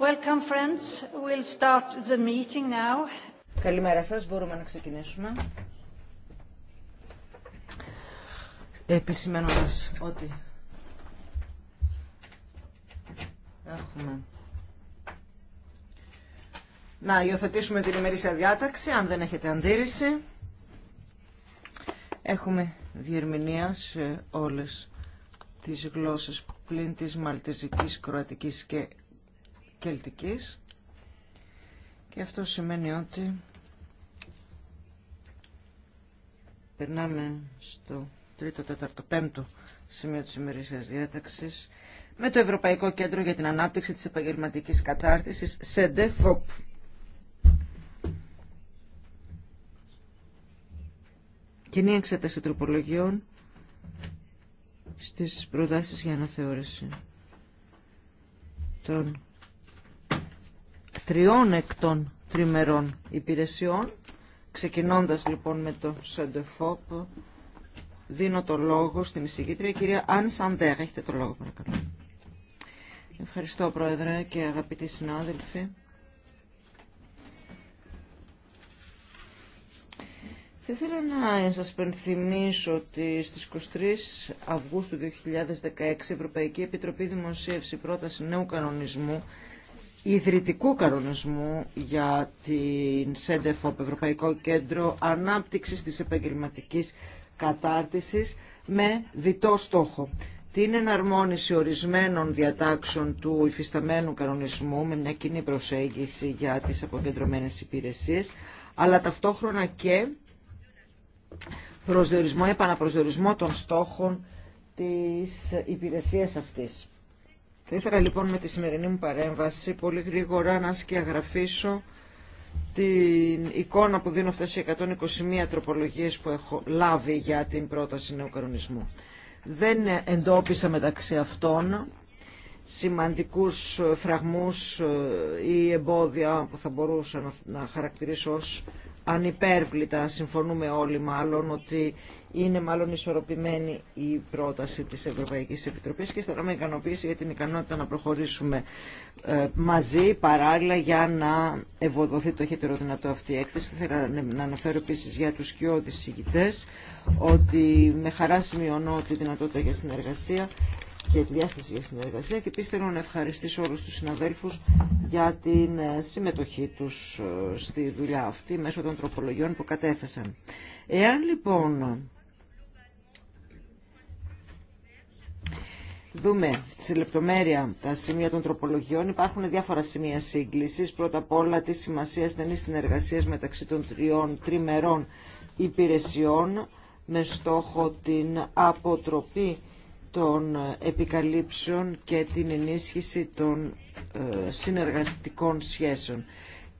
Welcome, friends. We'll start the meeting now. Καλημέρα σας. Μπορούμε να ξεκινήσουμε. Επισημένοντας ότι έχουμε να υιοθετήσουμε την ημερήσια διάταξη, αν δεν έχετε αντίρρηση. Έχουμε διερμηνία σε όλες τις γλώσσες πλην της μαλτιζικής, Κροατικής και Κελτικής και αυτό σημαίνει ότι περνάμε στο τρίτο, τέταρτο, πέμπτο σημείο της ημερήσιας διάταξης με το Ευρωπαϊκό Κέντρο για την Ανάπτυξη της Επαγγελματικής Κατάρτισης, ΣΕΝΤΕΦΟΠ. Κοινή εξέταση τροπολογιών στις προτάσεις για αναθεώρηση των τριών εκ τριμερών υπηρεσιών. Ξεκινώντας λοιπόν με το Σεντεφόπ, δίνω το λόγο στην εισηγήτρια κυρία Αν Σαντέρ. Έχετε το λόγο παρακαλώ. Ευχαριστώ Πρόεδρε και αγαπητοί συνάδελφοι. Θα ήθελα να σας πενθυμίσω ότι στις 23 Αυγούστου 2016 η Ευρωπαϊκή Επιτροπή δημοσίευσε πρόταση νέου κανονισμού ιδρυτικού κανονισμού για την ΣΕΝΤΕΦΟΠ, Ευρωπαϊκό Κέντρο Ανάπτυξης της Επαγγελματικής Κατάρτισης, με διτό στόχο. Την εναρμόνιση ορισμένων διατάξεων του υφισταμένου κανονισμού με μια κοινή προσέγγιση για τις αποκεντρωμένες υπηρεσίες, αλλά ταυτόχρονα και προσδιορισμό, επαναπροσδιορισμό των στόχων της υπηρεσίας αυτής. Θα ήθελα λοιπόν με τη σημερινή μου παρέμβαση πολύ γρήγορα να σκιαγραφίσω την εικόνα που δίνω αυτές οι 121 τροπολογίες που έχω λάβει για την πρόταση νέου κανονισμού. Δεν εντόπισα μεταξύ αυτών σημαντικούς φραγμούς ε, ή εμπόδια που θα μπορούσα να χαρακτηρίσω ως ανυπέρβλητα. Συμφωνούμε όλοι μάλλον ότι είναι μάλλον ισορροπημένη η πρόταση της Ευρωπαϊκής Επιτροπής και θέλω να ικανοποιήσει για την ικανότητα να προχωρήσουμε ε, μαζί παράλληλα για να ευοδοθεί το χέτερο δυνατό αυτή η έκθεση. Θέλω να αναφέρω επίση για τους σκιώδεις συγκητές ότι με χαρά σημειώνω τη δυνατότητα για συνεργασία και τη διάσταση για συνεργασία και επίση θέλω να ευχαριστήσω όλους τους συναδέλφους για την ε, συμμετοχή τους ε, στη δουλειά αυτή μέσω των τροπολογιών που κατέθεσαν. Εάν λοιπόν δούμε σε λεπτομέρεια τα σημεία των τροπολογιών, υπάρχουν διάφορα σημεία σύγκληση. Πρώτα απ' όλα τη σημασία στενή συνεργασία μεταξύ των τριών τριμερών υπηρεσιών με στόχο την αποτροπή των επικαλύψεων και την ενίσχυση των ε, συνεργατικών σχέσεων.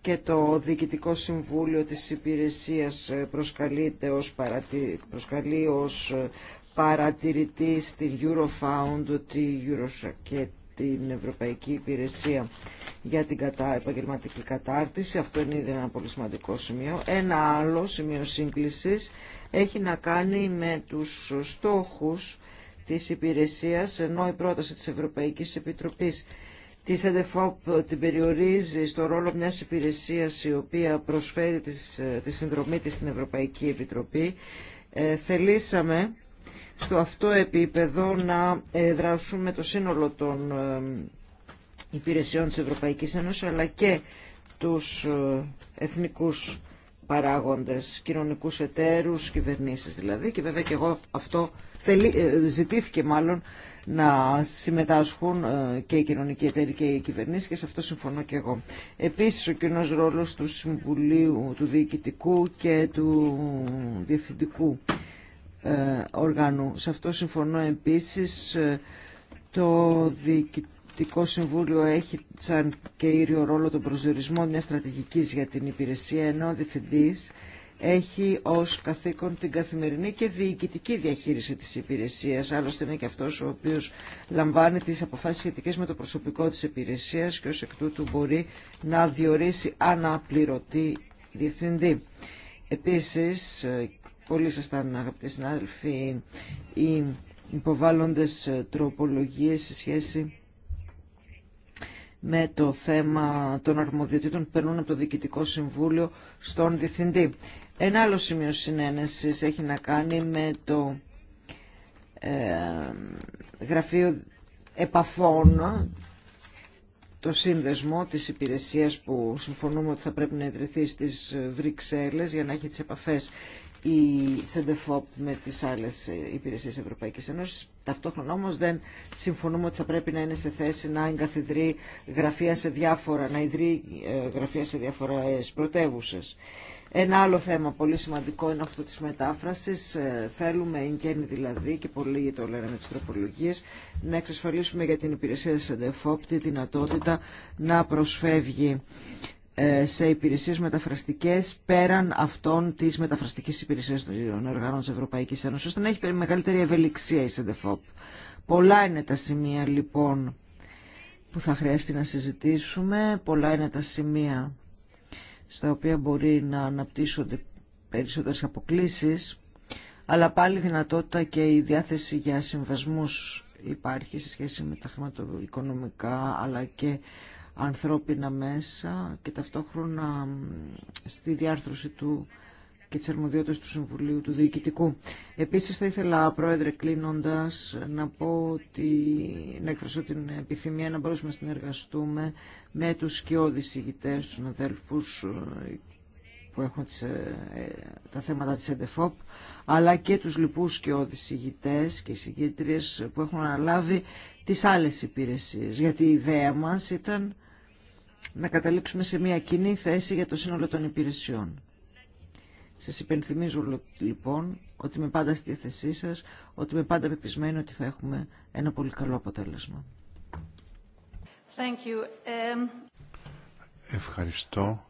Και το Διοικητικό Συμβούλιο της Υπηρεσίας ε, προσκαλείται ως, παρατη... προσκαλεί ε, παρατηρητή στη Eurofound, τη και την Ευρωπαϊκή Υπηρεσία για την επαγγελματική κατάρτιση. Αυτό είναι ήδη ένα πολύ σημαντικό σημείο. Ένα άλλο σημείο σύγκλησης έχει να κάνει με τους στόχους της υπηρεσίας, ενώ η πρόταση της Ευρωπαϊκής Επιτροπής της ΕΔΕΦΟΠ την περιορίζει στο ρόλο μιας υπηρεσίας η οποία προσφέρει ε, τη συνδρομή της στην Ευρωπαϊκή Επιτροπή. Ε, θελήσαμε στο αυτό επίπεδο να ε, δράσουμε το σύνολο των ε, υπηρεσιών της Ευρωπαϊκής Ένωσης αλλά και τους ε, εθνικούς παράγοντες, κοινωνικούς εταίρους, κυβερνήσεις δηλαδή και βέβαια και εγώ αυτό ζητήθηκε μάλλον να συμμετάσχουν και οι κοινωνικοί εταίροι και οι κυβερνήσεις και σε αυτό συμφωνώ και εγώ. Επίσης ο κοινό ρόλος του Συμβουλίου, του Διοικητικού και του Διευθυντικού ε, οργάνου. Σε αυτό συμφωνώ επίσης ε, το Διοικητικό Συμβούλιο έχει σαν και ήριο ρόλο τον προσδιορισμό μιας στρατηγικής για την υπηρεσία ενώ ο διευθυντής έχει ως καθήκον την καθημερινή και διοικητική διαχείριση της υπηρεσίας. Άλλωστε είναι και αυτός ο οποίος λαμβάνει τις αποφάσεις σχετικές με το προσωπικό της υπηρεσίας και ως εκ τούτου μπορεί να διορίσει αναπληρωτή διευθυντή. Επίσης ε, πολύ σωστά αγαπητοί συνάδελφοι οι υποβάλλοντες τροπολογίες σε σχέση με το θέμα των αρμοδιοτήτων που περνούν από το Διοικητικό Συμβούλιο στον Διευθυντή. Ένα άλλο σημείο συνένεσης έχει να κάνει με το ε, γραφείο επαφών, το σύνδεσμο της υπηρεσίας που συμφωνούμε ότι θα πρέπει να ιδρυθεί στις Βρυξέλλες για να έχει τις επαφές η ΣΕΝΤΕΦΟΠ με τις άλλες υπηρεσίες Ευρωπαϊκή Ένωση. Ταυτόχρονα όμως δεν συμφωνούμε ότι θα πρέπει να είναι σε θέση να εγκαθιδρεί γραφεία σε διάφορα, να ιδρύει ε, γραφεία σε διάφορα πρωτεύουσε. Ένα άλλο θέμα πολύ σημαντικό είναι αυτό της μετάφρασης. Ε, θέλουμε, εν γέννη δηλαδή, και πολύ το λένε με τις να εξασφαλίσουμε για την υπηρεσία της ΣΕΝΤΕΦΟΠ τη δυνατότητα να προσφεύγει ε, σε υπηρεσίες μεταφραστικές πέραν αυτών της μεταφραστικής υπηρεσίας των οργάνων της Ευρωπαϊκής Ένωσης, ώστε να έχει μεγαλύτερη ευελιξία η ΣΕΝΤΕΦΟΠ. Πολλά είναι τα σημεία λοιπόν που θα χρειαστεί να συζητήσουμε, πολλά είναι τα σημεία στα οποία μπορεί να αναπτύσσονται περισσότερες αποκλήσεις, αλλά πάλι δυνατότητα και η διάθεση για συμβασμούς υπάρχει σε σχέση με τα χρηματοοικονομικά αλλά και ανθρώπινα μέσα και ταυτόχρονα στη διάρθρωση του και τη αρμοδιότητα του Συμβουλίου του Διοικητικού. Επίσης θα ήθελα, Πρόεδρε, κλείνοντα να πω ότι να εκφρασώ την επιθυμία να μπορούμε να συνεργαστούμε με τους σκιώδεις ηγητές, τους αδέλφου ε, που έχουν ε, ε, τα θέματα της ΕΔΕΦΟΠ, αλλά και τους λοιπούς και οδησηγητές και συγκέντριες που έχουν αναλάβει τις άλλες υπηρεσίες. Γιατί η ιδέα μας ήταν να καταλήξουμε σε μια κοινή θέση για το σύνολο των υπηρεσιών. Σας υπενθυμίζω λοιπόν ότι είμαι πάντα στη θέση σας, ότι είμαι πάντα πεπισμένη ότι θα έχουμε ένα πολύ καλό αποτέλεσμα. Thank you. Ευχαριστώ.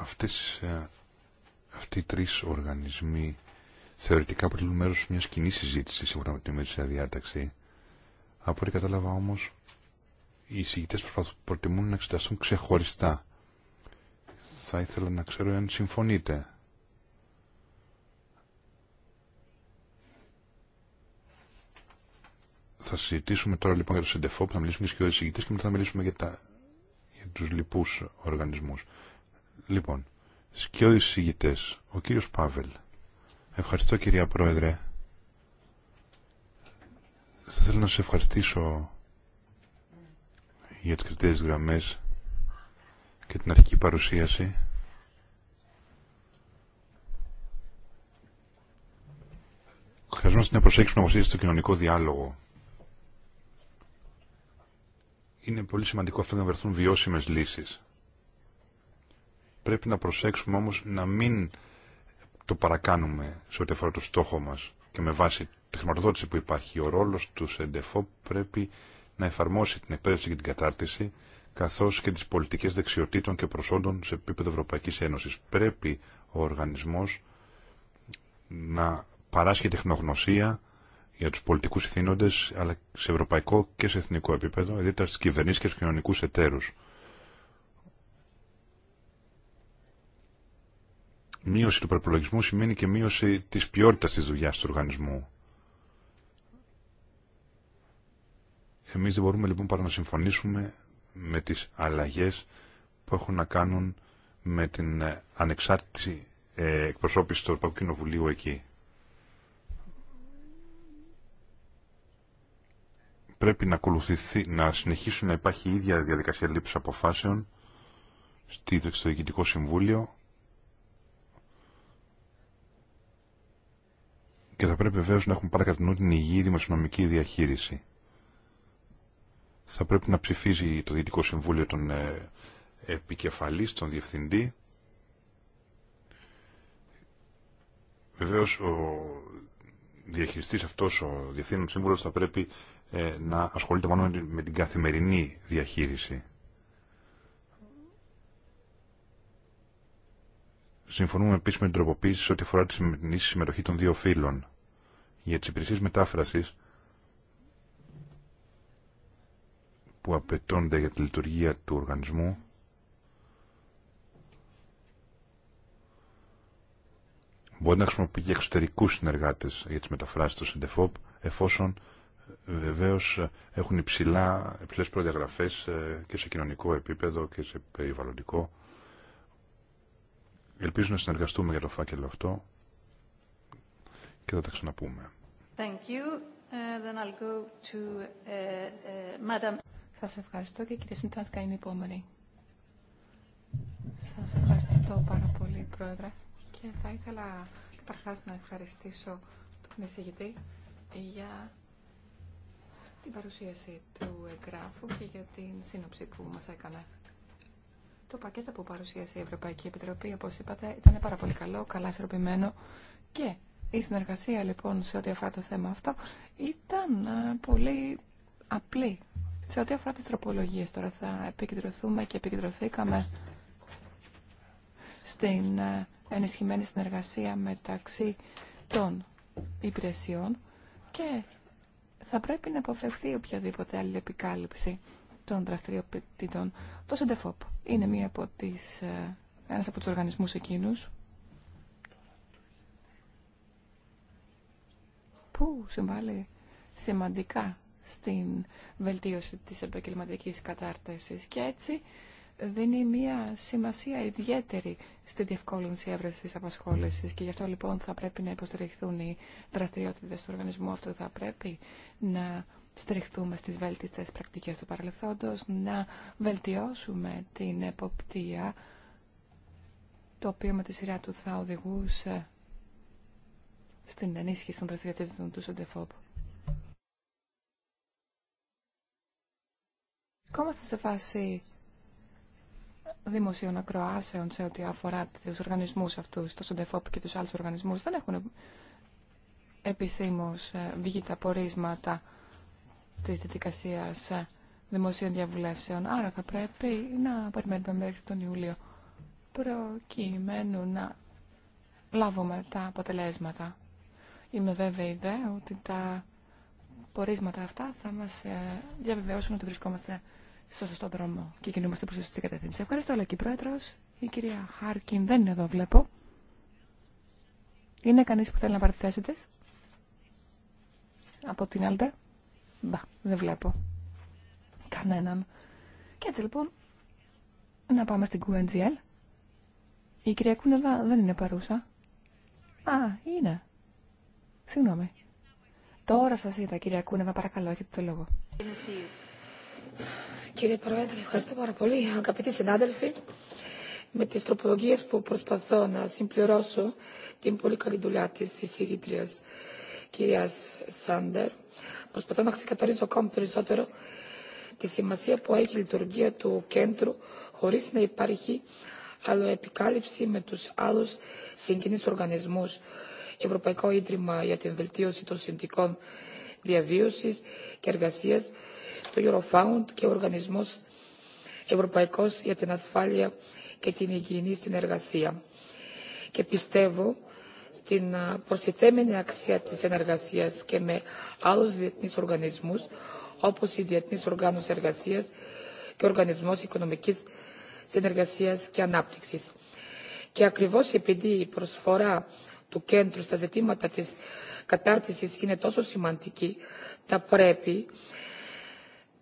αυτές, ε, αυτοί οι τρεις οργανισμοί θεωρητικά αποτελούν μέρος μιας κοινή συζήτηση σύμφωνα με την ημερήσια διάταξη. Από ό,τι κατάλαβα όμως, οι εισηγητές προτιμούν να εξεταστούν ξεχωριστά. Θα ήθελα να ξέρω αν συμφωνείτε. Θα συζητήσουμε τώρα λοιπόν για το ΣΕΝΤΕΦΟΠ, θα μιλήσουμε και για τους εισηγητές και μετά θα μιλήσουμε για, τα, για τους λοιπούς οργανισμούς. Λοιπόν, σκιώδεις εισηγητές, ο κύριος Πάβελ. Ευχαριστώ κυρία Πρόεδρε. Θα θέλω να σε ευχαριστήσω για τις κριτές γραμμές και την αρχική παρουσίαση. Χρειαζόμαστε να προσέξουμε να βασίζεται στο κοινωνικό διάλογο. Είναι πολύ σημαντικό αυτό να βρεθούν βιώσιμες λύσεις. Πρέπει να προσέξουμε όμως να μην το παρακάνουμε σε ό,τι αφορά το στόχο μας και με βάση τη χρηματοδότηση που υπάρχει. Ο ρόλος του ΣΕΝΤΕΦΟ πρέπει να εφαρμόσει την εκπαίδευση και την κατάρτιση καθώς και τις πολιτικές δεξιοτήτων και προσόντων σε επίπεδο Ευρωπαϊκής Ένωσης. Πρέπει ο οργανισμός να παράσχει τεχνογνωσία για τους πολιτικούς ηθήνοντες αλλά σε ευρωπαϊκό και σε εθνικό επίπεδο, ιδιαίτερα στις κυβερνήσει και στους κοινωνικούς εταίρους. μείωση του προπολογισμού σημαίνει και μείωση της ποιότητας της δουλειάς του οργανισμού. Εμείς δεν μπορούμε λοιπόν παρά να συμφωνήσουμε με τις αλλαγές που έχουν να κάνουν με την ε, ανεξάρτητη ε, εκπροσώπηση του Ευρωπαϊκού Κοινοβουλίου εκεί. Πρέπει να, ακολουθηθεί, να συνεχίσουν να υπάρχει η ίδια διαδικασία λήψης αποφάσεων στο Διοικητικό Συμβούλιο και θα πρέπει βεβαίω να έχουμε πάρα κατά νου την υγιή δημοσιονομική διαχείριση. Θα πρέπει να ψηφίζει το Διοικητικό Συμβούλιο τον ε, τον διευθυντή. Βεβαίω ο διαχειριστή αυτός, ο διευθύνων σύμβουλο θα πρέπει ε, να ασχολείται μόνο με την καθημερινή διαχείριση. Συμφωνούμε επίση με την τροποποίηση ό,τι αφορά τη συμμετοχή των δύο φύλων. Για τι υπηρεσίε μετάφραση που απαιτώνται για τη λειτουργία του οργανισμού μπορεί να χρησιμοποιεί και εξωτερικού συνεργάτε για τι μεταφράσει του ΣΕΝΤΕΦΟΠ εφόσον ε, βεβαίω ε, έχουν υψηλέ προδιαγραφέ ε, και σε κοινωνικό επίπεδο και σε περιβαλλοντικό. Ελπίζω να συνεργαστούμε για το φάκελο αυτό και θα τα ξαναπούμε. Thank you. Ε, then I'll go ε, ε, Σας ευχαριστώ και κύριε Συντράτκα είναι η επόμενη. Σας ευχαριστώ πάρα πολύ, Πρόεδρε. Και θα ήθελα καταρχάς να ευχαριστήσω τον εισηγητή για την παρουσίαση του εγγράφου και για την σύνοψη που μας έκανε. Το πακέτο που παρουσίασε η Ευρωπαϊκή Επιτροπή, όπως είπατε, ήταν πάρα πολύ καλό, καλά ισορροπημένο και η συνεργασία λοιπόν σε ό,τι αφορά το θέμα αυτό ήταν ε, πολύ απλή. Σε ό,τι αφορά τι τροπολογίε τώρα θα επικεντρωθούμε και επικεντρωθήκαμε στην ε, ενισχυμένη συνεργασία μεταξύ των υπηρεσιών και θα πρέπει να αποφευθεί οποιαδήποτε άλλη επικάλυψη των δραστηριοτήτων. Το ΣΕΝΤΕΦΟΠ είναι μία από τις, ε, ένας από τους οργανισμούς εκείνους που συμβάλλει σημαντικά στην βελτίωση της επαγγελματική κατάρτισης και έτσι δίνει μία σημασία ιδιαίτερη στη διευκόλυνση έβρεσης απασχόλησης και γι' αυτό λοιπόν θα πρέπει να υποστηριχθούν οι δραστηριότητες του οργανισμού Αυτό θα πρέπει να στριχθούμε στις βέλτιστες πρακτικές του παρελθόντος, να βελτιώσουμε την εποπτεία, το οποίο με τη σειρά του θα οδηγούσε στην ενίσχυση των δραστηριοτήτων του Σοντεφόπ. Βρισκόμαστε σε φάση δημοσίων ακροάσεων σε ό,τι αφορά τους οργανισμούς αυτούς, το Σοντεφόπ και τους άλλους οργανισμούς. Δεν έχουν επισήμως ε, βγει τα πορίσματα της διαδικασίας δημοσίων διαβουλεύσεων. Άρα θα πρέπει να περιμένουμε μέχρι τον Ιούλιο προκειμένου να λάβουμε τα αποτελέσματα. Είμαι βέβαιη δε ότι τα πορίσματα αυτά θα μας ε, διαβεβαιώσουν ότι βρισκόμαστε στο σωστό δρόμο και κινούμαστε προς σωστή κατεύθυνση. Ευχαριστώ αλλά και η Πρόεδρος, η κυρία Χάρκιν δεν είναι εδώ βλέπω. Είναι κανείς που θέλει να πάρει Από την Μπα, δεν βλέπω κανέναν. Και έτσι λοιπόν, να πάμε στην QNGL. Η κυρία Κούνεβα δεν είναι παρούσα. Α, είναι. Συγγνώμη. Τώρα σας είδα, κυρία Κούνεβα, παρακαλώ, έχετε το λόγο. Κύριε Πρόεδρε, ευχαριστώ πάρα πολύ. Αγαπητοί συνάδελφοι, με τις τροπολογίες που προσπαθώ να συμπληρώσω την πολύ καλή δουλειά της εισηγήτριας Κύρια Σάντερ, προσπαθώ να ξεκαθαρίσω ακόμη περισσότερο τη σημασία που έχει η λειτουργία του κέντρου χωρίς να υπάρχει επικάλυψη με τους άλλους συγγενείς οργανισμούς, Ευρωπαϊκό Ίδρυμα για την Βελτίωση των Συνδικών Διαβίωσης και Εργασίας, το Eurofound και ο Οργανισμός Ευρωπαϊκός για την Ασφάλεια και την Υγιεινή Συνεργασία. Και πιστεύω στην ε, προστιθέμενη αξία της συνεργασίας και με άλλους διεθνείς οργανισμούς όπως η Διεθνής Οργάνωση Εργασίας και ο Οργανισμός Οικονομικής Συνεργασίας και Ανάπτυξης. Και ακριβώς επειδή η προσφορά του κέντρου στα ζητήματα της κατάρτισης είναι τόσο σημαντική, θα πρέπει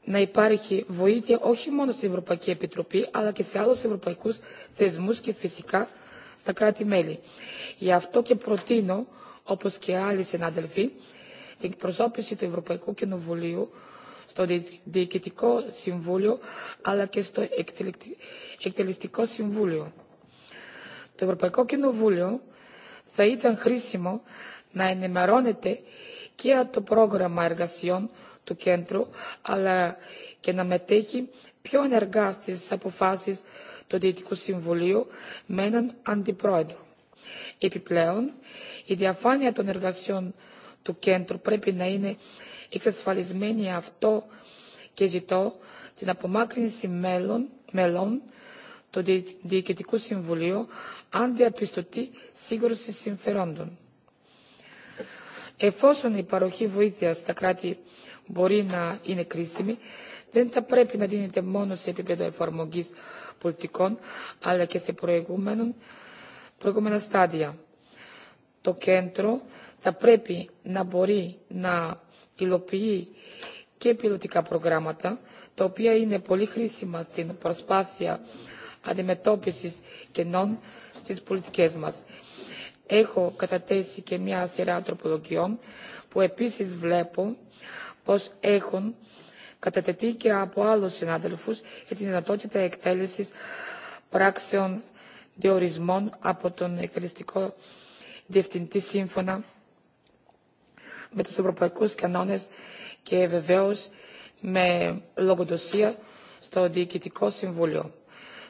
να υπάρχει βοήθεια όχι μόνο στην Ευρωπαϊκή Επιτροπή, αλλά και σε άλλους ευρωπαϊκούς θεσμούς και φυσικά στα κράτη-μέλη. Γι' αυτό και προτείνω, όπως και άλλοι συνάδελφοι, την εκπροσώπηση του Ευρωπαϊκού Κοινοβουλίου στο Διοικητικό Συμβούλιο αλλά και στο Εκτελεστικό Συμβούλιο. Το Ευρωπαϊκό Κοινοβούλιο θα ήταν χρήσιμο να ενημερώνεται και από το πρόγραμμα εργασιών του κέντρου αλλά και να μετέχει πιο ενεργά στις αποφάσεις το Διοικητικού Συμβουλίου με έναν αντιπρόεδρο. Επιπλέον, η διαφάνεια των εργασιών του κέντρου πρέπει να είναι εξασφαλισμένη αυτό και ζητώ την απομάκρυνση μέλων, μελών του Διοικητικού Συμβουλίου αν διαπιστωτεί σύγκρουση συμφερόντων. Εφόσον η παροχή βοήθεια στα κράτη μπορεί να είναι κρίσιμη, δεν θα πρέπει να δίνεται μόνο σε επίπεδο εφαρμογή πολιτικών αλλά και σε προηγούμενα στάδια. Το κέντρο θα πρέπει να μπορεί να υλοποιεί και πιλωτικά προγράμματα, τα οποία είναι πολύ χρήσιμα στην προσπάθεια αντιμετώπισης κενών στις πολιτικές μας. Έχω κατατέσει και μια σειρά τροπολογιών που επίσης βλέπω πως έχουν κατατεθεί και από άλλους συνάδελφους για τη δυνατότητα εκτέλεσης πράξεων διορισμών από τον εκτελεστικό διευθυντή σύμφωνα με τους ευρωπαϊκούς κανόνες και βεβαίως με λογοδοσία στο Διοικητικό Συμβούλιο.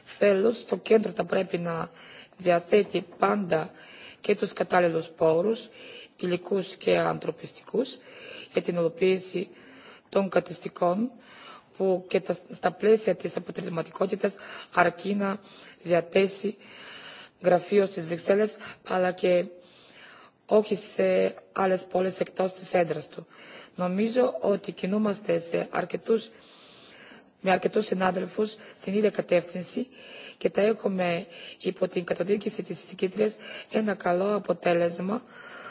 Θέλω στο κέντρο θα πρέπει να διαθέτει πάντα και τους κατάλληλους πόρους, υλικούς και ανθρωπιστικούς, για την ολοποίηση των που και στα πλαίσια της αποτελεσματικότητας αρκεί να διαθέσει γραφείο στις Βρυξέλλες αλλά και όχι σε άλλες πόλεις εκτός της έντρας του. Νομίζω ότι κινούμαστε σε αρκετούς, με αρκετούς συνάδελφους στην ίδια κατεύθυνση και τα έχουμε υπό την καταδίκηση της συγκήτριας ένα καλό αποτέλεσμα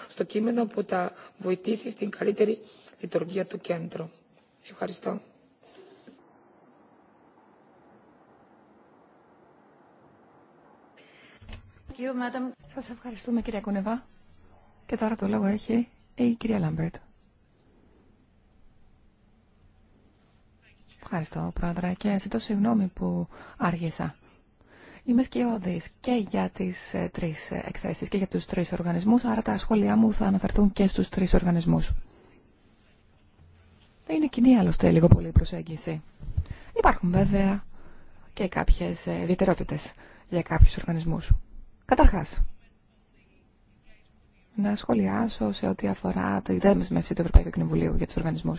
στο κείμενο που θα βοηθήσει στην καλύτερη λειτουργία του κέντρου. Ευχαριστώ. Σας ευχαριστούμε κυρία Κούνεβα. Και τώρα το λόγο έχει η κυρία Λάμπερτ. Ευχαριστώ, Πρόεδρε, και ζητώ συγγνώμη που άργησα. Είμαι σκιώδης και για τις ε, τρεις ε, εκθέσεις και για τους τρεις οργανισμούς, άρα τα σχόλιά μου θα αναφερθούν και στους τρεις οργανισμούς είναι κοινή άλλωστε λίγο πολύ η προσέγγιση. Υπάρχουν βέβαια και κάποιε ιδιαιτερότητε για κάποιου οργανισμού. Καταρχά. να σχολιάσω σε ό,τι αφορά τη δέσμευση του Ευρωπαϊκού Κοινοβουλίου για του οργανισμού.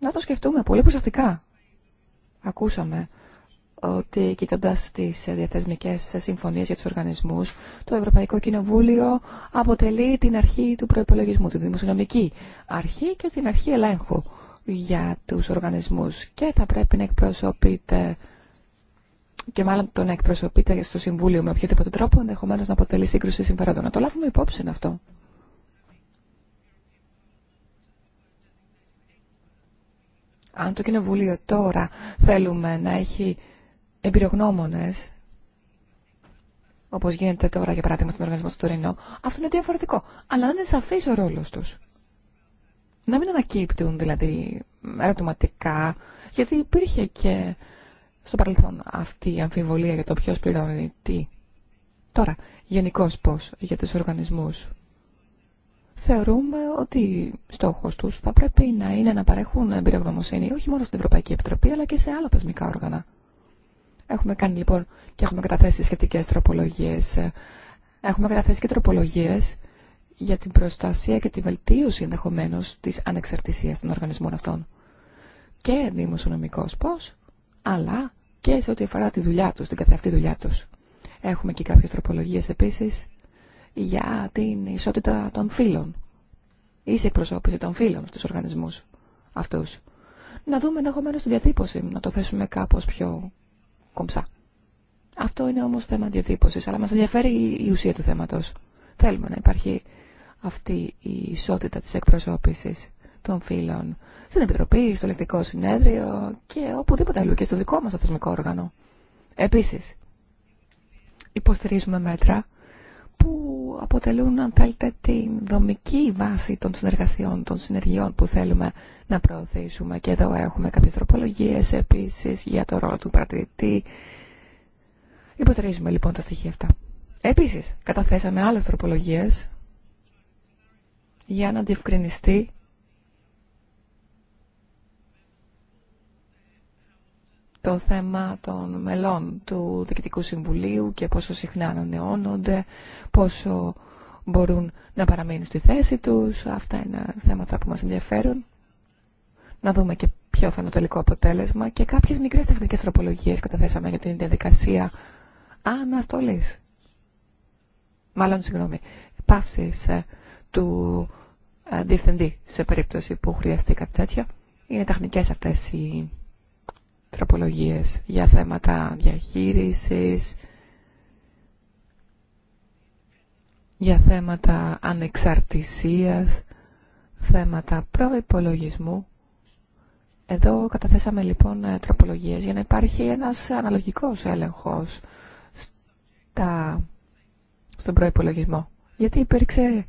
Να το σκεφτούμε πολύ προσεκτικά. Ακούσαμε ότι κοιτώντα τι διαθεσμικέ συμφωνίε για του οργανισμού, το Ευρωπαϊκό Κοινοβούλιο αποτελεί την αρχή του προπολογισμού, τη δημοσιονομική αρχή και την αρχή ελέγχου για του οργανισμού και θα πρέπει να εκπροσωπείται και μάλλον το να εκπροσωπείται στο Συμβούλιο με οποιοδήποτε τρόπο ενδεχομένω να αποτελεί σύγκρουση συμφερόντων. Να το λάβουμε υπόψη αυτό. Αν το Κοινοβούλιο τώρα θέλουμε να έχει εμπειρογνώμονες, όπως γίνεται τώρα για παράδειγμα στον οργανισμό του Τωρινό, αυτό είναι διαφορετικό. Αλλά να είναι σαφής ο ρόλος τους. Να μην ανακύπτουν δηλαδή ερωτηματικά, γιατί υπήρχε και στο παρελθόν αυτή η αμφιβολία για το ποιο πληρώνει τι. Τώρα, γενικώ πώς για τους οργανισμούς. Θεωρούμε ότι στόχος τους θα πρέπει να είναι να παρέχουν εμπειρογνωμοσύνη όχι μόνο στην Ευρωπαϊκή Επιτροπή αλλά και σε άλλα θεσμικά όργανα. Έχουμε κάνει λοιπόν και έχουμε καταθέσει σχετικές τροπολογίες. Έχουμε καταθέσει και τροπολογίες για την προστασία και τη βελτίωση ενδεχομένω τη ανεξαρτησία των οργανισμών αυτών. Και δημοσιονομικό πώ, αλλά και σε ό,τι αφορά τη δουλειά του, την καθεαυτή δουλειά του. Έχουμε και κάποιε τροπολογίε επίση για την ισότητα των φύλων. ή σε εκπροσώπηση των φύλων στου οργανισμού αυτού. Να δούμε ενδεχομένω τη διατύπωση, να το θέσουμε κάπω πιο κομψά. Αυτό είναι όμως θέμα διατύπωσης, αλλά μας ενδιαφέρει η ουσία του θέματος. Θέλουμε να υπάρχει αυτή η ισότητα της εκπροσώπησης των φίλων στην Επιτροπή, στο Συνέδριο και οπουδήποτε αλλού και στο δικό μας το θεσμικό όργανο. Επίσης, υποστηρίζουμε μέτρα που αποτελούν, αν θέλετε, την δομική βάση των συνεργασιών, των συνεργειών που θέλουμε να προωθήσουμε. Και εδώ έχουμε κάποιες τροπολογίες επίσης για το ρόλο του παρατηρητή. Υποστηρίζουμε λοιπόν τα στοιχεία αυτά. Επίσης, καταθέσαμε άλλες τροπολογίες για να διευκρινιστεί το θέμα των μελών του Διοικητικού Συμβουλίου και πόσο συχνά ανανεώνονται, πόσο μπορούν να παραμείνουν στη θέση τους. Αυτά είναι θέματα που μας ενδιαφέρουν. Να δούμε και ποιο θα είναι το τελικό αποτέλεσμα και κάποιες μικρές τεχνικές τροπολογίες καταθέσαμε για την διαδικασία αναστολής. Μάλλον, συγγνώμη, παύσης ε, του ε, διευθυντή σε περίπτωση που χρειαστεί κάτι τέτοιο. Είναι τεχνικές αυτές οι τροπολογίες για θέματα διαχείρισης, για θέματα ανεξαρτησίας, θέματα προϋπολογισμού. Εδώ καταθέσαμε λοιπόν ε, τροπολογίες για να υπάρχει ένας αναλογικός έλεγχος στα... στον προϋπολογισμό. Γιατί υπήρξε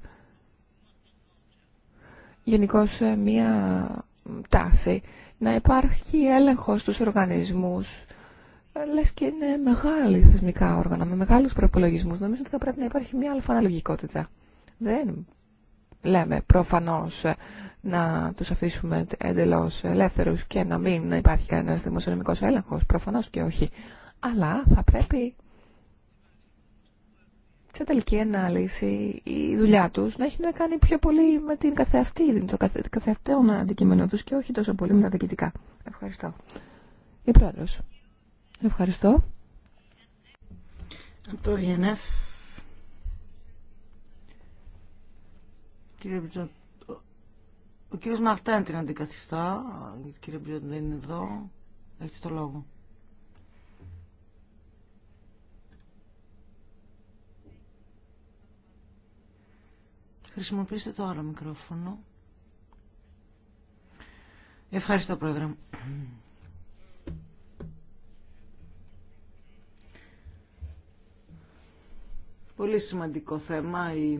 γενικώ ε, μια τάση να υπάρχει έλεγχος στους οργανισμούς, λες και είναι μεγάλη θεσμικά όργανα, με μεγάλους προπολογισμού. Νομίζω ότι θα πρέπει να υπάρχει μια αλφαναλογικότητα. Δεν λέμε προφανώς ε, να τους αφήσουμε εντελώς ελεύθερους και να μην υπάρχει κανένας δημοσιονομικός έλεγχος, προφανώς και όχι. Αλλά θα πρέπει σε τελική ανάλυση η δουλειά τους να έχει να κάνει πιο πολύ με την καθεαυτή, το καθεαυτέο αντικείμενο τους και όχι τόσο πολύ με τα διοικητικά. Ευχαριστώ. Η Πρόεδρος. Ευχαριστώ. Από το ΕΝΕΦ. Κύριε ο κύριος Μαρτέν την αντικαθιστά. Κύριε Μπιτζον δεν είναι εδώ. Έχετε το λόγο. Χρησιμοποιήστε το άλλο μικρόφωνο. Ευχαριστώ, Πρόεδρε. Πολύ σημαντικό θέμα η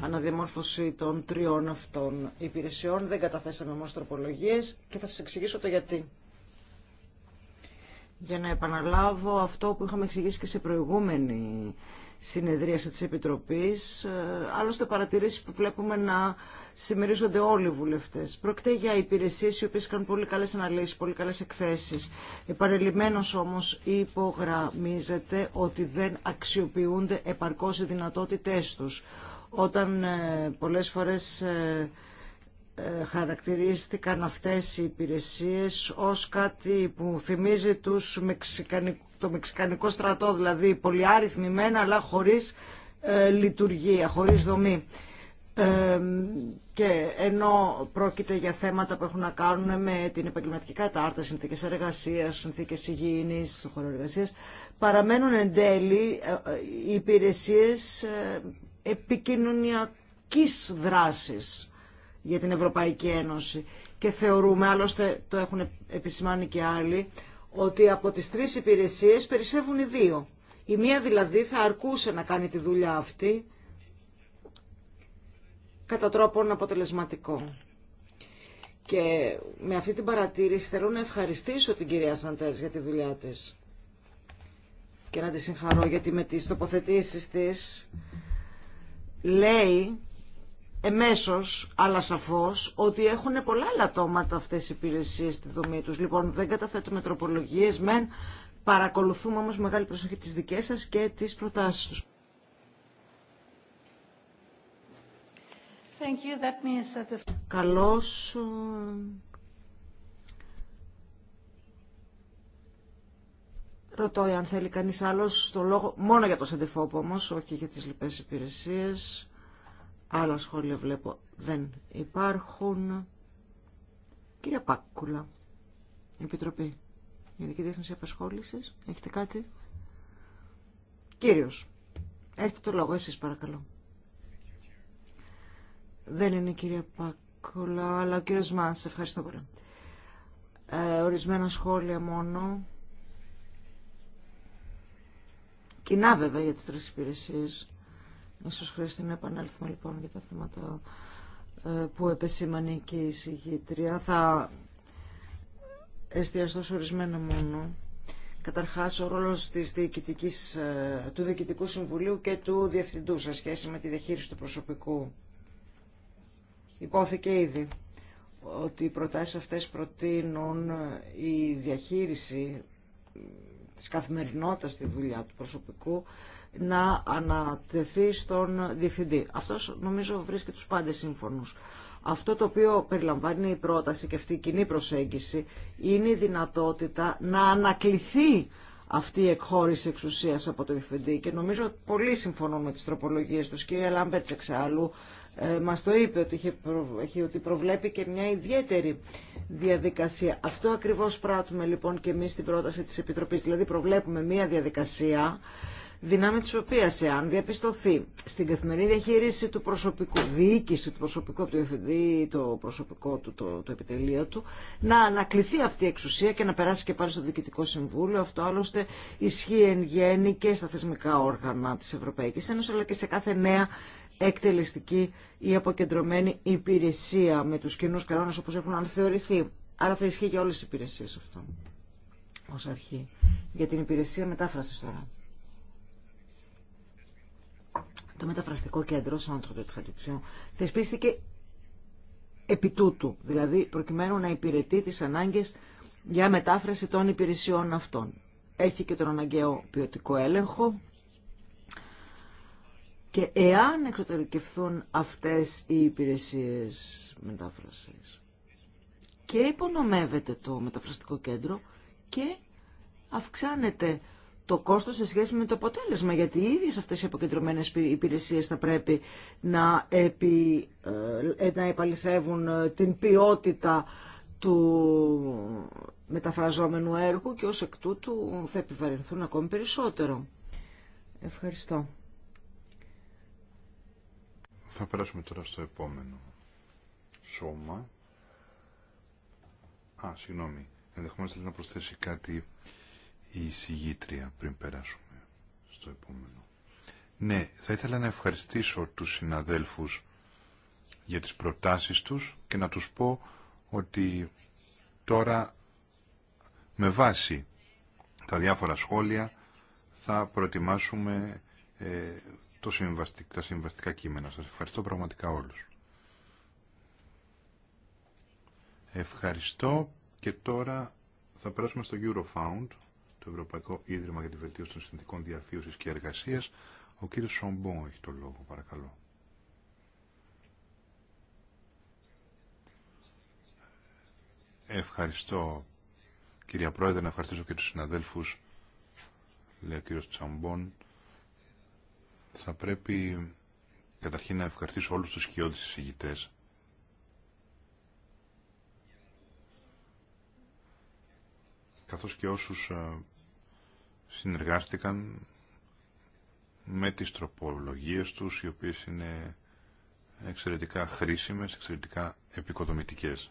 αναδιαμόρφωση των τριών αυτών υπηρεσιών. Δεν καταθέσαμε όμως τροπολογίες και θα σας εξηγήσω το γιατί. Για να επαναλάβω αυτό που είχαμε εξηγήσει και σε προηγούμενη συνεδρίαση της Επιτροπής, ε, άλλωστε παρατηρήσεις που βλέπουμε να συμμερίζονται όλοι οι βουλευτές. Πρόκειται για υπηρεσίες οι οποίες κάνουν πολύ καλές αναλύσεις, πολύ καλές εκθέσεις. Επαρελειμμένως όμως υπογραμμίζεται ότι δεν αξιοποιούνται επαρκώς οι δυνατότητές τους. Όταν ε, πολλές φορές ε, ε, χαρακτηρίστηκαν αυτές οι υπηρεσίες ως κάτι που θυμίζει τους μεξικανικ... το μεξικανικό στρατό, δηλαδή πολυάριθμημένα αλλά χωρίς ε, λειτουργία, χωρίς δομή. Ε, και ενώ πρόκειται για θέματα που έχουν να κάνουν με την επαγγελματική κατάρτιση, συνθήκες εργασίας, συνθήκες υγιεινής, χωροεργασίας, παραμένουν εν τέλει οι ε, υπηρεσίες επικοινωνιακής δράσης για την Ευρωπαϊκή Ένωση. Και θεωρούμε, άλλωστε το έχουν επισημάνει και άλλοι, ότι από τις τρεις υπηρεσίες περισσεύουν οι δύο. Η μία δηλαδή θα αρκούσε να κάνει τη δουλειά αυτή κατά τρόπον αποτελεσματικό. Και με αυτή την παρατήρηση θέλω να ευχαριστήσω την κυρία Σαντέρς για τη δουλειά της και να τη συγχαρώ γιατί με τις τοποθετήσεις της λέει εμέσως αλλά σαφώς ότι έχουν πολλά λατώματα αυτές οι υπηρεσίες στη δομή τους. Λοιπόν, δεν καταθέτουμε τροπολογίες, μεν παρακολουθούμε όμως μεγάλη προσοχή τις δικές σας και τις προτάσεις τους. Thank you. That means that Καλώς. Ρωτώ αν θέλει κανείς άλλος το λόγο, μόνο για το σαντιφόπο όμως, όχι για τις λοιπές υπηρεσίες. Άλλα σχόλια βλέπω δεν υπάρχουν. Κυρία Πάκουλα, Επιτροπή Γενική Διεθνή Απασχόλησης, έχετε κάτι. Κύριος, έχετε το λόγο, εσείς παρακαλώ. Δεν είναι η κυρία Πάκουλα, αλλά ο κύριος Μάς, ευχαριστώ πολύ. Ε, ορισμένα σχόλια μόνο. Κοινά βέβαια για τις τρεις υπηρεσίες. Ίσως χρειαστεί να επανέλθουμε λοιπόν για τα θέματα ε, που επεσήμανε και η συγγήτρια. Θα εστιαστώ σε ορισμένα μόνο. Καταρχάς ο ρόλος της ε, του Διοικητικού Συμβουλίου και του Διευθυντού σε σχέση με τη διαχείριση του προσωπικού. Υπόθηκε ήδη ότι οι προτάσεις αυτές προτείνουν ε, η διαχείριση ε, της καθημερινότητας στη δουλειά του προσωπικού να ανατεθεί στον διευθυντή. Αυτός νομίζω βρίσκει τους πάντες σύμφωνους. Αυτό το οποίο περιλαμβάνει η πρόταση και αυτή η κοινή προσέγγιση είναι η δυνατότητα να ανακληθεί αυτή η εκχώρηση εξουσίας από το διευθυντή και νομίζω πολύ συμφωνώ με τις τροπολογίες του. Κύριε Λάμπερτς εξάλλου ε, μας το είπε ότι, είχε ότι προβλέπει και μια ιδιαίτερη διαδικασία. Αυτό ακριβώς πράττουμε λοιπόν και εμείς στην πρόταση της Επιτροπής. Δηλαδή προβλέπουμε μια διαδικασία δυνάμει της οποίας εάν διαπιστωθεί στην καθημερινή διαχείριση του προσωπικού, διοίκηση του προσωπικού του διευθυντή, το προσωπικό του, το, το επιτελείο του, να ανακληθεί αυτή η εξουσία και να περάσει και πάλι στο Διοικητικό Συμβούλιο. Αυτό άλλωστε ισχύει εν γέννη και στα θεσμικά όργανα της Ευρωπαϊκής Ένωσης, αλλά και σε κάθε νέα εκτελεστική ή αποκεντρωμένη υπηρεσία με τους κοινούς κανόνες όπως έχουν ανθεωρηθεί. Άρα θα ισχύει για όλες τις υπηρεσίες αυτό ως αρχή. Για την υπηρεσία μετάφρασης τώρα. Το μεταφραστικό κέντρο, σαν το θεσπίστηκε επί τούτου, δηλαδή προκειμένου να υπηρετεί τις ανάγκες για μετάφραση των υπηρεσιών αυτών. Έχει και τον αναγκαίο ποιοτικό έλεγχο και εάν εξωτερικευθούν αυτές οι υπηρεσίες μετάφρασης και υπονομεύεται το μεταφραστικό κέντρο και αυξάνεται το κόστος σε σχέση με το αποτέλεσμα, γιατί οι ίδιες αυτές οι αποκεντρωμένες υπηρεσίες θα πρέπει να, επι, ε, ε, να επαληθεύουν ε, την ποιότητα του μεταφραζόμενου έργου και ως εκ τούτου θα επιβαρυνθούν ακόμη περισσότερο. Ευχαριστώ. Θα περάσουμε τώρα στο επόμενο σώμα. Α, συγγνώμη. Ενδεχομένως θέλει να προσθέσει κάτι η πριν περάσουμε στο επόμενο. Ναι, θα ήθελα να ευχαριστήσω τους συναδέλφους για τις προτάσεις τους και να τους πω ότι τώρα με βάση τα διάφορα σχόλια θα προετοιμάσουμε ε, το τα συμβαστικά κείμενα. Σας ευχαριστώ πραγματικά όλους. Ευχαριστώ και τώρα θα περάσουμε στο Eurofound το Ευρωπαϊκό Ίδρυμα για τη Βελτίωση των Συνθηκών Διαφύωση και εργασία, Ο κύριος Σομπόν έχει το λόγο, παρακαλώ. Ευχαριστώ, κυρία Πρόεδρε, να ευχαριστήσω και του συναδέλφου λέει ο κύριος Τσαμπόν. Θα πρέπει καταρχήν να ευχαριστήσω όλου του σκιώδεις συζητητέ. καθώς και όσους ε, συνεργάστηκαν με τις τροπολογίες τους, οι οποίες είναι εξαιρετικά χρήσιμες, εξαιρετικά επικοδομητικές.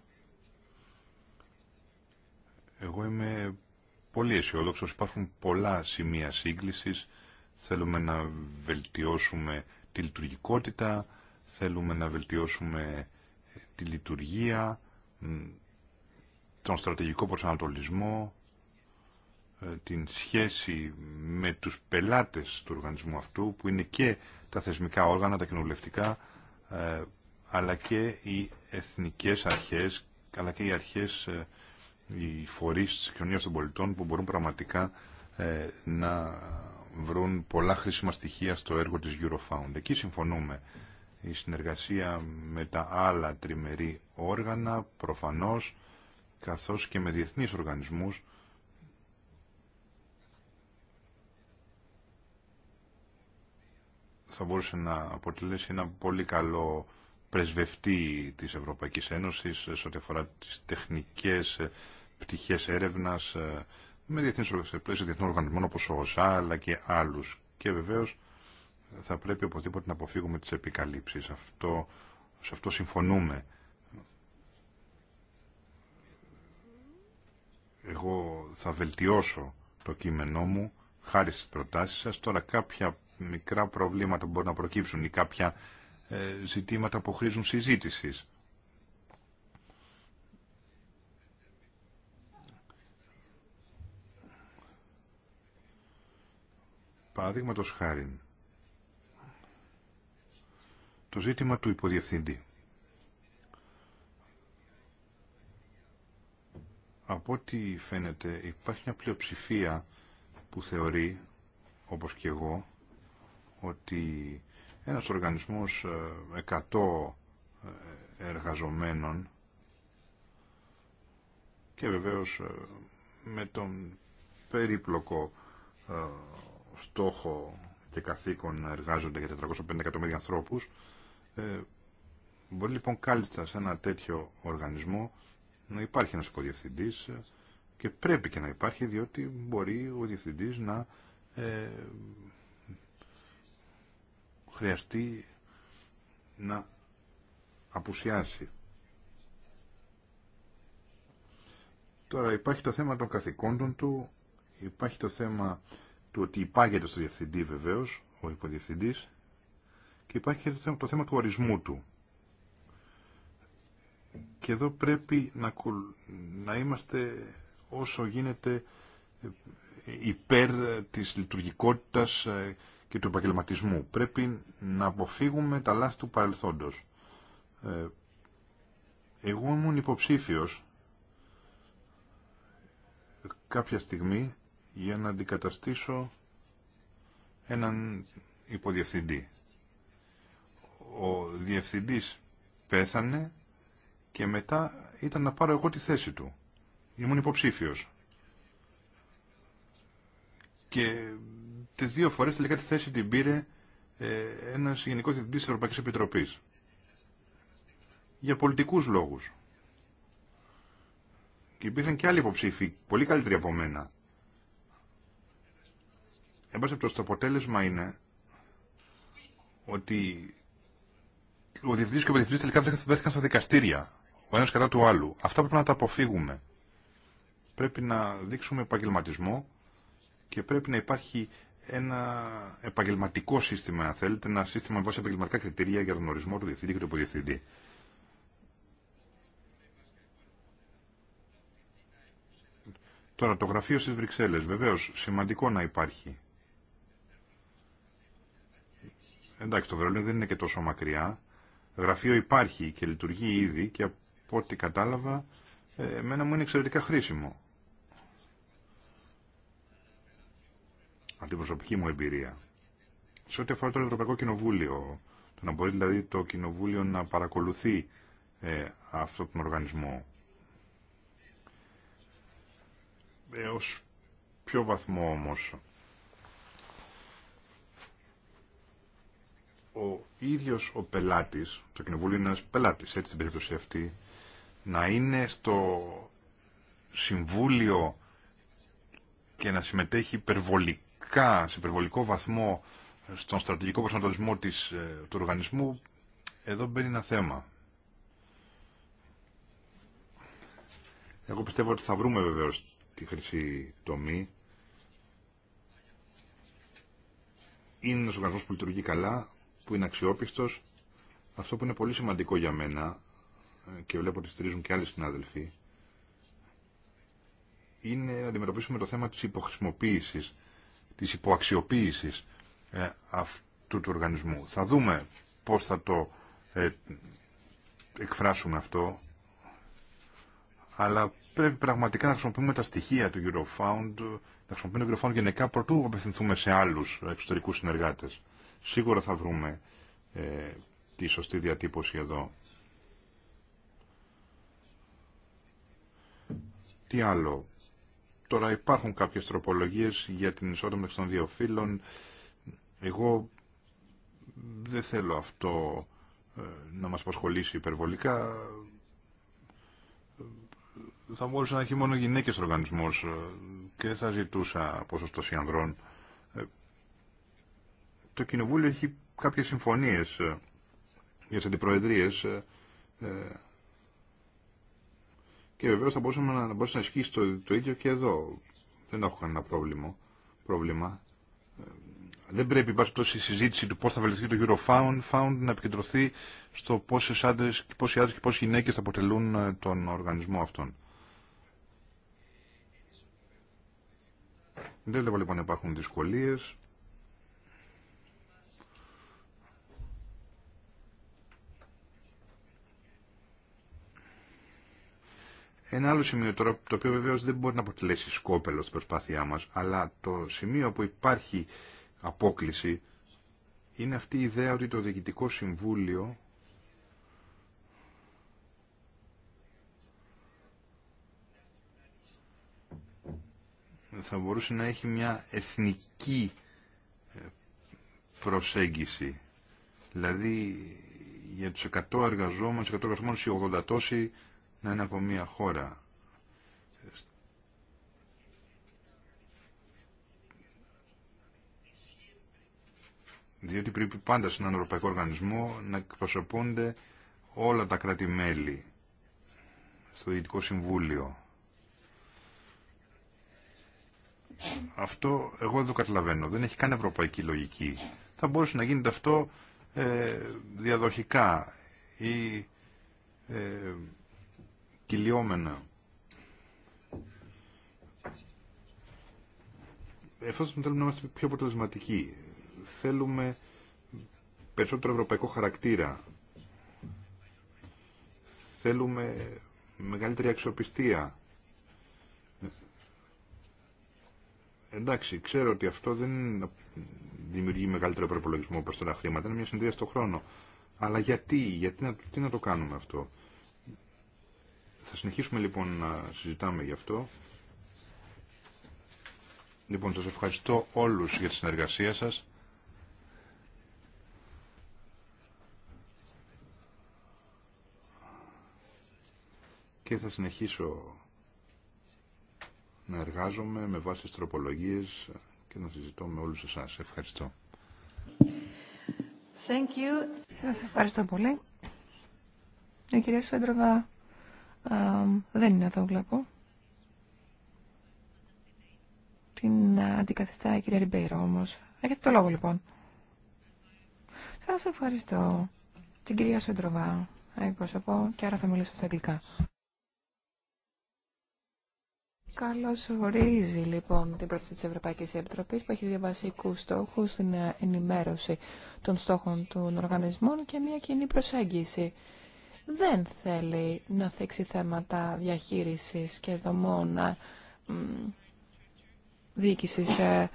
Εγώ είμαι πολύ αισιόδοξο. Υπάρχουν πολλά σημεία σύγκλησης. Θέλουμε να βελτιώσουμε τη λειτουργικότητα, θέλουμε να βελτιώσουμε τη λειτουργία, τον στρατηγικό προσανατολισμό, ε, την σχέση με τους πελάτες του οργανισμού αυτού που είναι και τα θεσμικά όργανα, τα κοινοβουλευτικά ε, αλλά και οι εθνικές αρχές αλλά και οι αρχές, ε, οι φορείς της κοινωνίας των πολιτών που μπορούν πραγματικά να βρουν πολλά χρήσιμα στοιχεία στο έργο της Eurofound. Εκεί συμφωνούμε. Η συνεργασία με τα άλλα τριμερή όργανα προφανώς καθώς και με διεθνείς οργανισμούς θα μπορούσε να αποτελέσει ένα πολύ καλό πρεσβευτή της Ευρωπαϊκής Ένωσης σε ό,τι αφορά τις τεχνικές πτυχές έρευνας ε, με διεθνείς πλαίσιο διεθνών οργανισμών όπως ο ΩΣΑ αλλά και άλλους. Και βεβαίως ε, θα πρέπει οπωσδήποτε να αποφύγουμε τις επικαλύψεις. Αυτό, σε αυτό συμφωνούμε. Εγώ θα βελτιώσω το κείμενό μου χάρη στις προτάσεις σας. Τώρα κάποια μικρά προβλήματα που μπορούν να προκύψουν ή κάποια ε, ζητήματα που χρήζουν συζήτησης. Παραδείγματο χάρη, το ζήτημα του υποδιευθύντη. Από ό,τι φαίνεται υπάρχει μια πλειοψηφία που θεωρεί, όπως και εγώ, ότι ένας οργανισμός 100 ε, ε, εργαζομένων και βεβαίως ε, με τον περίπλοκο στόχο και καθήκον να εργάζονται για 450 εκατομμύρια ανθρώπους μπορεί λοιπόν κάλλιστα σε ένα τέτοιο οργανισμό να υπάρχει ένας υποδιευθυντής και πρέπει και να υπάρχει διότι μπορεί ο διευθυντής να χρειαστεί να απουσιάσει. Τώρα υπάρχει το θέμα των καθηκόντων του, υπάρχει το θέμα του ότι υπάγεται στο διευθυντή βεβαίω, ο υποδιευθυντή, και υπάρχει και το θέμα, του ορισμού του. Και εδώ πρέπει να, να είμαστε όσο γίνεται υπέρ της λειτουργικότητας ε, και του επαγγελματισμού. Πρέπει να αποφύγουμε τα λάθη του παρελθόντος. Ε, εγώ ήμουν υποψήφιος κάποια στιγμή για να αντικαταστήσω έναν υποδιευθυντή. Ο διευθυντής πέθανε και μετά ήταν να πάρω εγώ τη θέση του. Ήμουν υποψήφιος. Και τι δύο φορέ τελικά τη θέση την πήρε ε, ένας Γενικός Διευθυντής της Ευρωπαϊκής Για πολιτικού λόγου. Και υπήρχαν και άλλοι υποψήφοι, πολύ καλύτεροι από μένα. Εν πάση το αποτέλεσμα είναι ότι ο διευθυντή και ο διευθυντή τελικά βρέθηκαν στα δικαστήρια, ο ένα κατά του άλλου. Αυτά πρέπει να τα αποφύγουμε. Πρέπει να δείξουμε επαγγελματισμό και πρέπει να υπάρχει ένα επαγγελματικό σύστημα, αν θέλετε, ένα σύστημα με βάση επαγγελματικά κριτήρια για τον ορισμό του διευθυντή και του υποδιευθυντή. Τώρα, το γραφείο στις Βρυξέλλες, βεβαίως, σημαντικό να υπάρχει. Εντάξει, το Βερολίνο δεν είναι και τόσο μακριά. Γραφείο υπάρχει και λειτουργεί ήδη και από ό,τι κατάλαβα, ε, εμένα μου είναι εξαιρετικά χρήσιμο. από την προσωπική μου εμπειρία. Σε ό,τι αφορά το Ευρωπαϊκό Κοινοβούλιο, το να μπορεί δηλαδή το Κοινοβούλιο να παρακολουθεί ε, αυτόν τον οργανισμό. Ε, Ω ποιο βαθμό όμως. Ο ίδιος ο πελάτης, το Κοινοβούλιο είναι ένα πελάτης, έτσι στην περίπτωση αυτή, να είναι στο Συμβούλιο και να συμμετέχει υπερβολικά υπερβολικά, σε υπερβολικό βαθμό στον στρατηγικό προσανατολισμό της, ε, του οργανισμού, εδώ μπαίνει ένα θέμα. Εγώ πιστεύω ότι θα βρούμε βεβαίως τη χρυσή τομή. Είναι ένας οργανισμός που λειτουργεί καλά, που είναι αξιόπιστος. Αυτό που είναι πολύ σημαντικό για μένα ε, και βλέπω ότι στηρίζουν και άλλοι συνάδελφοι, είναι να αντιμετωπίσουμε το θέμα της υποχρησιμοποίησης της υποαξιοποίησης ε, αυτού του οργανισμού. Θα δούμε πώς θα το ε, εκφράσουμε αυτό, αλλά πρέπει πραγματικά να χρησιμοποιούμε τα στοιχεία του Eurofound, να χρησιμοποιούμε το Eurofound γενικά πρωτού απευθυνθούμε σε άλλους εξωτερικούς συνεργάτες. Σίγουρα θα βρούμε ε, τη σωστή διατύπωση εδώ. Τι άλλο Τώρα υπάρχουν κάποιες τροπολογίες για την ισότητα μεταξύ των δύο φύλων. Εγώ δεν θέλω αυτό ε, να μας απασχολήσει υπερβολικά. Θα μπορούσε να έχει μόνο γυναίκες ο οργανισμός ε, και δεν θα ζητούσα ποσοστό ανδρών. Ε, το Κοινοβούλιο έχει κάποιες συμφωνίες για τις αντιπροεδρίες και βεβαίω θα μπορούσαμε να, να μπορούσε να ισχύσει το, το ίδιο και εδώ. Δεν έχω κανένα πρόβλημα. πρόβλημα. Ε, δεν πρέπει, πάση η συζήτηση του πώ θα βελτιωθεί το Eurofound Found, να επικεντρωθεί στο πόσε άντρε και πόσοι άντρε και πόσε γυναίκε θα αποτελούν ε, τον οργανισμό αυτόν. Δεν βλέπω λοιπόν να υπάρχουν δυσκολίε. Ένα άλλο σημείο τώρα, το οποίο βεβαίω δεν μπορεί να αποτελέσει σκόπελο στην προσπάθειά μα, αλλά το σημείο που υπάρχει απόκληση είναι αυτή η ιδέα ότι το Διοικητικό Συμβούλιο θα μπορούσε να έχει μια εθνική ε, προσέγγιση. Δηλαδή για τους 100 εργαζόμενους, 100 εργαζόμενους, οι 80 τόσοι να είναι από μια χώρα διότι πρέπει πάντα σε έναν ευρωπαϊκό οργανισμό να εκπροσωπούνται όλα τα κράτη-μέλη στο Ειδικό Συμβούλιο. Αυτό εγώ δεν το καταλαβαίνω. Δεν έχει καν ευρωπαϊκή λογική. Θα μπορούσε να γίνεται αυτό ε, διαδοχικά ή ε, κυλιόμενα. Εφόσον θέλουμε να είμαστε πιο αποτελεσματικοί, θέλουμε περισσότερο ευρωπαϊκό χαρακτήρα. Θέλουμε μεγαλύτερη αξιοπιστία. Εντάξει, ξέρω ότι αυτό δεν δημιουργεί μεγαλύτερο προπολογισμό προς τώρα χρήματα, είναι μια συνδυασία στον χρόνο. Αλλά γιατί, γιατί να, τι να το κάνουμε αυτό. Θα συνεχίσουμε λοιπόν να συζητάμε γι' αυτό. Λοιπόν, σας ευχαριστώ όλους για τη συνεργασία σας. Και θα συνεχίσω να εργάζομαι με βάση τις τροπολογίες και να συζητώ με όλους εσάς. Ευχαριστώ. Thank you. Σας ευχαριστώ πολύ. Η κυρία Σέντροβα δεν είναι εδώ, βλέπω. Την αντικαθιστά η κυρία Ριμπέιρο, όμως. Έχετε το λόγο, λοιπόν. Σας ευχαριστώ. Την κυρία Σεντροβά εκπροσωπώ και άρα θα μιλήσω στα αγγλικά. Καλώς ορίζει λοιπόν την πρόταση της Ευρωπαϊκής Επιτροπής που έχει δύο βασικούς στόχους, την ενημέρωση των στόχων των οργανισμών και μια κοινή προσέγγιση δεν θέλει να θίξει θέματα διαχείρισης και δομών διοίκησης ε,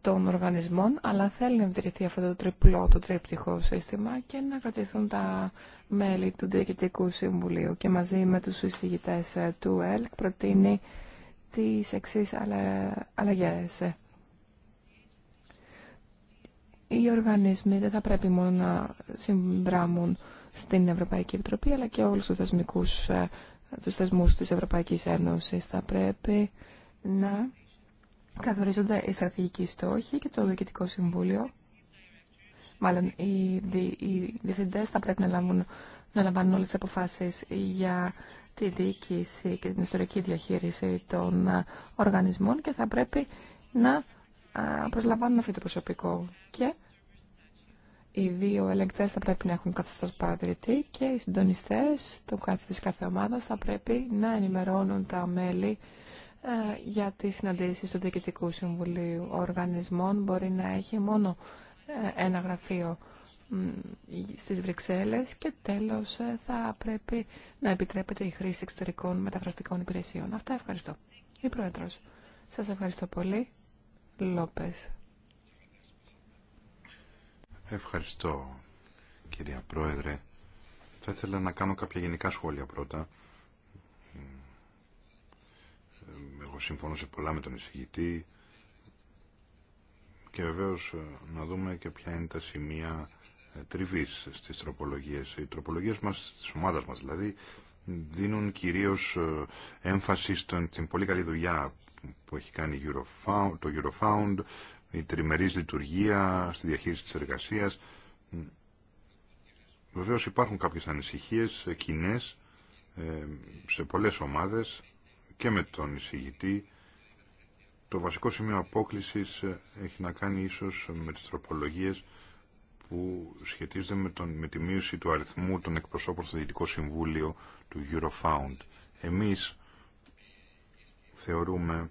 των οργανισμών, αλλά θέλει να διατηρηθεί αυτό το τριπλό, το τρίπτυχο σύστημα και να κρατηθούν τα μέλη του Διοικητικού Συμβουλίου. Και μαζί με τους συστηγητές ε, του ΕΛΚ προτείνει τις εξής αλλαγές. Οι οργανισμοί δεν θα πρέπει μόνο να συνδράμουν στην Ευρωπαϊκή Επιτροπή αλλά και όλους τους θεσμικούς ε, τους θεσμούς της Ευρωπαϊκής Ένωσης. Θα πρέπει να καθορίζονται οι στρατηγικοί στόχοι και το Διοικητικό Συμβούλιο. Μάλλον οι, δι, διευθυντές θα πρέπει να λαμβάνουν, να λαμβάνουν όλες τις αποφάσεις για τη διοίκηση και την ιστορική διαχείριση των ε, οργανισμών και θα πρέπει να ε, προσλαμβάνουν αυτό το προσωπικό. Και οι δύο ελεγκτές θα πρέπει να έχουν καθεστώς παρατηρητή και οι συντονιστές του κάθε της κάθε θα πρέπει να ενημερώνουν τα μέλη ε, για τις συναντήσεις του Διοικητικού Συμβουλίου Οργανισμών. Μπορεί να έχει μόνο ε, ένα γραφείο στις Βρυξέλλες και τέλος ε, θα πρέπει να επιτρέπεται η χρήση εξωτερικών μεταφραστικών υπηρεσιών. Αυτά ευχαριστώ. Η Πρόεδρος. Σας ευχαριστώ πολύ. Λόπες. Ευχαριστώ, κυρία Πρόεδρε. Θα ήθελα να κάνω κάποια γενικά σχόλια πρώτα. Εγώ συμφωνώ σε πολλά με τον εισηγητή και βεβαίως ε, να δούμε και ποια είναι τα σημεία ε, τριβής στις τροπολογίες. Οι τροπολογίες μας, της ομάδας μας δηλαδή, δίνουν κυρίως ε, έμφαση στην πολύ καλή δουλειά που έχει κάνει το Eurofound, η τριμερής λειτουργία, στη διαχείριση της εργασίας. Βεβαίως υπάρχουν κάποιες ανησυχίες ε, κοινέ ε, σε πολλές ομάδες και με τον εισηγητή. Το βασικό σημείο απόκλησης ε, έχει να κάνει ίσως με τις τροπολογίες που σχετίζονται με, τον, με τη μείωση του αριθμού των εκπροσώπων στο Διευθυντικό Συμβούλιο του Eurofound. Εμείς θεωρούμε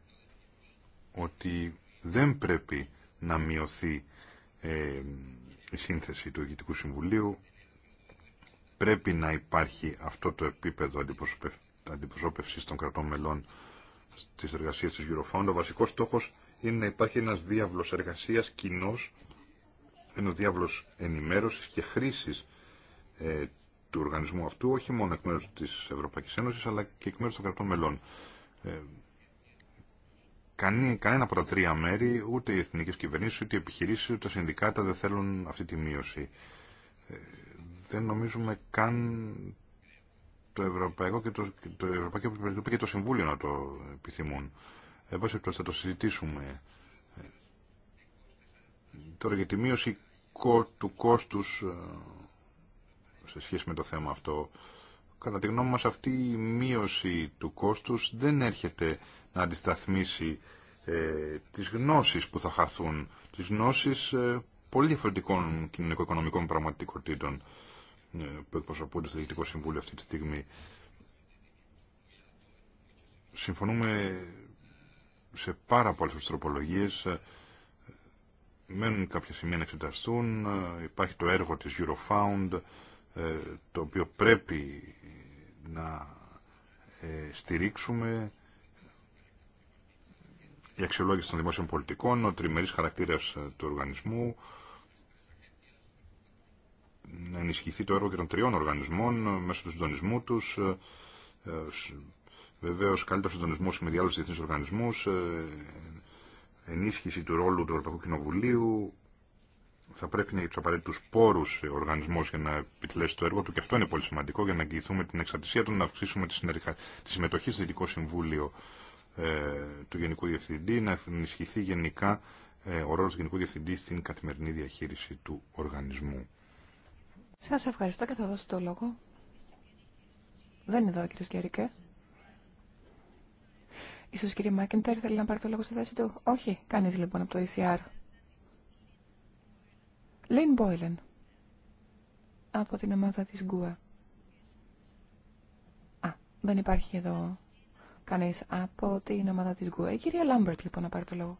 ότι δεν πρέπει να μειωθεί ε, η σύνθεση του Διοικητικού Συμβουλίου. Πρέπει να υπάρχει αυτό το επίπεδο αντιπροσωπευση των κρατών μελών στις εργασίες της Eurofound. Ο βασικός στόχος είναι να υπάρχει ένας διάβλος εργασίας κοινό, ένα διάβλος ενημέρωσης και χρήσης ε, του οργανισμού αυτού, όχι μόνο εκ μέρους της Ευρωπαϊκής Ένωσης, αλλά και εκ μέρους των κρατών μελών. Ε, κανεί, κανένα από τα τρία μέρη, ούτε οι εθνικέ κυβερνήσει, ούτε οι επιχειρήσει, ούτε τα συνδικάτα δεν θέλουν αυτή τη μείωση. Ε, δεν νομίζουμε καν το Ευρωπαϊκό και το, το Ευρωπαϊκό Επιτροπή και το Συμβούλιο να το επιθυμούν. Εν πάση θα το συζητήσουμε. Ε, τώρα για τη μείωση του κόστου ε, σε σχέση με το θέμα αυτό. Κατά τη γνώμη μας αυτή η μείωση του κόστους δεν έρχεται να αντισταθμίσει ε, τις γνώσεις που θα χαθούν, τις γνώσεις ε, πολύ διαφορετικών κοινωνικο-οικονομικών πραγματικότητων ε, που εκπροσωπούνται στο Διοικητικό Συμβούλιο αυτή τη στιγμή. Συμφωνούμε σε πάρα πολλές τροπολογίες. Ε, μένουν κάποια σημεία να εξεταστούν. Υπάρχει το έργο της Eurofound, το οποίο πρέπει να στηρίξουμε η αξιολόγηση των δημόσιων πολιτικών, ο τριμερής χαρακτήρας ε, του οργανισμού, να ενισχυθεί το έργο και των τριών οργανισμών ε, μέσω του συντονισμού τους, ε, βεβαίως καλύτερο συντονισμό με διάλογους διεθνείς οργανισμούς, ενίσχυση του ρόλου του Ευρωπαϊκού Κοινοβουλίου, θα πρέπει να έχει του απαραίτητου πόρου ο οργανισμό για να επιτελέσει το έργο του και αυτό είναι πολύ σημαντικό για να εγγυηθούμε την εξαρτησία του, να αυξήσουμε τη, συμμετοχή στο Δυτικό Συμβούλιο ε, του Γενικού Διευθυντή, να ενισχυθεί γενικά ε, ο ρόλος του Γενικού Διευθυντή στην καθημερινή διαχείριση του οργανισμού. Σας ευχαριστώ και θα δώσω το λόγο. Δεν είναι εδώ ο κύριος Γερικέ. Ίσως κύριε Μάκεντερ θέλει να πάρει το λόγο στη θέση του. Όχι, κάνει λοιπόν από το ECR. Λίν Μπόιλεν. Από την ομάδα της Γκουα. Α, δεν υπάρχει εδώ κανείς από την ομάδα της ΓΟΕ. Η κυρία Λάμπερτ, λοιπόν, να πάρει το λόγο.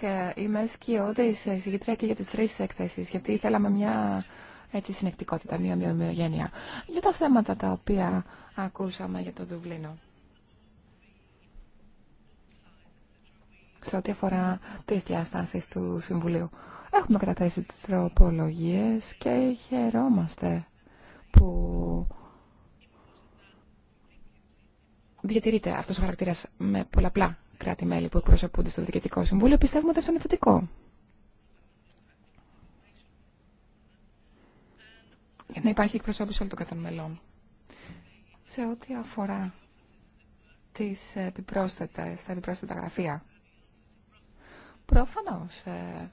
Και είμαι σκιώδης Συγκεκριμένα και για τις τρεις εκθέσεις, γιατί θέλαμε μια έτσι συνεκτικότητα, μια ομοιογένεια. Για τα θέματα τα οποία ακούσαμε για το Δουβλίνο. σε ό,τι αφορά τις διαστάσεις του Συμβουλίου. Έχουμε καταθέσει τροπολογίες και χαιρόμαστε που διατηρείται αυτός ο χαρακτήρας με πολλαπλά κράτη-μέλη που εκπροσωπούνται στο Διοικητικό Συμβούλιο, πιστεύουμε ότι αυτό είναι θετικό. Για να υπάρχει εκπροσώπηση όλων των κρατών μελών. Σε ό,τι αφορά τις επιπρόσθετες, στα επιπρόσθετα γραφεία. Προφανώς, ε,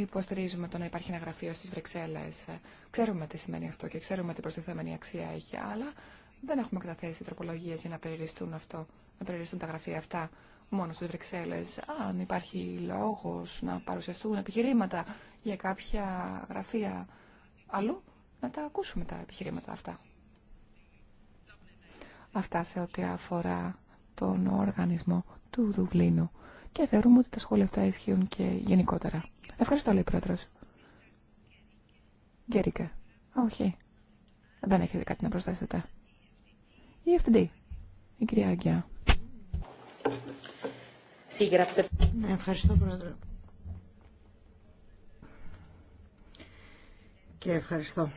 υποστηρίζουμε το να υπάρχει ένα γραφείο στις Βρυξέλλες. Ξέρουμε τι σημαίνει αυτό και ξέρουμε τι προστιθέμενη αξία έχει, αλλά δεν έχουμε καταθέσει τροπολογίες για να περιοριστούν, αυτό, να περιοριστούν τα γραφεία αυτά μόνο στις Βρυξέλλες. Αν υπάρχει λόγος να παρουσιαστούν επιχειρήματα για κάποια γραφεία αλλού, να τα ακούσουμε τα επιχειρήματα αυτά. Αυτά σε ό,τι αφορά τον οργανισμό του Δουβλίνου και θεωρούμε ότι τα σχόλια αυτά ισχύουν και γενικότερα. Ευχαριστώ, λέει πρόεδρο. Γκέρικα. Όχι. Δεν έχετε κάτι να προσθέσετε. Η ευθυντή. Η κυρία Αγγιά. Ναι, ευχαριστώ, πρόεδρε. Και ευχαριστώ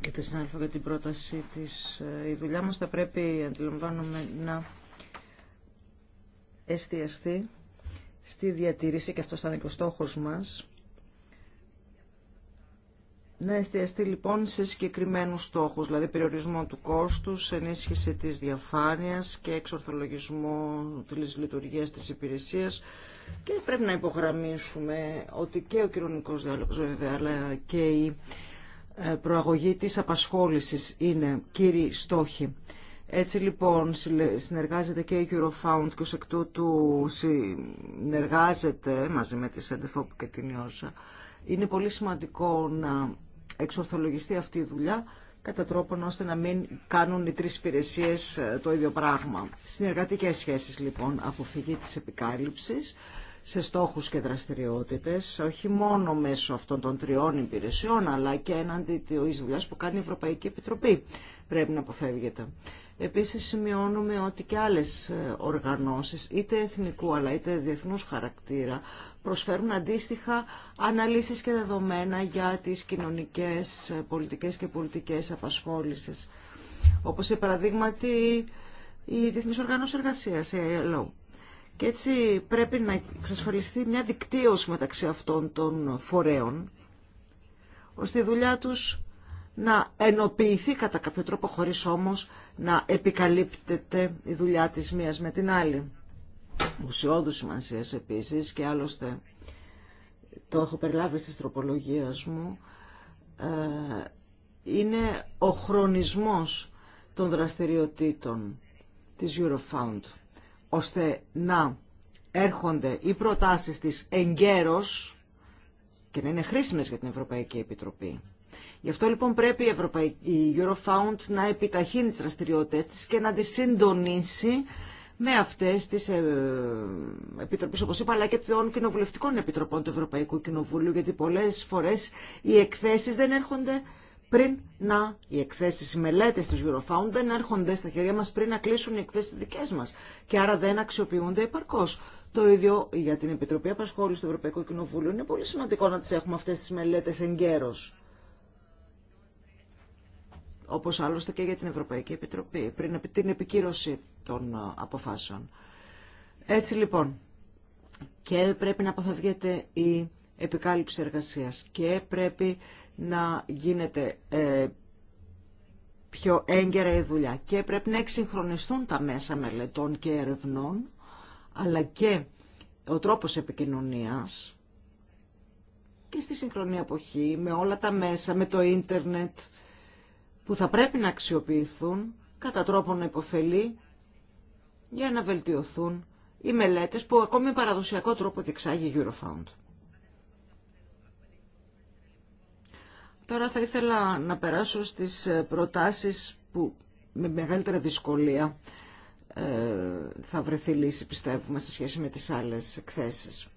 και τη συνάδελφα για την πρόταση της. Ε, η δουλειά μας θα πρέπει, αντιλαμβάνομαι, να εστιαστεί στη διατήρηση, και αυτό ήταν και ο στόχο μας, να εστιαστεί λοιπόν σε συγκεκριμένους στόχους, δηλαδή περιορισμό του κόστους, ενίσχυση της διαφάνειας και εξορθολογισμό της λειτουργίας της υπηρεσίας και πρέπει να υπογραμμίσουμε ότι και ο κοινωνικό διάλογος βέβαια αλλά και η ε, προαγωγή της απασχόλησης είναι κύριοι στόχοι. Έτσι λοιπόν συνεργάζεται και η Eurofound και ως εκ τούτου συνεργάζεται μαζί με τη ΣΕΝΤΕΦΟΠ και την Ιώσα. Είναι πολύ σημαντικό να εξορθολογιστεί αυτή η δουλειά κατά τρόπον ώστε να μην κάνουν οι τρεις υπηρεσίε ε, το ίδιο πράγμα. Συνεργατικές σχέσεις λοιπόν, αποφυγή της επικάλυψης σε στόχους και δραστηριότητες, όχι μόνο μέσω αυτών των τριών υπηρεσιών, αλλά και έναντι της δουλειά που κάνει η Ευρωπαϊκή Επιτροπή. Πρέπει να αποφεύγεται. Επίσης σημειώνουμε ότι και άλλες ε, οργανώσεις, είτε εθνικού αλλά είτε διεθνούς χαρακτήρα, προσφέρουν αντίστοιχα αναλύσεις και δεδομένα για τις κοινωνικές, ε, πολιτικές και πολιτικές απασχόλησες. Όπως σε παραδείγματι η Διεθνής Οργάνωση Εργασίας, η ILO. Και έτσι πρέπει να εξασφαλιστεί μια δικτύωση μεταξύ αυτών των φορέων, ώστε η δουλειά τους να ενοποιηθεί κατά κάποιο τρόπο χωρίς όμως να επικαλύπτεται η δουλειά της μίας με την άλλη. Ουσιώδου σημασία επίσης και άλλωστε το έχω περιλάβει στις τροπολογίες μου ε, είναι ο χρονισμός των δραστηριοτήτων της Eurofound ώστε να έρχονται οι προτάσεις της εγκαίρως και να είναι χρήσιμες για την Ευρωπαϊκή Επιτροπή Γι' αυτό λοιπόν πρέπει η, Ευρωπαϊκή, Eurofound να επιταχύνει τις δραστηριότητες της και να τις συντονίσει με αυτές τις ε, επιτροπές, όπως είπα, αλλά και των κοινοβουλευτικών επιτροπών του Ευρωπαϊκού Κοινοβουλίου, γιατί πολλές φορές οι εκθέσεις δεν έρχονται πριν να οι εκθέσεις, οι μελέτες του Eurofound δεν έρχονται στα χέρια μας πριν να κλείσουν οι εκθέσεις δικές μας και άρα δεν αξιοποιούνται επαρκώς. Το ίδιο για την Επιτροπή Απασχόλησης του Ευρωπαϊκού Κοινοβούλου. Είναι πολύ σημαντικό να τις έχουμε αυτές τις μελέτες εγκαίρως όπως άλλωστε και για την Ευρωπαϊκή Επιτροπή, πριν την επικύρωση των ε, αποφάσεων. Έτσι λοιπόν, και πρέπει να αποφευγεται η επικάλυψη εργασίας και πρέπει να γίνεται ε, πιο έγκαιρα η δουλειά και πρέπει να εξυγχρονιστούν τα μέσα μελετών και ερευνών, αλλά και ο τρόπος επικοινωνίας και στη συγχρονή εποχή, με όλα τα μέσα, με το ίντερνετ, που θα πρέπει να αξιοποιηθούν κατά τρόπο να υποφελεί για να βελτιωθούν οι μελέτες που ακόμη παραδοσιακό τρόπο διεξάγει η Eurofound. Τώρα θα ήθελα να περάσω στις προτάσεις που με μεγαλύτερη δυσκολία ε, θα βρεθεί λύση, πιστεύουμε, σε σχέση με τις άλλες εκθέσεις.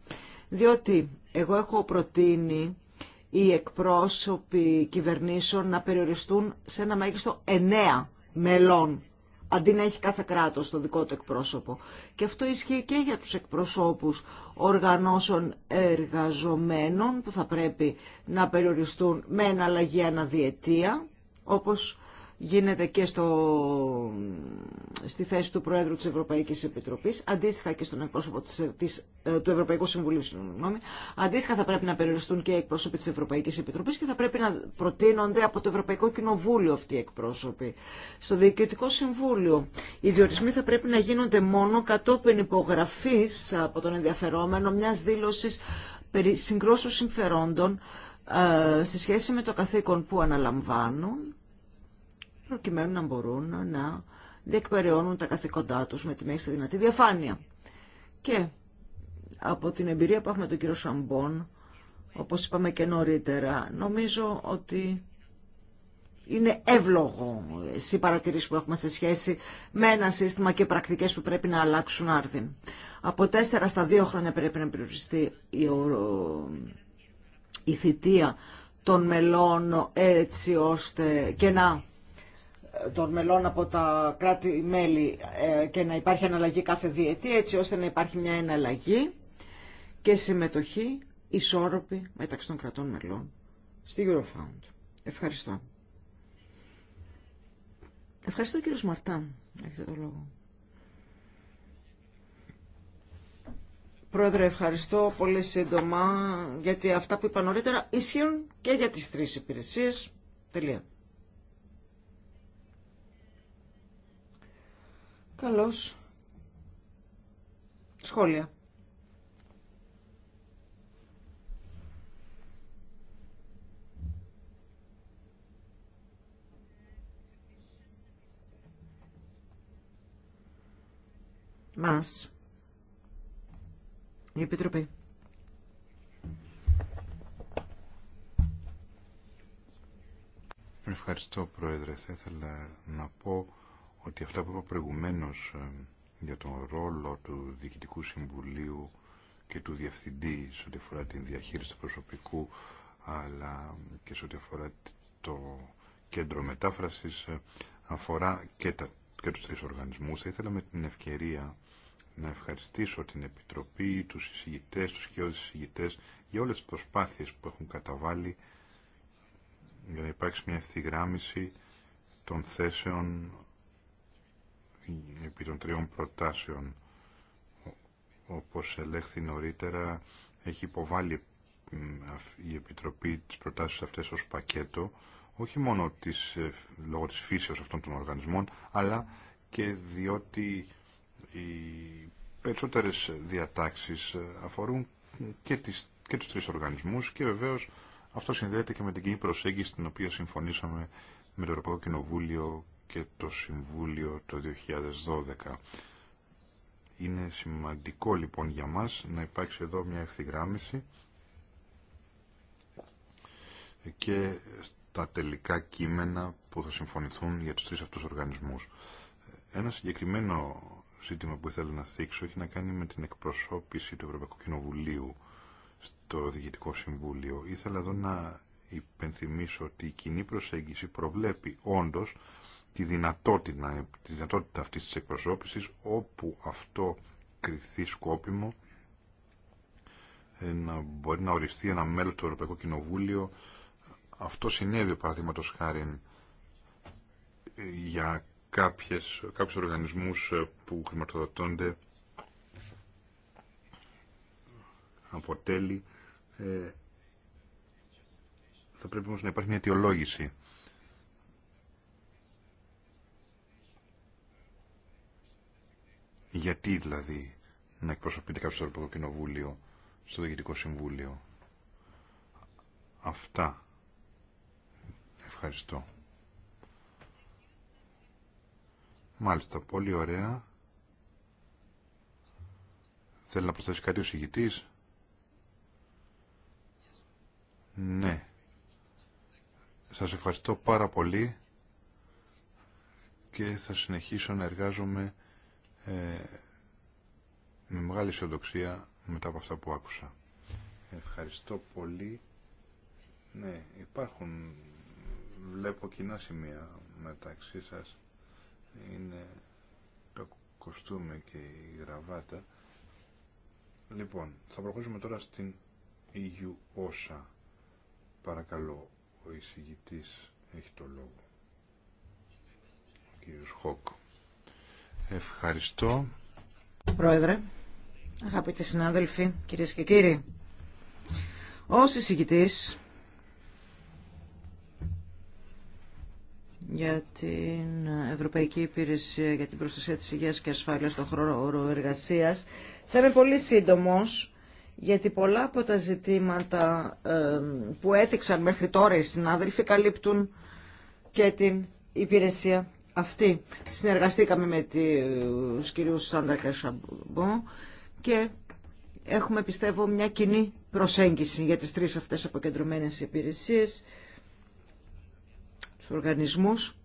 Διότι εγώ έχω προτείνει οι εκπρόσωποι κυβερνήσεων να περιοριστούν σε ένα μέγιστο εννέα μελών αντί να έχει κάθε κράτος το δικό του εκπρόσωπο. Και αυτό ισχύει και για τους εκπροσώπους οργανώσεων εργαζομένων που θα πρέπει να περιοριστούν με εναλλαγή αναδιετία, όπως γίνεται και στο, στη θέση του Προέδρου της Ευρωπαϊκής Επιτροπής, αντίστοιχα και στον εκπρόσωπο της, ε, του Ευρωπαϊκού Συμβουλίου, συγγνώμη. αντίστοιχα θα πρέπει να περιοριστούν και οι εκπρόσωποι της Ευρωπαϊκής Επιτροπής και θα πρέπει να προτείνονται από το Ευρωπαϊκό Κοινοβούλιο αυτοί οι εκπρόσωποι. Στο Διοικητικό Συμβούλιο οι διορισμοί θα πρέπει να γίνονται μόνο κατόπιν υπογραφής από τον ενδιαφερόμενο μιας δήλωσης περί συγκρόσεων συμφερόντων ε, σε σχέση με το καθήκον που αναλαμβάνουν προκειμένου να μπορούν να διεκπεραιώνουν τα καθήκοντά τους με τη μέγιστη δυνατή διαφάνεια. Και από την εμπειρία που έχουμε τον κύριο Σαμπόν, όπως είπαμε και νωρίτερα, νομίζω ότι είναι εύλογο οι παρατηρήσει που έχουμε σε σχέση με ένα σύστημα και πρακτικές που πρέπει να αλλάξουν άρθιν. Από τέσσερα στα δύο χρόνια πρέπει να περιοριστεί η, η θητεία των μελών έτσι ώστε και να των μελών από τα κράτη-μέλη ε, και να υπάρχει αναλλαγή κάθε διετή έτσι ώστε να υπάρχει μια εναλλαγή και συμμετοχή ισόρροπη μεταξύ των κρατών μελών στη Eurofound. Ευχαριστώ. Ευχαριστώ κύριο Μαρτάν. Έχετε το λόγο. Πρόεδρε, ευχαριστώ πολύ σύντομα, γιατί αυτά που είπα νωρίτερα ισχύουν και για τις τρεις υπηρεσίες. Τελεία. Καλώς. Σχόλια. Μας. Η Επιτροπή. Ευχαριστώ Πρόεδρε. Θα ήθελα να πω ότι αυτά που είπα προηγουμένως ε, για τον ρόλο του Διοικητικού Συμβουλίου και του Διευθυντή σε ό,τι αφορά την διαχείριση του προσωπικού αλλά και σε ό,τι αφορά το κέντρο μετάφρασης ε, αφορά και, τα, και τους τρεις οργανισμούς. Θα ήθελα με την ευκαιρία να ευχαριστήσω την Επιτροπή, τους εισηγητές, τους και εισηγητές για όλες τις προσπάθειες που έχουν καταβάλει για να υπάρξει μια ευθυγράμμιση των θέσεων επί των τριών προτάσεων. Όπως ελέγχθη νωρίτερα, έχει υποβάλει η Επιτροπή τις προτάσεις αυτές ως πακέτο, όχι μόνο της, ε, λόγω της φύσεως αυτών των οργανισμών, αλλά και διότι οι περισσότερες διατάξεις ε, αφορούν και, τις, και τους τρεις οργανισμούς και βεβαίως αυτό συνδέεται και με την κοινή προσέγγιση την οποία συμφωνήσαμε με το Ευρωπαϊκό Κοινοβούλιο και το Συμβούλιο το 2012. Είναι σημαντικό λοιπόν για μας να υπάρξει εδώ μια ευθυγράμμιση και στα τελικά κείμενα που θα συμφωνηθούν για τους τρεις αυτούς οργανισμούς. Ένα συγκεκριμένο ζήτημα που ήθελα να θίξω έχει να κάνει με την εκπροσώπηση του Ευρωπαϊκού Κοινοβουλίου στο Διοικητικό Συμβούλιο. Ήθελα εδώ να υπενθυμίσω ότι η κοινή προσέγγιση προβλέπει όντως τη δυνατότητα, τη δυνατότητα αυτής της εκπροσώπησης όπου αυτό κρυφθεί σκόπιμο ε, να μπορεί να οριστεί ένα μέλος του Ευρωπαϊκού Κοινοβούλιο αυτό συνέβη παραδείγματο χάρη για κάποιες, κάποιους οργανισμούς ε, που χρηματοδοτώνται αποτέλει ε, θα πρέπει όμως να υπάρχει μια αιτιολόγηση Γιατί δηλαδή να εκπροσωπείται κάποιο στο Ευρωπαϊκό Κοινοβούλιο, στο Διοικητικό Συμβούλιο. Αυτά. Ευχαριστώ. Μάλιστα, πολύ ωραία. Θέλει να προσθέσει κάτι ο συγητής. Ναι. Σας ευχαριστώ πάρα πολύ και θα συνεχίσω να εργάζομαι ε, με μεγάλη αισιοδοξία μετά από αυτά που άκουσα. Ευχαριστώ πολύ. Ναι, υπάρχουν, βλέπω κοινά σημεία μεταξύ σας. Είναι το κοστούμι και η γραβάτα. Λοιπόν, θα προχωρήσουμε τώρα στην Ιγιου όσα. Παρακαλώ, ο εισηγητής έχει το λόγο. Ο κύριος Χόκ. Ευχαριστώ. Πρόεδρε, αγαπητοί συνάδελφοι, κυρίες και κύριοι, ως εισηγητής για την Ευρωπαϊκή Υπηρεσία για την Προστασία της Υγείας και Ασφάλειας στον χώρο εργασίας, θα είμαι πολύ σύντομος γιατί πολλά από τα ζητήματα που έθιξαν μέχρι τώρα οι συνάδελφοι καλύπτουν και την υπηρεσία αυτή συνεργαστήκαμε με τους κυρίους Σάντα Σαμπομπό και έχουμε πιστεύω μια κοινή προσέγγιση για τις τρεις αυτές αποκεντρωμένες υπηρεσίες, τους οργανισμούς,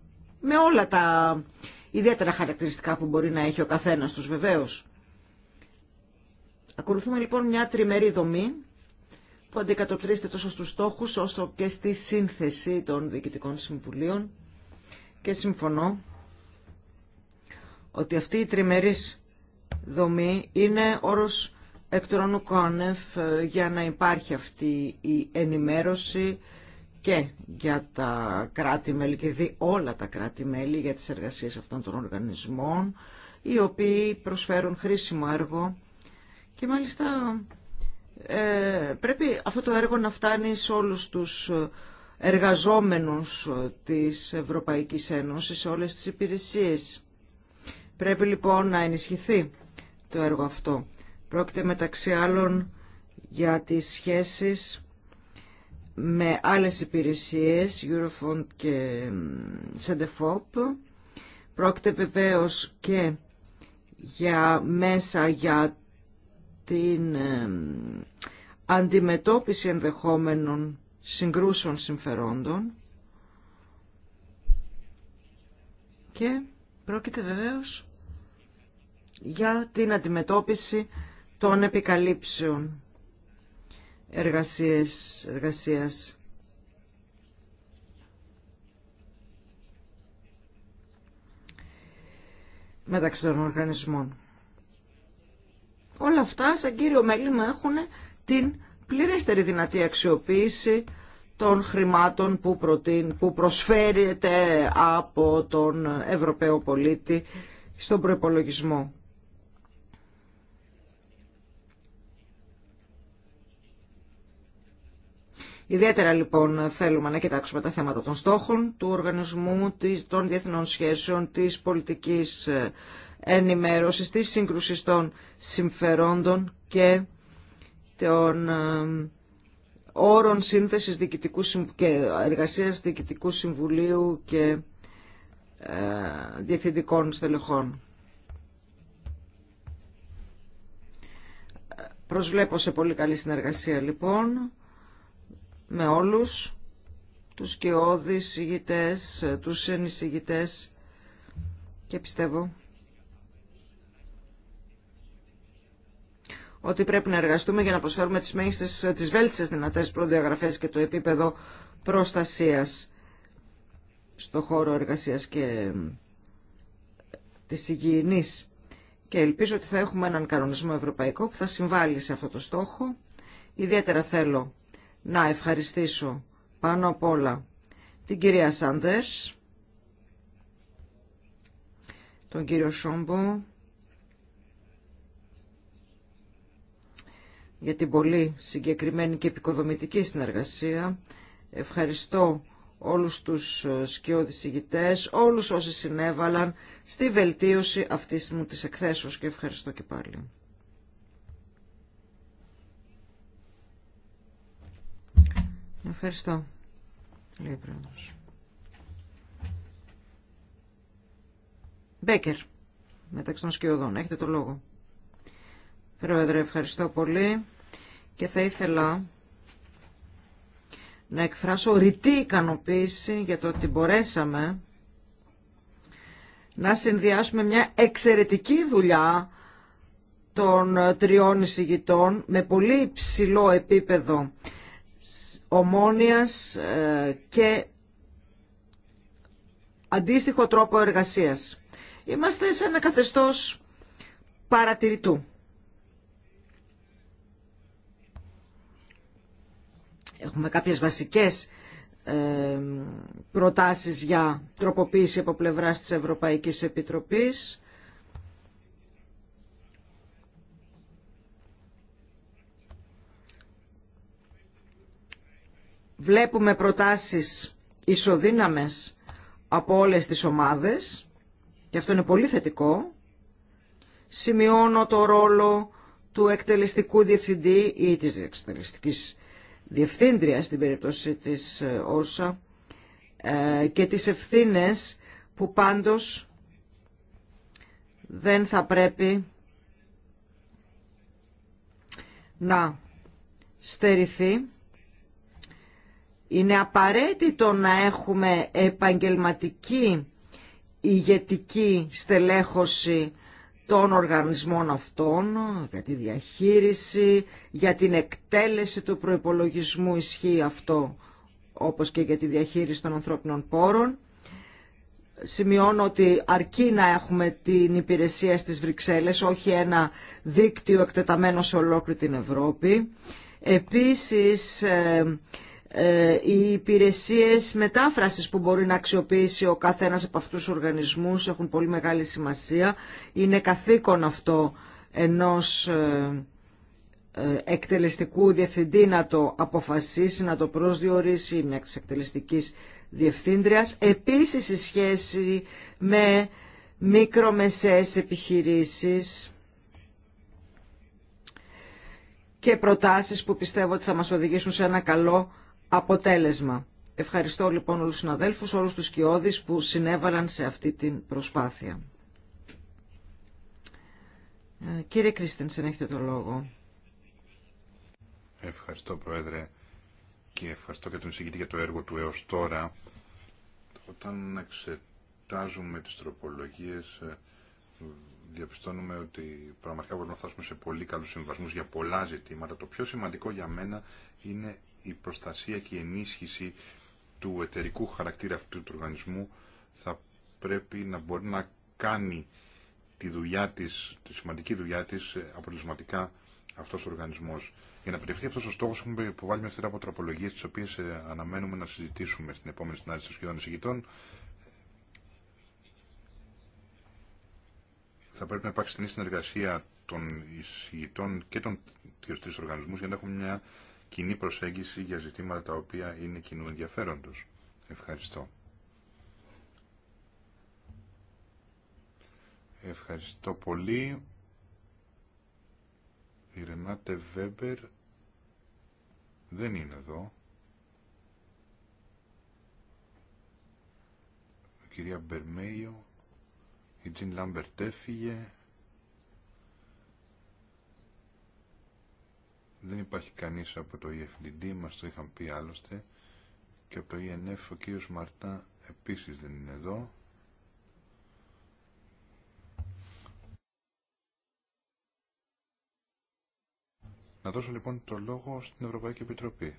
με όλα τα ιδιαίτερα χαρακτηριστικά που μπορεί να έχει ο καθένας τους βεβαίως. Ακολουθούμε λοιπόν μια τριμερή δομή που αντικατοπτρίζεται τόσο στους στόχους όσο και στη σύνθεση των διοικητικών συμβουλίων και συμφωνώ ότι αυτή η τριμερής δομή είναι όρος εκτρονού κόνευ για να υπάρχει αυτή η ενημέρωση και για τα κράτη-μέλη και δι όλα τα κράτη-μέλη για τις εργασίες αυτών των οργανισμών οι οποίοι προσφέρουν χρήσιμο έργο και μάλιστα ε, πρέπει αυτό το έργο να φτάνει σε όλους τους ε, εργαζόμενους της Ευρωπαϊκής Ένωσης σε όλες τις υπηρεσίες. Πρέπει λοιπόν να ενισχυθεί το έργο αυτό. Πρόκειται μεταξύ άλλων για τις σχέσεις με άλλες υπηρεσίες, Eurofund και Sendefop. Πρόκειται βεβαίω και για μέσα για την αντιμετώπιση ενδεχόμενων συγκρούσεων συμφερόντων και πρόκειται βεβαίως για την αντιμετώπιση των επικαλύψεων εργασίες, εργασίας. μεταξύ των οργανισμών. Όλα αυτά σαν κύριο μέλημα έχουν την πληρέστερη δυνατή αξιοποίηση των χρημάτων που, προτείν, που προσφέρεται από τον Ευρωπαίο πολίτη στον προπολογισμό. Ιδιαίτερα λοιπόν θέλουμε να κοιτάξουμε τα θέματα των στόχων του οργανισμού, των διεθνών σχέσεων, της πολιτικής ε, ενημέρωσης, της σύγκρουσης των συμφερόντων και των ε, όρων σύνθεσης διοικητικού και εργασίας διοικητικού συμβουλίου και ε, διευθυντικών στελεχών. Προσβλέπω σε πολύ καλή συνεργασία λοιπόν με όλους τους και όδης ηγητές, ε, τους ενισηγητές και πιστεύω ότι πρέπει να εργαστούμε για να προσφέρουμε τις, μέγιστες, τις βέλτιστες δυνατές προδιαγραφές και το επίπεδο προστασίας στο χώρο εργασίας και της υγιεινής. Και ελπίζω ότι θα έχουμε έναν κανονισμό ευρωπαϊκό που θα συμβάλλει σε αυτό το στόχο. Ιδιαίτερα θέλω να ευχαριστήσω πάνω απ' όλα την κυρία Σάντερς, τον κύριο Σόμπο, για την πολύ συγκεκριμένη και επικοδομητική συνεργασία. Ευχαριστώ όλους τους ε, σκιώδης ηγητές, όλους όσοι συνέβαλαν στη βελτίωση αυτής μου της εκθέσεως και ευχαριστώ και πάλι. Ευχαριστώ, λέει πρόεδρος. Μπέκερ, μεταξύ των σκιωδών. Έχετε το λόγο. Πρόεδρε, ευχαριστώ πολύ και θα ήθελα να εκφράσω ρητή ικανοποίηση για το ότι μπορέσαμε να συνδυάσουμε μια εξαιρετική δουλειά των τριών εισηγητών με πολύ υψηλό επίπεδο ομόνιας ε, και αντίστοιχο τρόπο εργασίας. Είμαστε σε ένα καθεστώς παρατηρητού. Έχουμε κάποιες βασικές ε, προτάσεις για τροποποίηση από πλευράς της Ευρωπαϊκής Επιτροπής. Βλέπουμε προτάσεις ισοδύναμες από όλες τις ομάδες και αυτό είναι πολύ θετικό. Σημειώνω το ρόλο του εκτελεστικού διευθυντή ή της εκτελεστικής διευθύντρια στην περίπτωση της ε, όσα ε, και τις ευθύνες που πάντως δεν θα πρέπει να στερηθεί. Είναι απαραίτητο να έχουμε επαγγελματική ηγετική στελέχωση των οργανισμών αυτών για τη διαχείριση, για την εκτέλεση του προϋπολογισμού ισχύει αυτό όπως και για τη διαχείριση των ανθρώπινων πόρων. Σημειώνω ότι αρκεί να έχουμε την υπηρεσία στις Βρυξέλλες, όχι ένα δίκτυο εκτεταμένο σε ολόκληρη την Ευρώπη. Επίσης, ε, ε, οι υπηρεσίες μετάφρασης που μπορεί να αξιοποιήσει ο καθένας από αυτούς τους οργανισμούς έχουν πολύ μεγάλη σημασία. Είναι καθήκον αυτό ενός ε, ε, εκτελεστικού διευθυντή να το αποφασίσει, να το προσδιορίσει μια εκτελεστικής διευθύντριας. Επίσης η σχέση με μικρομεσαίες επιχειρήσεις και προτάσεις που πιστεύω ότι θα μας οδηγήσουν σε ένα καλό αποτέλεσμα. Ευχαριστώ λοιπόν όλους τους συναδέλφους, όλους τους κοιόδης που συνέβαλαν σε αυτή την προσπάθεια. Ε, κύριε Κρίστενσεν, έχετε το λόγο. Ευχαριστώ Πρόεδρε και ευχαριστώ και τον εισηγητή για το έργο του έως τώρα. Όταν εξετάζουμε τις τροπολογίες ε, διαπιστώνουμε ότι πραγματικά μπορούμε να φτάσουμε σε πολύ καλούς συμβασμούς για πολλά ζητήματα. Το πιο σημαντικό για μένα είναι η προστασία και η ενίσχυση του εταιρικού χαρακτήρα αυτού του οργανισμού θα πρέπει να μπορεί να κάνει τη δουλειά της, τη σημαντική δουλειά της ε, αποτελεσματικά αυτός ο οργανισμός. Για να επιτευχθεί αυτός ο στόχος έχουμε υποβάλει μια σειρά από τροπολογίες τις οποίες ε, αναμένουμε να συζητήσουμε στην επόμενη συνάντηση των σχεδόν εισηγητών. Θα πρέπει να υπάρξει στενή συνεργασία των εισηγητών και των δύο τρεις για να έχουμε μια κοινή προσέγγιση για ζητήματα τα οποία είναι κοινού ενδιαφέροντος. Ευχαριστώ. Ευχαριστώ πολύ. Η Ρενάτε Βέμπερ δεν είναι εδώ. Η κυρία Μπερμέιο, η Τζιν Λάμπερτ έφυγε. Δεν υπάρχει κανείς από το EFDD, μας το είχαν πει άλλωστε, και από το ENF ο κύριος Μαρτά επίσης δεν είναι εδώ. Να δώσω λοιπόν το λόγο στην Ευρωπαϊκή Επιτροπή.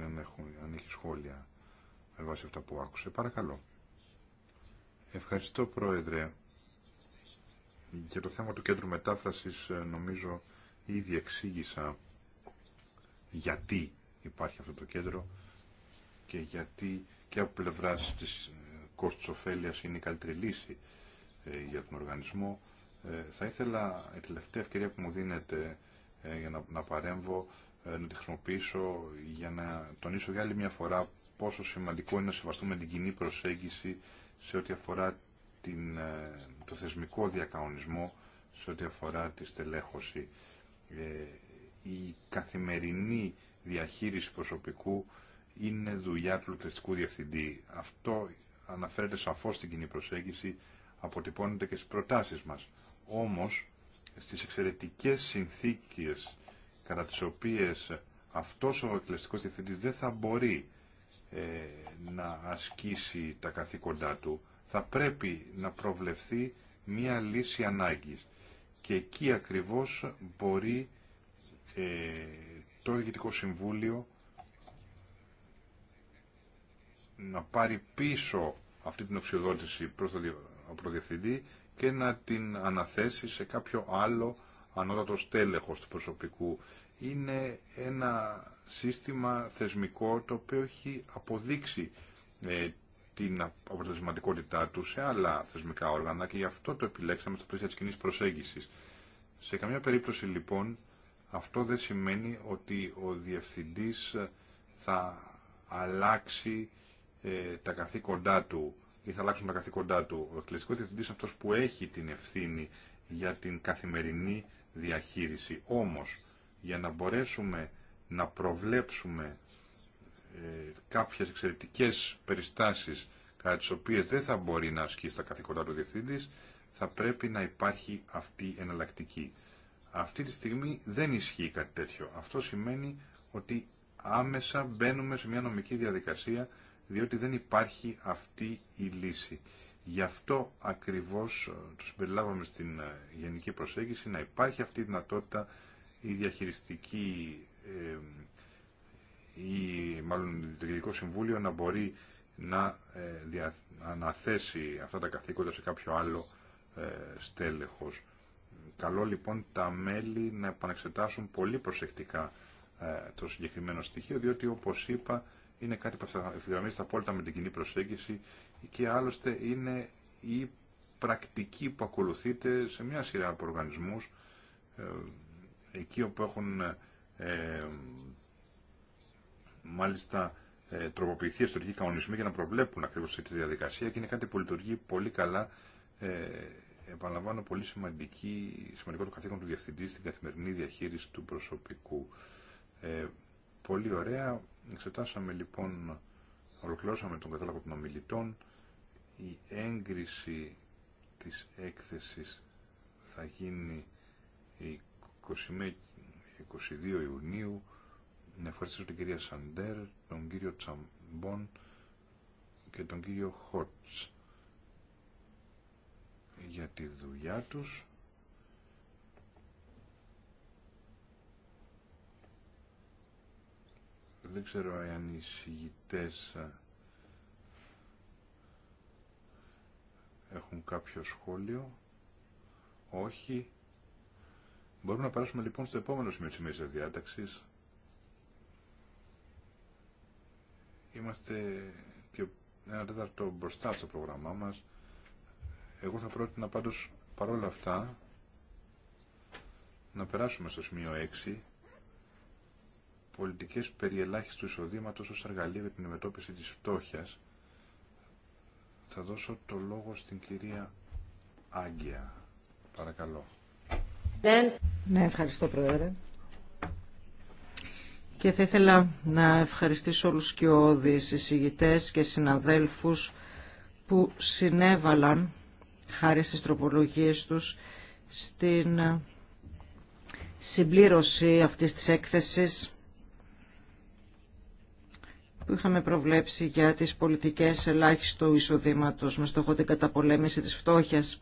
Αν, έχουν, αν έχει σχόλια με βάση αυτά που άκουσε. Παρακαλώ. Ευχαριστώ Πρόεδρε. Για το θέμα του κέντρου μετάφρασης νομίζω Ήδη εξήγησα γιατί υπάρχει αυτό το κέντρο και γιατί και από πλευρά τη ε, κόστος ωφέλεια είναι η καλύτερη λύση ε, για τον οργανισμό. Ε, θα ήθελα η τελευταία ευκαιρία που μου δίνεται για να, παρέμβω να τη χρησιμοποιήσω για να τονίσω για άλλη μια φορά πόσο σημαντικό είναι να σεβαστούμε την κοινή προσέγγιση σε ό,τι αφορά την, το θεσμικό διακανονισμό, σε ό,τι αφορά τη στελέχωση. Ε, η καθημερινή διαχείριση προσωπικού είναι δουλειά του λογιστικού διευθυντή. Αυτό αναφέρεται σαφώς στην κοινή προσέγγιση, αποτυπώνεται και στις προτάσεις μας. Όμως, στις εξαιρετικές συνθήκες κατά τις οποίες αυτός ο εκκληστικός διευθυντής δεν θα μπορεί ε, να ασκήσει τα καθήκοντά του, θα πρέπει να προβλεφθεί μία λύση ανάγκης και εκεί ακριβώς μπορεί ε, το Διοικητικό Συμβούλιο να πάρει πίσω αυτή την οξυδότηση προς τον Διευθυντή και να την αναθέσει σε κάποιο άλλο ανώτατο στέλεχος του προσωπικού. Είναι ένα σύστημα θεσμικό το οποίο έχει αποδείξει ε, την αποτελεσματικότητά του σε άλλα θεσμικά όργανα και γι' αυτό το επιλέξαμε στο πλαίσιο τη κοινή προσέγγιση. Σε καμία περίπτωση λοιπόν αυτό δεν σημαίνει ότι ο διευθυντή ε, θα αλλάξει ε, τα καθήκοντά του ή θα αλλάξουν τα καθήκοντά του. Ο εκτελεστικό διευθυντή είναι αυτό που έχει την ευθύνη για την καθημερινή διαχείριση. Όμω για να μπορέσουμε να προβλέψουμε κάποιες εξαιρετικές περιστάσεις κατά τις οποίες δεν θα μπορεί να ασκήσει τα καθηκοντά του διευθύντης, θα πρέπει να υπάρχει αυτή η εναλλακτική. Αυτή τη στιγμή δεν ισχύει κάτι τέτοιο. Αυτό σημαίνει ότι άμεσα μπαίνουμε σε μια νομική διαδικασία, διότι δεν υπάρχει αυτή η λύση. Γι' αυτό ακριβώς ε, το συμπεριλάβαμε στην ε, γενική προσέγγιση, να υπάρχει αυτή η δυνατότητα η διαχειριστική ε, ή μάλλον το Γενικό Συμβούλιο να μπορεί να ε, αναθέσει αυτά τα καθήκοντα σε κάποιο άλλο ε, στέλεχος. Καλό λοιπόν τα μέλη να επαναξετάσουν πολύ προσεκτικά ε, το συγκεκριμένο στοιχείο, διότι όπως είπα είναι κάτι που θα ευθυγραμμίζεται απόλυτα με την κοινή προσέγγιση και άλλωστε είναι η πρακτική που ακολουθείται σε μια σειρά από οργανισμούς εκεί όπου έχουν μάλιστα ε, τροποποιηθεί ιστορική κανονισμοί για να προβλέπουν ακριβώ αυτή τη διαδικασία και είναι κάτι που λειτουργεί πολύ καλά ε, επαναλαμβάνω πολύ σημαντική, σημαντικό το καθήκον του διευθυντή στην καθημερινή διαχείριση του προσωπικού. Ε, πολύ ωραία. Εξετάσαμε λοιπόν, ολοκληρώσαμε τον κατάλογο των ομιλητών. Η έγκριση της έκθεσης θα γινει 21-22 Ιουνίου. Να ευχαριστήσω την κυρία Σαντέρ, τον κύριο Τσαμπον και τον κύριο Χότς για τη δουλειά τους. Δεν ξέρω αν οι συγητές ε, έχουν κάποιο σχόλιο. Όχι. Μπορούμε να περάσουμε λοιπόν στο επόμενο σημείο της διάταξης Είμαστε και ένα τέταρτο μπροστά στο πρόγραμμά μας. Εγώ θα πρότεινα πάντως παρόλα αυτά να περάσουμε στο σημείο 6 πολιτικές περιελάχιστου εισοδήματος ως εργαλείο για την αντιμετώπιση της φτώχειας θα δώσω το λόγο στην κυρία Άγκια. Παρακαλώ. Ναι, ευχαριστώ Πρόεδρε και θα ήθελα να ευχαριστήσω όλους και όδης εισηγητές και συναδέλφους που συνέβαλαν χάρη στις τροπολογίες τους στην συμπλήρωση αυτής της έκθεσης που είχαμε προβλέψει για τις πολιτικές ελάχιστο εισοδήματος με στόχο την καταπολέμηση της φτώχειας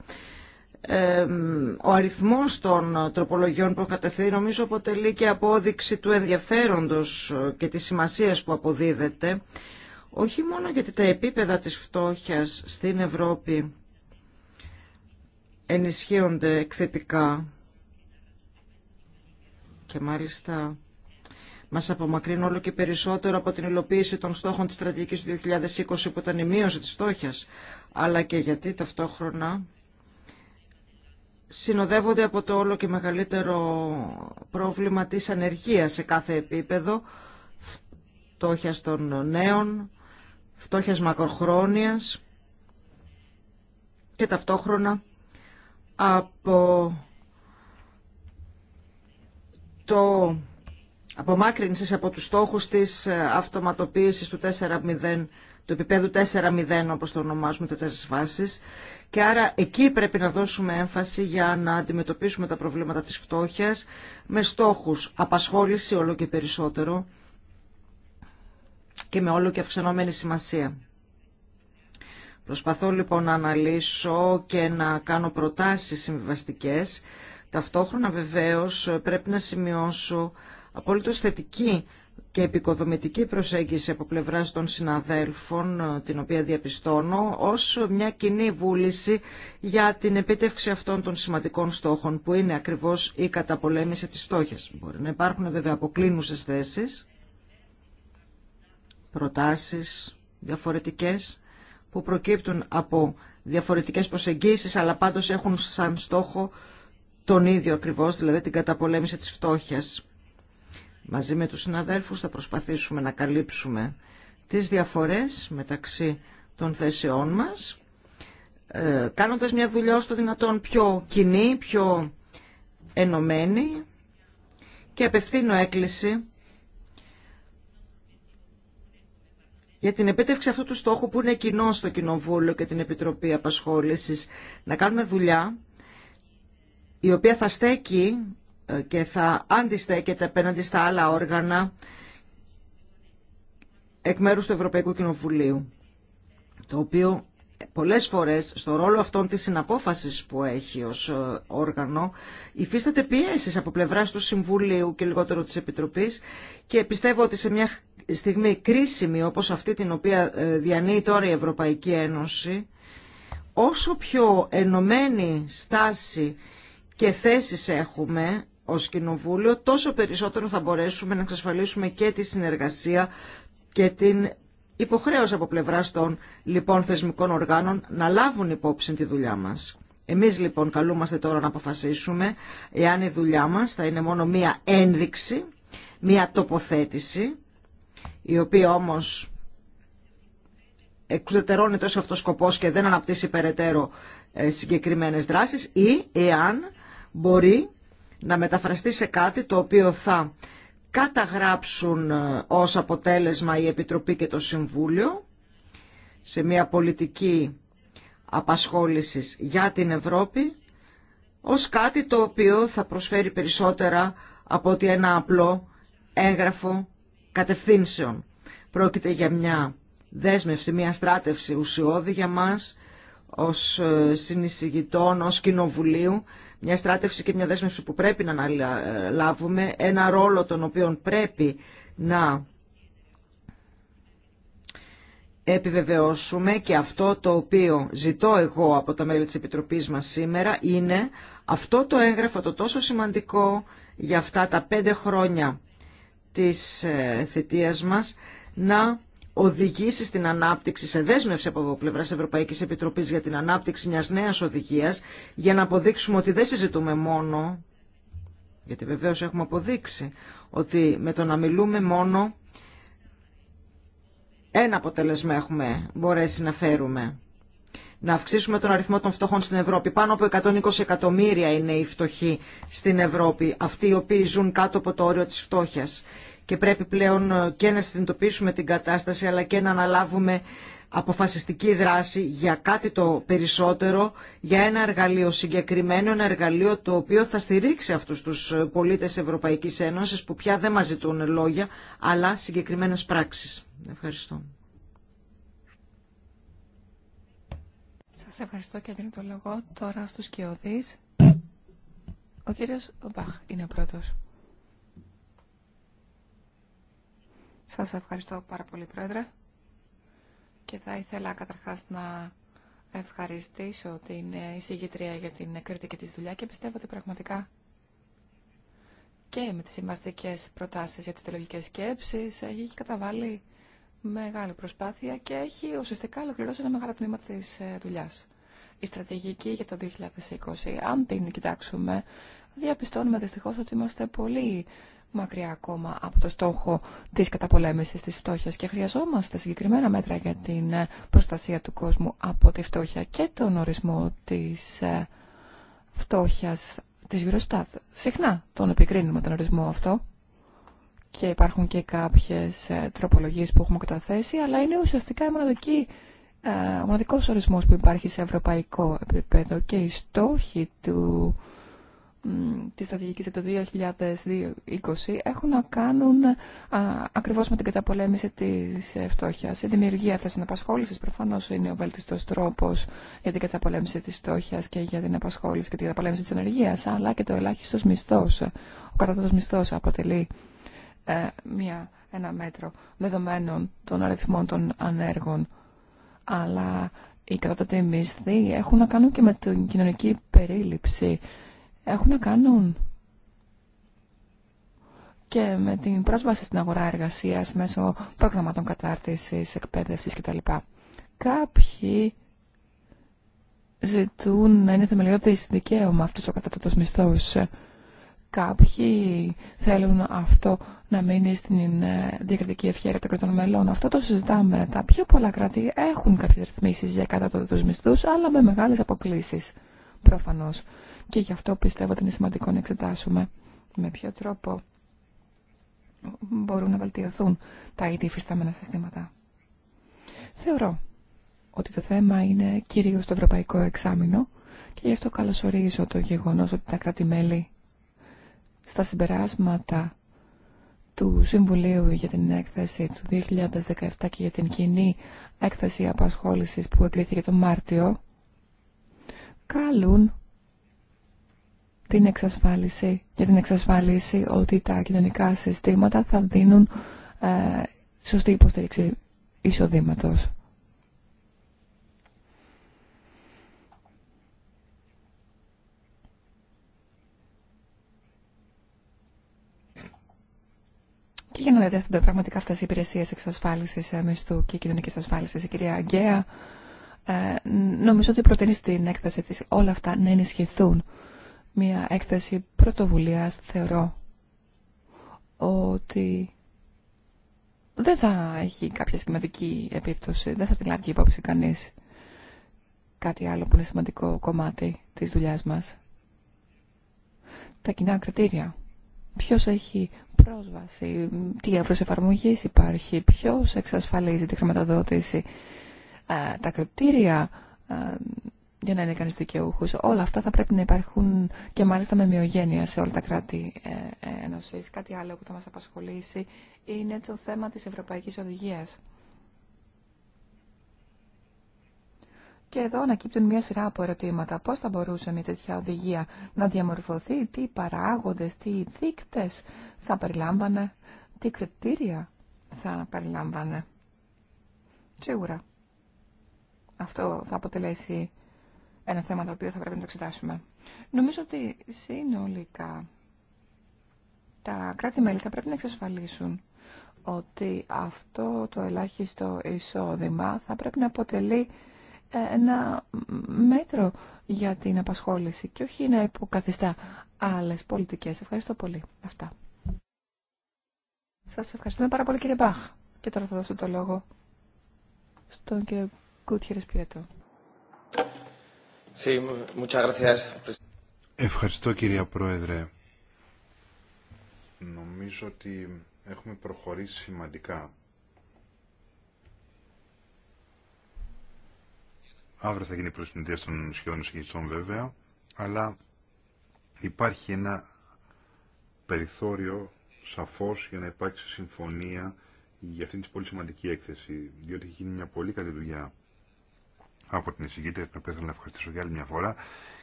ο αριθμός των τροπολογιών που κατευθεί νομίζω αποτελεί και απόδειξη του ενδιαφέροντος ε, και της σημασίας που αποδίδεται όχι μόνο γιατί τα επίπεδα της φτώχειας στην Ευρώπη ενισχύονται εκθετικά και μάλιστα μας απομακρύνουν όλο και περισσότερο από την υλοποίηση των στόχων της στρατηγικής του 2020 που ήταν η μείωση της φτώχειας αλλά και γιατί ταυτόχρονα συνοδεύονται από το όλο και μεγαλύτερο πρόβλημα της ανεργίας σε κάθε επίπεδο, φτώχεια των νέων, φτώχειας μακροχρόνιας και ταυτόχρονα από το απομάκρυνσης από τους στόχους της αυτοματοποίησης του 4.0 το επιπεδο 4 4-0 όπως το ονομάζουμε τέσσερις φάσεις και άρα εκεί πρέπει να δώσουμε έμφαση για να αντιμετωπίσουμε τα προβλήματα της φτώχειας με στόχους απασχόληση όλο και περισσότερο και με όλο και αυξανόμενη σημασία. Προσπαθώ λοιπόν να αναλύσω και να κάνω προτάσεις συμβιβαστικές. Ταυτόχρονα βεβαίως πρέπει να σημειώσω απόλυτο θετική και επικοδομητική προσέγγιση από πλευράς των συναδέλφων, ε, την οποία διαπιστώνω, ως μια κοινή βούληση για την επίτευξη αυτών των σημαντικών στόχων, που είναι ακριβώς η καταπολέμηση της στόχης. Μπορεί να υπάρχουν βέβαια αποκλίνουσες θέσεις, προτάσεις διαφορετικές, που προκύπτουν από διαφορετικές προσεγγίσεις, αλλά πάντως έχουν σαν στόχο τον ίδιο ακριβώς, δηλαδή την καταπολέμηση της φτώχειας. Μαζί με τους συναδέλφους θα προσπαθήσουμε να καλύψουμε τις διαφορές μεταξύ των θέσεών μας, ε, κάνοντας μια δουλειά στο δυνατόν πιο κοινή, πιο ενωμένη και απευθύνω έκκληση για την επίτευξη αυτού του στόχου που είναι κοινό στο Κοινοβούλιο και την Επιτροπή Απασχόλησης, να κάνουμε δουλειά η οποία θα στέκει και θα αντιστέκεται απέναντι στα άλλα όργανα εκ μέρους του Ευρωπαϊκού Κοινοβουλίου, το οποίο πολλές φορές στο ρόλο αυτών της συναπόφασης που έχει ως ε, όργανο υφίσταται πιέσεις από πλευράς του Συμβουλίου και λιγότερο της Επιτροπής και πιστεύω ότι σε μια στιγμή κρίσιμη όπως αυτή την οποία ε, διανύει τώρα η Ευρωπαϊκή Ένωση όσο πιο ενωμένη στάση και θέσεις έχουμε ως Κοινοβούλιο, τόσο περισσότερο θα μπορέσουμε να εξασφαλίσουμε και τη συνεργασία και την υποχρέωση από πλευρά των λοιπόν θεσμικών οργάνων να λάβουν υπόψη τη δουλειά μας. Εμείς λοιπόν καλούμαστε τώρα να αποφασίσουμε εάν η δουλειά μας θα είναι μόνο μία ένδειξη, μία τοποθέτηση, η οποία όμως εξωτερώνει τόσο αυτός σκοπός και δεν αναπτύσσει περαιτέρω ε, συγκεκριμένες δράσεις ή εάν μπορεί να μεταφραστεί σε κάτι το οποίο θα καταγράψουν ε, ως αποτέλεσμα η Επιτροπή και το Συμβούλιο σε μια πολιτική απασχόλησης για την Ευρώπη ως κάτι το οποίο θα προσφέρει περισσότερα από ότι ένα απλό έγγραφο κατευθύνσεων. Πρόκειται για μια δέσμευση, μια στράτευση ουσιώδη για μας ως ε, συνεισηγητών, ως κοινοβουλίου, μια στράτευση και μια δέσμευση που πρέπει να ε, λάβουμε, ένα ρόλο τον οποίο πρέπει να επιβεβαιώσουμε και αυτό το οποίο ζητώ εγώ από τα μέλη της Επιτροπής μας σήμερα είναι αυτό το έγγραφο το τόσο σημαντικό για αυτά τα πέντε χρόνια της ε, θητείας μας να οδηγήσει στην ανάπτυξη, σε δέσμευση από πλευρά Ευρωπαϊκή Επιτροπή για την ανάπτυξη μια νέα οδηγία, για να αποδείξουμε ότι δεν συζητούμε μόνο, γιατί βεβαίω έχουμε αποδείξει ότι με το να μιλούμε μόνο ένα αποτέλεσμα έχουμε μπορέσει να φέρουμε. Να αυξήσουμε τον αριθμό των φτωχών στην Ευρώπη. Πάνω από 120 εκατομμύρια είναι οι φτωχοί στην Ευρώπη, αυτοί οι οποίοι ζουν κάτω από το όριο της φτώχειας και πρέπει πλέον ε, και να συνειδητοποιήσουμε την κατάσταση αλλά και να αναλάβουμε αποφασιστική δράση για κάτι το περισσότερο, για ένα εργαλείο συγκεκριμένο, ένα εργαλείο το οποίο θα στηρίξει αυτούς τους ε, πολίτες Ευρωπαϊκής Ένωσης που πια δεν μας ζητούν λόγια, αλλά συγκεκριμένες πράξεις. Ευχαριστώ. Σας ευχαριστώ και δίνω το λόγο τώρα στους Κιωδείς. Ο κύριος Μπαχ είναι ο πρώτος. Σας ευχαριστώ πάρα πολύ, Πρόεδρε. Και θα ήθελα καταρχάς να ευχαριστήσω την εισηγητρία για την κριτική της δουλειά και πιστεύω ότι πραγματικά και με τις συμβαστικές προτάσεις για τις τελογικές σκέψεις έχει καταβάλει μεγάλη προσπάθεια και έχει ουσιαστικά ολοκληρώσει ένα μεγάλο τμήμα της ε, δουλειάς. Η στρατηγική για το 2020, αν την κοιτάξουμε, διαπιστώνουμε δυστυχώς ότι είμαστε πολύ μακριά ακόμα από το στόχο της καταπολέμησης της φτώχειας και χρειαζόμαστε συγκεκριμένα μέτρα για την ε, προστασία του κόσμου από τη φτώχεια και τον ορισμό της ε, φτώχειας της Eurostat. Συχνά τον επικρίνουμε τον ορισμό αυτό και υπάρχουν και κάποιες ε, τροπολογίες που έχουμε καταθέσει, αλλά είναι ουσιαστικά μοναδική ο μοναδικός ορισμός που υπάρχει σε ευρωπαϊκό επίπεδο και οι στόχοι του της στρατηγικής το 2020 έχουν να κάνουν α, ακριβώς με την καταπολέμηση της ε, φτώχειας. Η δημιουργία θέσεων απασχόλησης προφανώς είναι ο βέλτιστος τρόπος για την καταπολέμηση της φτώχειας και για την απασχόληση και την καταπολέμηση της ενεργείας, αλλά και το ελάχιστος μισθός. Ο κατώτατος μισθός αποτελεί ε, ένα μέτρο δεδομένων των αριθμών των ανέργων. Αλλά οι κατώτατοι μισθοί έχουν να κάνουν και με την κοινωνική περίληψη έχουν να κάνουν και με την πρόσβαση στην αγορά εργασίας μέσω προγραμμάτων κατάρτισης, εκπαίδευσης κτλ. Κάποιοι ζητούν να είναι θεμελιώδης δικαίωμα αυτός ο κατατατός μισθός. Κάποιοι θέλουν αυτό να μείνει στην ε, διακριτική ευχαίρεια των κρατών μελών. Αυτό το συζητάμε. Τα πιο πολλά κράτη έχουν κάποιες ρυθμίσεις για κατατατούς μισθού, αλλά με μεγάλες αποκλήσει προφανώς και γι' αυτό πιστεύω ότι είναι σημαντικό να εξετάσουμε με ποιο τρόπο μπορούν να βελτιωθούν τα ήδη υφιστάμενα συστήματα. Θεωρώ ότι το θέμα είναι κυρίως το ευρωπαϊκό εξάμεινο και γι' αυτό καλωσορίζω το γεγονός ότι τα κράτη-μέλη στα συμπεράσματα του Συμβουλίου για την έκθεση του 2017 και για την κοινή έκθεση απασχόλησης που εγκρίθηκε τον Μάρτιο καλούν την εξασφάλιση, για την εξασφάλιση ότι τα κοινωνικά συστήματα θα δίνουν ε, σωστή υποστήριξη εισοδήματος. Και για να διαθέτονται πραγματικά αυτές οι υπηρεσίες εξασφάλισης ε, μισθού και κοινωνικής ασφάλισης, η κυρία Αγκαία, ε, νομίζω ότι προτείνει στην έκθεση της όλα αυτά να ενισχυθούν μια έκθεση πρωτοβουλίας θεωρώ ότι δεν θα έχει κάποια σχηματική επίπτωση, δεν θα την λάβει υπόψη κανείς κάτι άλλο που είναι σημαντικό κομμάτι της δουλειάς μας. Τα κοινά κριτήρια. Ποιος έχει πρόσβαση, τι εύρος εφαρμογής υπάρχει, ποιος εξασφαλίζει τη χρηματοδότηση. Ε, τα κριτήρια ε, για να είναι κανείς δικαιούχος. Όλα αυτά θα πρέπει να υπάρχουν και μάλιστα με μειογένεια σε όλα τα κράτη ε, ένωσης. Κάτι άλλο που θα μας απασχολήσει είναι το θέμα της Ευρωπαϊκής Οδηγίας. Και εδώ ανακύπτουν μια σειρά από ερωτήματα. Πώς θα μπορούσε μια τέτοια οδηγία να διαμορφωθεί, τι παράγοντες, τι δείκτες θα περιλάμβανε, τι κριτήρια θα περιλάμβανε. Σίγουρα. Αυτό θα αποτελέσει ένα θέμα το οποίο θα πρέπει να το εξετάσουμε. Νομίζω ότι συνολικά τα κράτη-μέλη θα πρέπει να εξασφαλίσουν ότι αυτό το ελάχιστο εισόδημα θα πρέπει να αποτελεί ε, ένα μέτρο για την απασχόληση και όχι να υποκαθιστά άλλες πολιτικές. Ευχαριστώ πολύ. Αυτά. Σας ευχαριστούμε πάρα πολύ κύριε Μπαχ. Και τώρα θα δώσω το λόγο στον κύριο Κούτχερες Πυρετό. Ευχαριστώ κυρία Πρόεδρε. Νομίζω ότι έχουμε προχωρήσει σημαντικά. Αύριο θα γίνει η προσυντηρία των σχεδόν συγκεκριτών βέβαια, αλλά υπάρχει ένα περιθώριο σαφώς για να υπάρξει συμφωνία για αυτήν την πολύ σημαντική έκθεση, διότι έχει γίνει μια πολύ καλή δουλειά από την εισηγήτρια, την οποία θέλω να ευχαριστήσω για άλλη μια φορά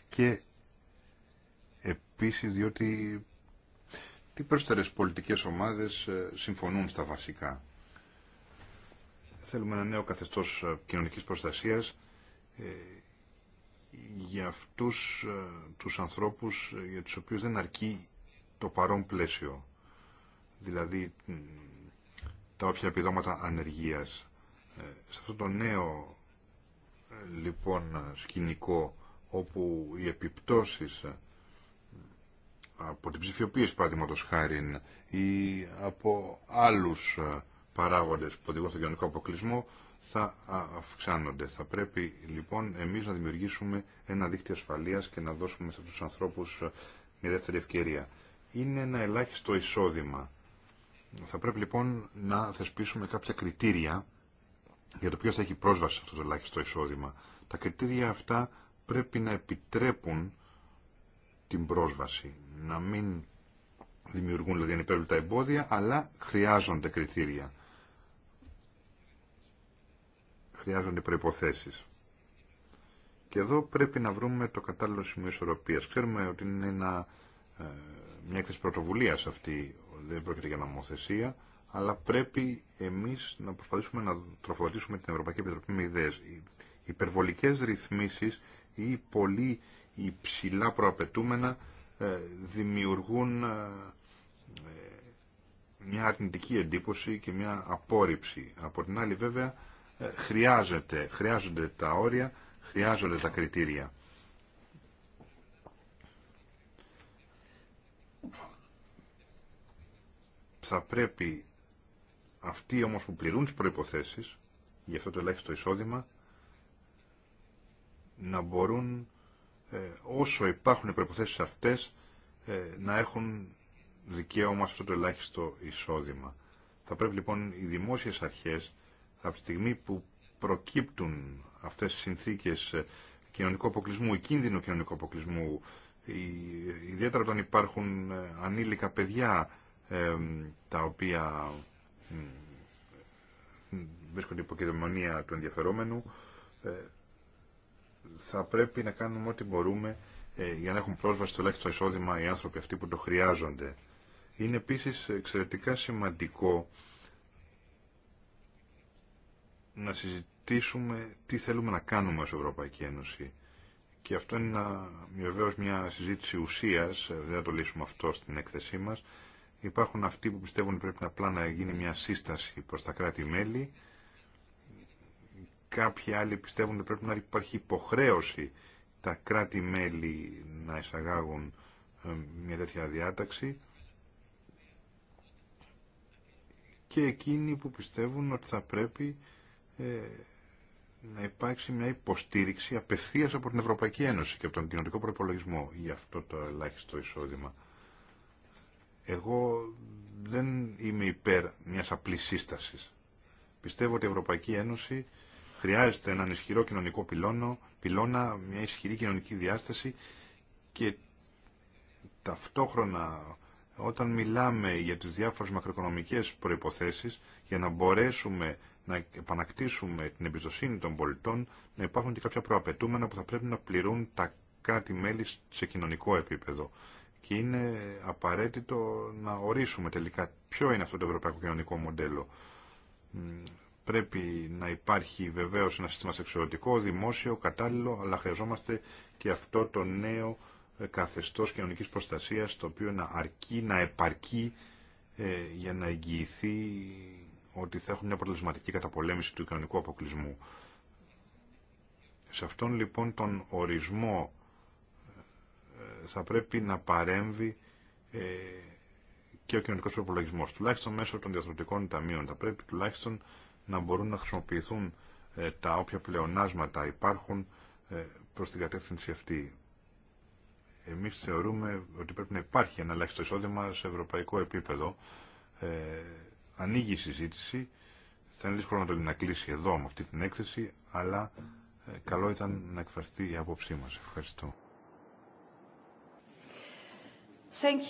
και επίσης διότι τι περισσότερες πολιτικές ομάδες ε, συμφωνούν στα βασικά. Θέλουμε ένα νέο καθεστώς ε, κοινωνικής προστασίας ε, για αυτούς τους ανθρώπους για τους οποίους δεν αρκεί το παρόν πλαίσιο. Δηλαδή τα όποια επιδόματα ανεργίας. Σε αυτό το νέο λοιπόν σκηνικό όπου οι επιπτώσεις ε, από την ψηφιοποίηση παραδείγματος χάρη ή από άλλους ε, παράγοντες που οδηγούν στο κοινωνικό αποκλεισμό θα αυξάνονται. Θα πρέπει λοιπόν εμείς να δημιουργήσουμε ένα δίκτυο ασφαλείας και να δώσουμε σε αυτούς τους ανθρώπους ε, μια δεύτερη ευκαιρία. Είναι ένα ελάχιστο εισόδημα. Θα πρέπει λοιπόν να θεσπίσουμε κάποια κριτήρια για το ποιό θα έχει πρόσβαση σε αυτό το ελάχιστο εισόδημα. Τα κριτήρια αυτά πρέπει να επιτρέπουν την πρόσβαση, να μην δημιουργούν δηλαδή ανυπέρβλητα εμπόδια, αλλά χρειάζονται κριτήρια. Χρειάζονται προϋποθέσεις. Και εδώ πρέπει να βρούμε το κατάλληλο σημείο ισορροπίας. Ξέρουμε ότι είναι ε, μια έκθεση πρωτοβουλίας αυτή, δεν πρόκειται για νομοθεσία, αλλά πρέπει εμείς να προσπαθήσουμε να τροφοδοτήσουμε την Ευρωπαϊκή Επιτροπή με ιδέες. Οι υπερβολικές ρυθμίσεις ή πολύ υψηλά προαπαιτούμενα ε, δημιουργούν ε, ε, μια αρνητική εντύπωση και μια απόρριψη. Από την άλλη βέβαια χρειάζεται, χρειάζονται τα όρια, χρειάζονται τα κριτήρια. Θα πρέπει αυτοί όμως που πληρούν τις προϋποθέσεις για αυτό το ελάχιστο εισόδημα να μπορούν ε, όσο υπάρχουν οι προϋποθέσεις αυτές ε, να έχουν δικαίωμα σε αυτό το ελάχιστο εισόδημα. Θα πρέπει λοιπόν οι δημόσιες αρχές από τη στιγμή που προκύπτουν αυτές οι συνθήκες ε, κοινωνικού αποκλεισμού ή κίνδυνου κοινωνικού αποκλεισμού ιδιαίτερα όταν υπάρχουν ανήλικα παιδιά τα οποία βρίσκονται υποκειδομονία του ενδιαφερόμενου, ε, θα πρέπει να κάνουμε ό,τι μπορούμε ε, για να έχουν πρόσβαση στο ελάχιστο εισόδημα οι άνθρωποι αυτοί που το χρειάζονται. Είναι επίσης εξαιρετικά σημαντικό να συζητήσουμε τι θέλουμε να κάνουμε ως Ευρωπαϊκή Ένωση. Και αυτό είναι βεβαίω μια συζήτηση ουσίας, δεν θα το λύσουμε αυτό στην έκθεσή μας. Υπάρχουν αυτοί που πιστεύουν ότι πρέπει απλά να γίνει μια σύσταση προς τα κράτη-μέλη. Κάποιοι άλλοι πιστεύουν ότι πρέπει να υπάρχει υποχρέωση τα κράτη-μέλη να εισαγάγουν ε, μια τέτοια διάταξη και εκείνοι που πιστεύουν ότι θα πρέπει ε, να υπάρξει μια υποστήριξη απευθείας από την Ευρωπαϊκή Ένωση και από τον κοινωνικό προπολογισμό για αυτό το ελάχιστο εισόδημα. Εγώ δεν είμαι υπέρ μιας απλής σύστασης. Πιστεύω ότι η Ευρωπαϊκή Ένωση χρειάζεται έναν ισχυρό κοινωνικό πυλώνο, πυλώνα, μια ισχυρή κοινωνική διάσταση και ταυτόχρονα όταν μιλάμε για τις διάφορες μακροοικονομικές προϋποθέσεις για να μπορέσουμε να επανακτήσουμε την εμπιστοσύνη των πολιτών να υπάρχουν και κάποια προαπαιτούμενα που θα πρέπει να πληρούν τα κράτη-μέλη σε κοινωνικό επίπεδο και είναι απαραίτητο να ορίσουμε τελικά ποιο είναι αυτό το ευρωπαϊκό κοινωνικό μοντέλο. Πρέπει να υπάρχει βεβαίω ένα σύστημα σεξουαλικό, δημόσιο, κατάλληλο, αλλά χρειαζόμαστε και αυτό το νέο ε, καθεστώς κοινωνική προστασίας το οποίο να αρκεί, να επαρκεί ε, για να εγγυηθεί ότι θα έχουν μια αποτελεσματική καταπολέμηση του κοινωνικού αποκλεισμού. Σε αυτόν λοιπόν τον ορισμό θα πρέπει να παρέμβει ε, και ο κοινωνικό προπολογισμό. Τουλάχιστον μέσω των διαθροτικών ταμείων θα πρέπει τουλάχιστον να μπορούν να χρησιμοποιηθούν ε, τα όποια πλεονάσματα υπάρχουν ε, προς την κατεύθυνση αυτή. Εμείς θεωρούμε ότι πρέπει να υπάρχει ένα ελάχιστο εισόδημα σε ευρωπαϊκό επίπεδο. Ε, ανοίγει η συζήτηση. Θα είναι δύσκολο να το κλείσει εδώ με αυτή την έκθεση, αλλά καλό ήταν να εκφραστεί η άποψή μας. Ευχαριστώ. Thank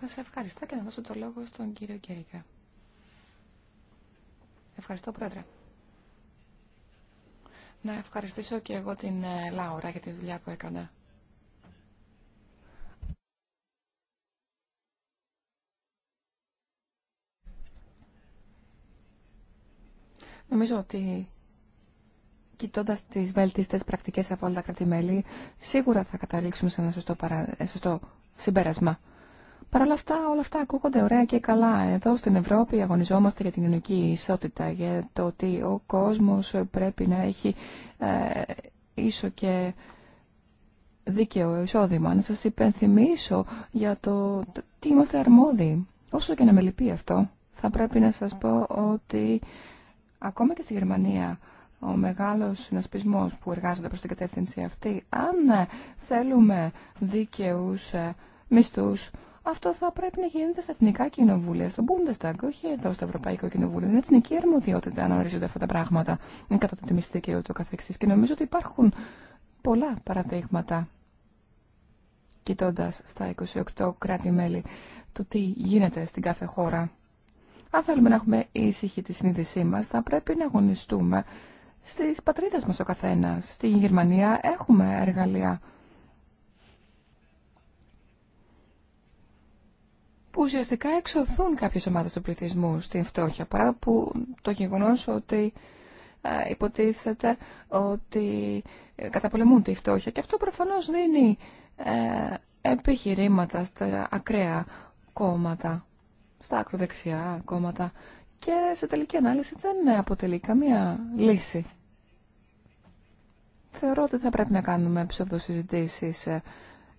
Σας ευχαριστώ και να δώσω το λόγο στον κύριο Κέρικα. Ευχαριστώ, Πρόεδρε. Να ευχαριστήσω και εγώ την ε, Λάουρα για τη δουλειά που έκανα. Νομίζω ότι κοιτώντα τι βέλτιστε πρακτικέ από όλα τα κρατη σίγουρα θα καταλήξουμε σε ένα σωστό, παρα... Ε, σωστό συμπέρασμα. Παρ' όλα αυτά, όλα αυτά ακούγονται ωραία και καλά. Εδώ στην Ευρώπη αγωνιζόμαστε για την κοινωνική ισότητα, για το ότι ο κόσμος πρέπει να έχει ε, ίσο και δίκαιο εισόδημα. Να σας υπενθυμίσω για το, τι είμαστε αρμόδιοι. Όσο και να με λυπεί αυτό, θα πρέπει να σας πω ότι ακόμα και στη Γερμανία ο μεγάλος συνασπισμός που εργάζεται προς την κατεύθυνση αυτή, αν ε, θέλουμε δίκαιους ε, μισθούς, αυτό θα πρέπει να γίνεται στα εθνικά κοινοβούλια, στον Bundestag, όχι εδώ στο Ευρωπαϊκό Κοινοβούλιο. Είναι εθνική αρμοδιότητα να ορίζονται αυτά τα πράγματα κατά το τιμιστή και ούτω καθεξής. Και νομίζω ότι υπάρχουν πολλά παραδείγματα, κοιτώντα στα 28 κράτη-μέλη, το τι γίνεται στην κάθε χώρα. Αν θέλουμε να έχουμε ήσυχη τη συνείδησή μας, θα πρέπει να αγωνιστούμε στις πατρίδες μας ο καθένας. Στη Γερμανία έχουμε εργαλεία που ουσιαστικά εξωθούν κάποιες ομάδες του πληθυσμού στην φτώχεια, παρά που το γεγονός ότι υποτίθεται ότι ε, καταπολεμούν τη φτώχεια. Και αυτό προφανώς δίνει ε, επιχειρήματα στα ακραία κόμματα, στα ακροδεξιά κόμματα και σε τελική ανάλυση δεν αποτελεί καμία λύση. Θεωρώ ότι θα πρέπει να κάνουμε ψευδοσυζητήσεις ε,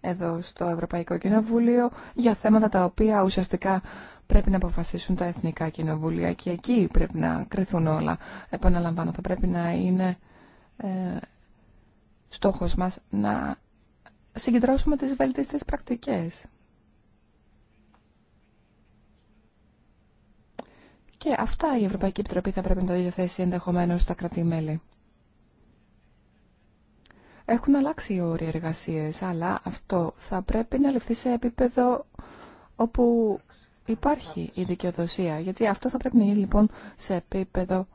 εδώ στο Ευρωπαϊκό Κοινοβούλιο για θέματα τα οποία ουσιαστικά πρέπει να αποφασίσουν τα εθνικά κοινοβούλια και εκεί πρέπει να κρυθούν όλα. Επαναλαμβάνω, θα πρέπει να είναι ε, στόχος μας να συγκεντρώσουμε τις βελτίστες πρακτικές. Και αυτά η Ευρωπαϊκή Επιτροπή θα πρέπει να τα διαθέσει ενδεχομένω στα κρατή-μέλη. Έχουν αλλάξει οι όροι εργασίε, αλλά αυτό θα πρέπει να ληφθεί σε επίπεδο όπου υπάρχει η δικαιοδοσία. Γιατί αυτό θα πρέπει να γίνει λοιπόν σε επίπεδο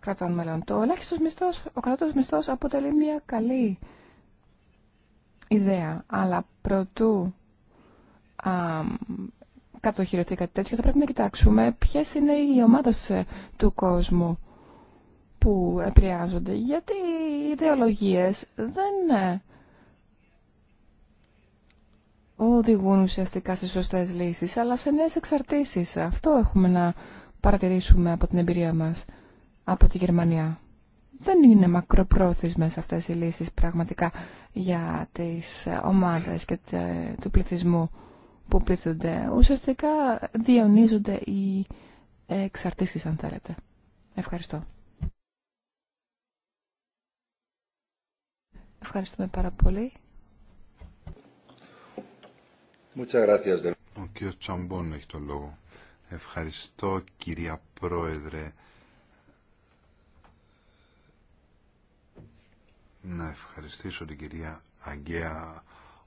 κρατών μελών. Το ελάχιστο μισθό, ο κατώτατο μισθό αποτελεί μια καλή ιδέα, αλλά προτού κατοχυρωθεί κάτι τέτοιο, θα πρέπει να κοιτάξουμε ποιε είναι οι ομάδε ε, του κόσμου που επηρεάζονται. Γιατί οι ιδεολογίε δεν ε, οδηγούν ουσιαστικά σε σωστέ λύσει, αλλά σε νέε εξαρτήσει. Αυτό έχουμε να παρατηρήσουμε από την εμπειρία μα από τη Γερμανία. Δεν είναι μακροπρόθεσμες αυτές οι λύσεις πραγματικά για τις ε, ομάδες και του πληθυσμού που πληθούνται. Ουσιαστικά διαιωνίζονται οι εξαρτήσεις αν θέλετε. Ευχαριστώ. Ευχαριστούμε πάρα πολύ. Ο κ. Τσαμπών έχει το λόγο. Ευχαριστώ κυρία Πρόεδρε. Να ευχαριστήσω την κυρία Αγκαία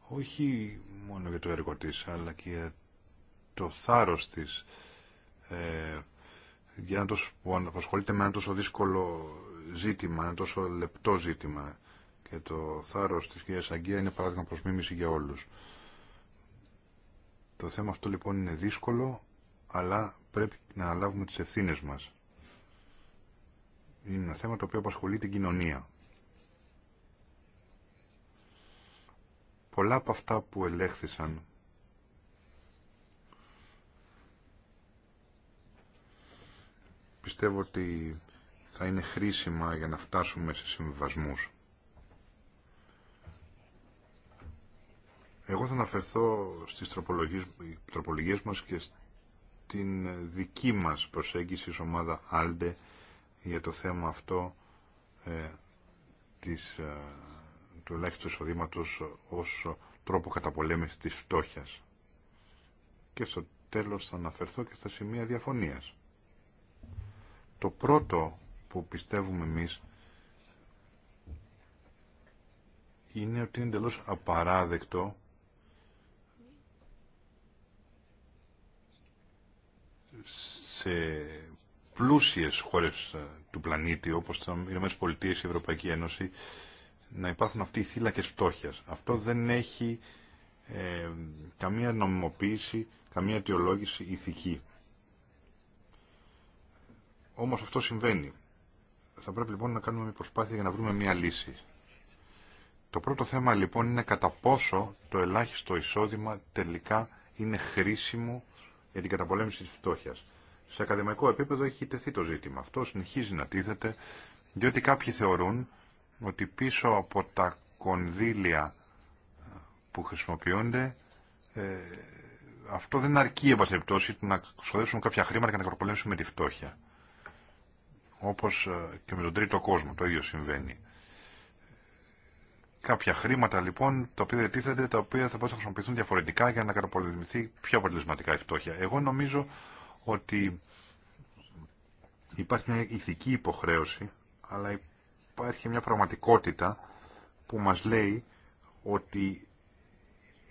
όχι μόνο για το έργο της, αλλά και για το θάρρος της, ε, για να που απασχολείται με ένα τόσο δύσκολο ζήτημα, ένα τόσο λεπτό ζήτημα. Και το θάρρος της κυρίας Αγγεία είναι παράδειγμα προς για όλους. Το θέμα αυτό λοιπόν είναι δύσκολο, αλλά πρέπει να αναλάβουμε τις ευθύνες μας. Είναι ένα θέμα το οποίο απασχολεί την κοινωνία. Πολλά από αυτά που ελέγχθησαν πιστεύω ότι θα είναι χρήσιμα για να φτάσουμε σε συμβιβασμούς. Εγώ θα αναφερθώ στις τροπολογίες, μας και στην δική μας προσέγγιση ως ομάδα ALDE για το θέμα αυτό ε, της ε, του ελάχιστου εισοδήματο ω τρόπο καταπολέμησης της φτώχεια. Και στο τέλος θα αναφερθώ και στα σημεία διαφωνία. Το πρώτο που πιστεύουμε εμεί είναι ότι είναι εντελώ απαράδεκτο σε πλούσιες χώρες του πλανήτη όπως τα Ηνωμένες Πολιτείες, η Ευρωπαϊκή Ένωση να υπάρχουν αυτοί οι θύλακες φτώχειας. Αυτό δεν έχει ε, καμία νομιμοποίηση, καμία αιτιολόγηση ηθική. Όμως αυτό συμβαίνει. Θα πρέπει λοιπόν να κάνουμε μια προσπάθεια για να βρούμε μια λύση. Το πρώτο θέμα λοιπόν είναι κατά πόσο το ελάχιστο εισόδημα τελικά είναι χρήσιμο για την καταπολέμηση της φτώχειας. Σε ακαδημαϊκό επίπεδο έχει τεθεί το ζήτημα. Αυτό συνεχίζει να τίθεται, διότι κάποιοι θεωρούν ότι πίσω από τα κονδύλια ε, που χρησιμοποιούνται ε, αυτό δεν αρκεί επασεπτώσει να ξοδέψουμε κάποια χρήματα και να με τη φτώχεια. Όπως ε, και με τον τρίτο κόσμο το ίδιο συμβαίνει. Κάποια χρήματα λοιπόν τα οποία διατίθενται, τα οποία θα μπορούσαν να χρησιμοποιηθούν διαφορετικά για να καταπολεμηθεί πιο αποτελεσματικά η φτώχεια. Εγώ νομίζω ότι υπάρχει μια ηθική υποχρέωση, αλλά υπάρχει μια πραγματικότητα που μας λέει ότι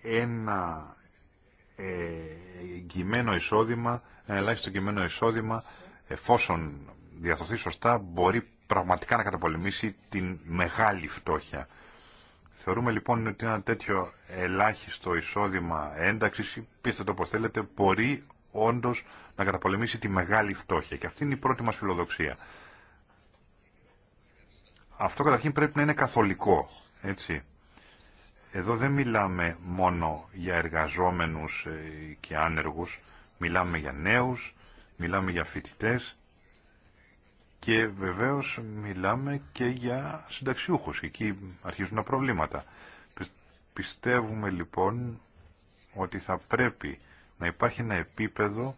ένα ε, εγγυημένο εισόδημα, ελάχιστο εγγυημένο εισόδημα, εφόσον διαθωθεί σωστά, μπορεί πραγματικά να καταπολεμήσει την μεγάλη φτώχεια. Θεωρούμε λοιπόν ότι ένα τέτοιο ελάχιστο εισόδημα ένταξη, πείστε το όπω θέλετε, μπορεί όντω να καταπολεμήσει τη μεγάλη φτώχεια. Και αυτή είναι η πρώτη μας φιλοδοξία. Αυτό καταρχήν πρέπει να είναι καθολικό, έτσι. Εδώ δεν μιλάμε μόνο για εργαζόμενους ε, και άνεργους, μιλάμε για νέους, μιλάμε για φοιτητές και βεβαίως μιλάμε και για συνταξιούχους. Εκεί αρχίζουν τα προβλήματα. Πιστεύουμε λοιπόν ότι θα πρέπει να υπάρχει ένα επίπεδο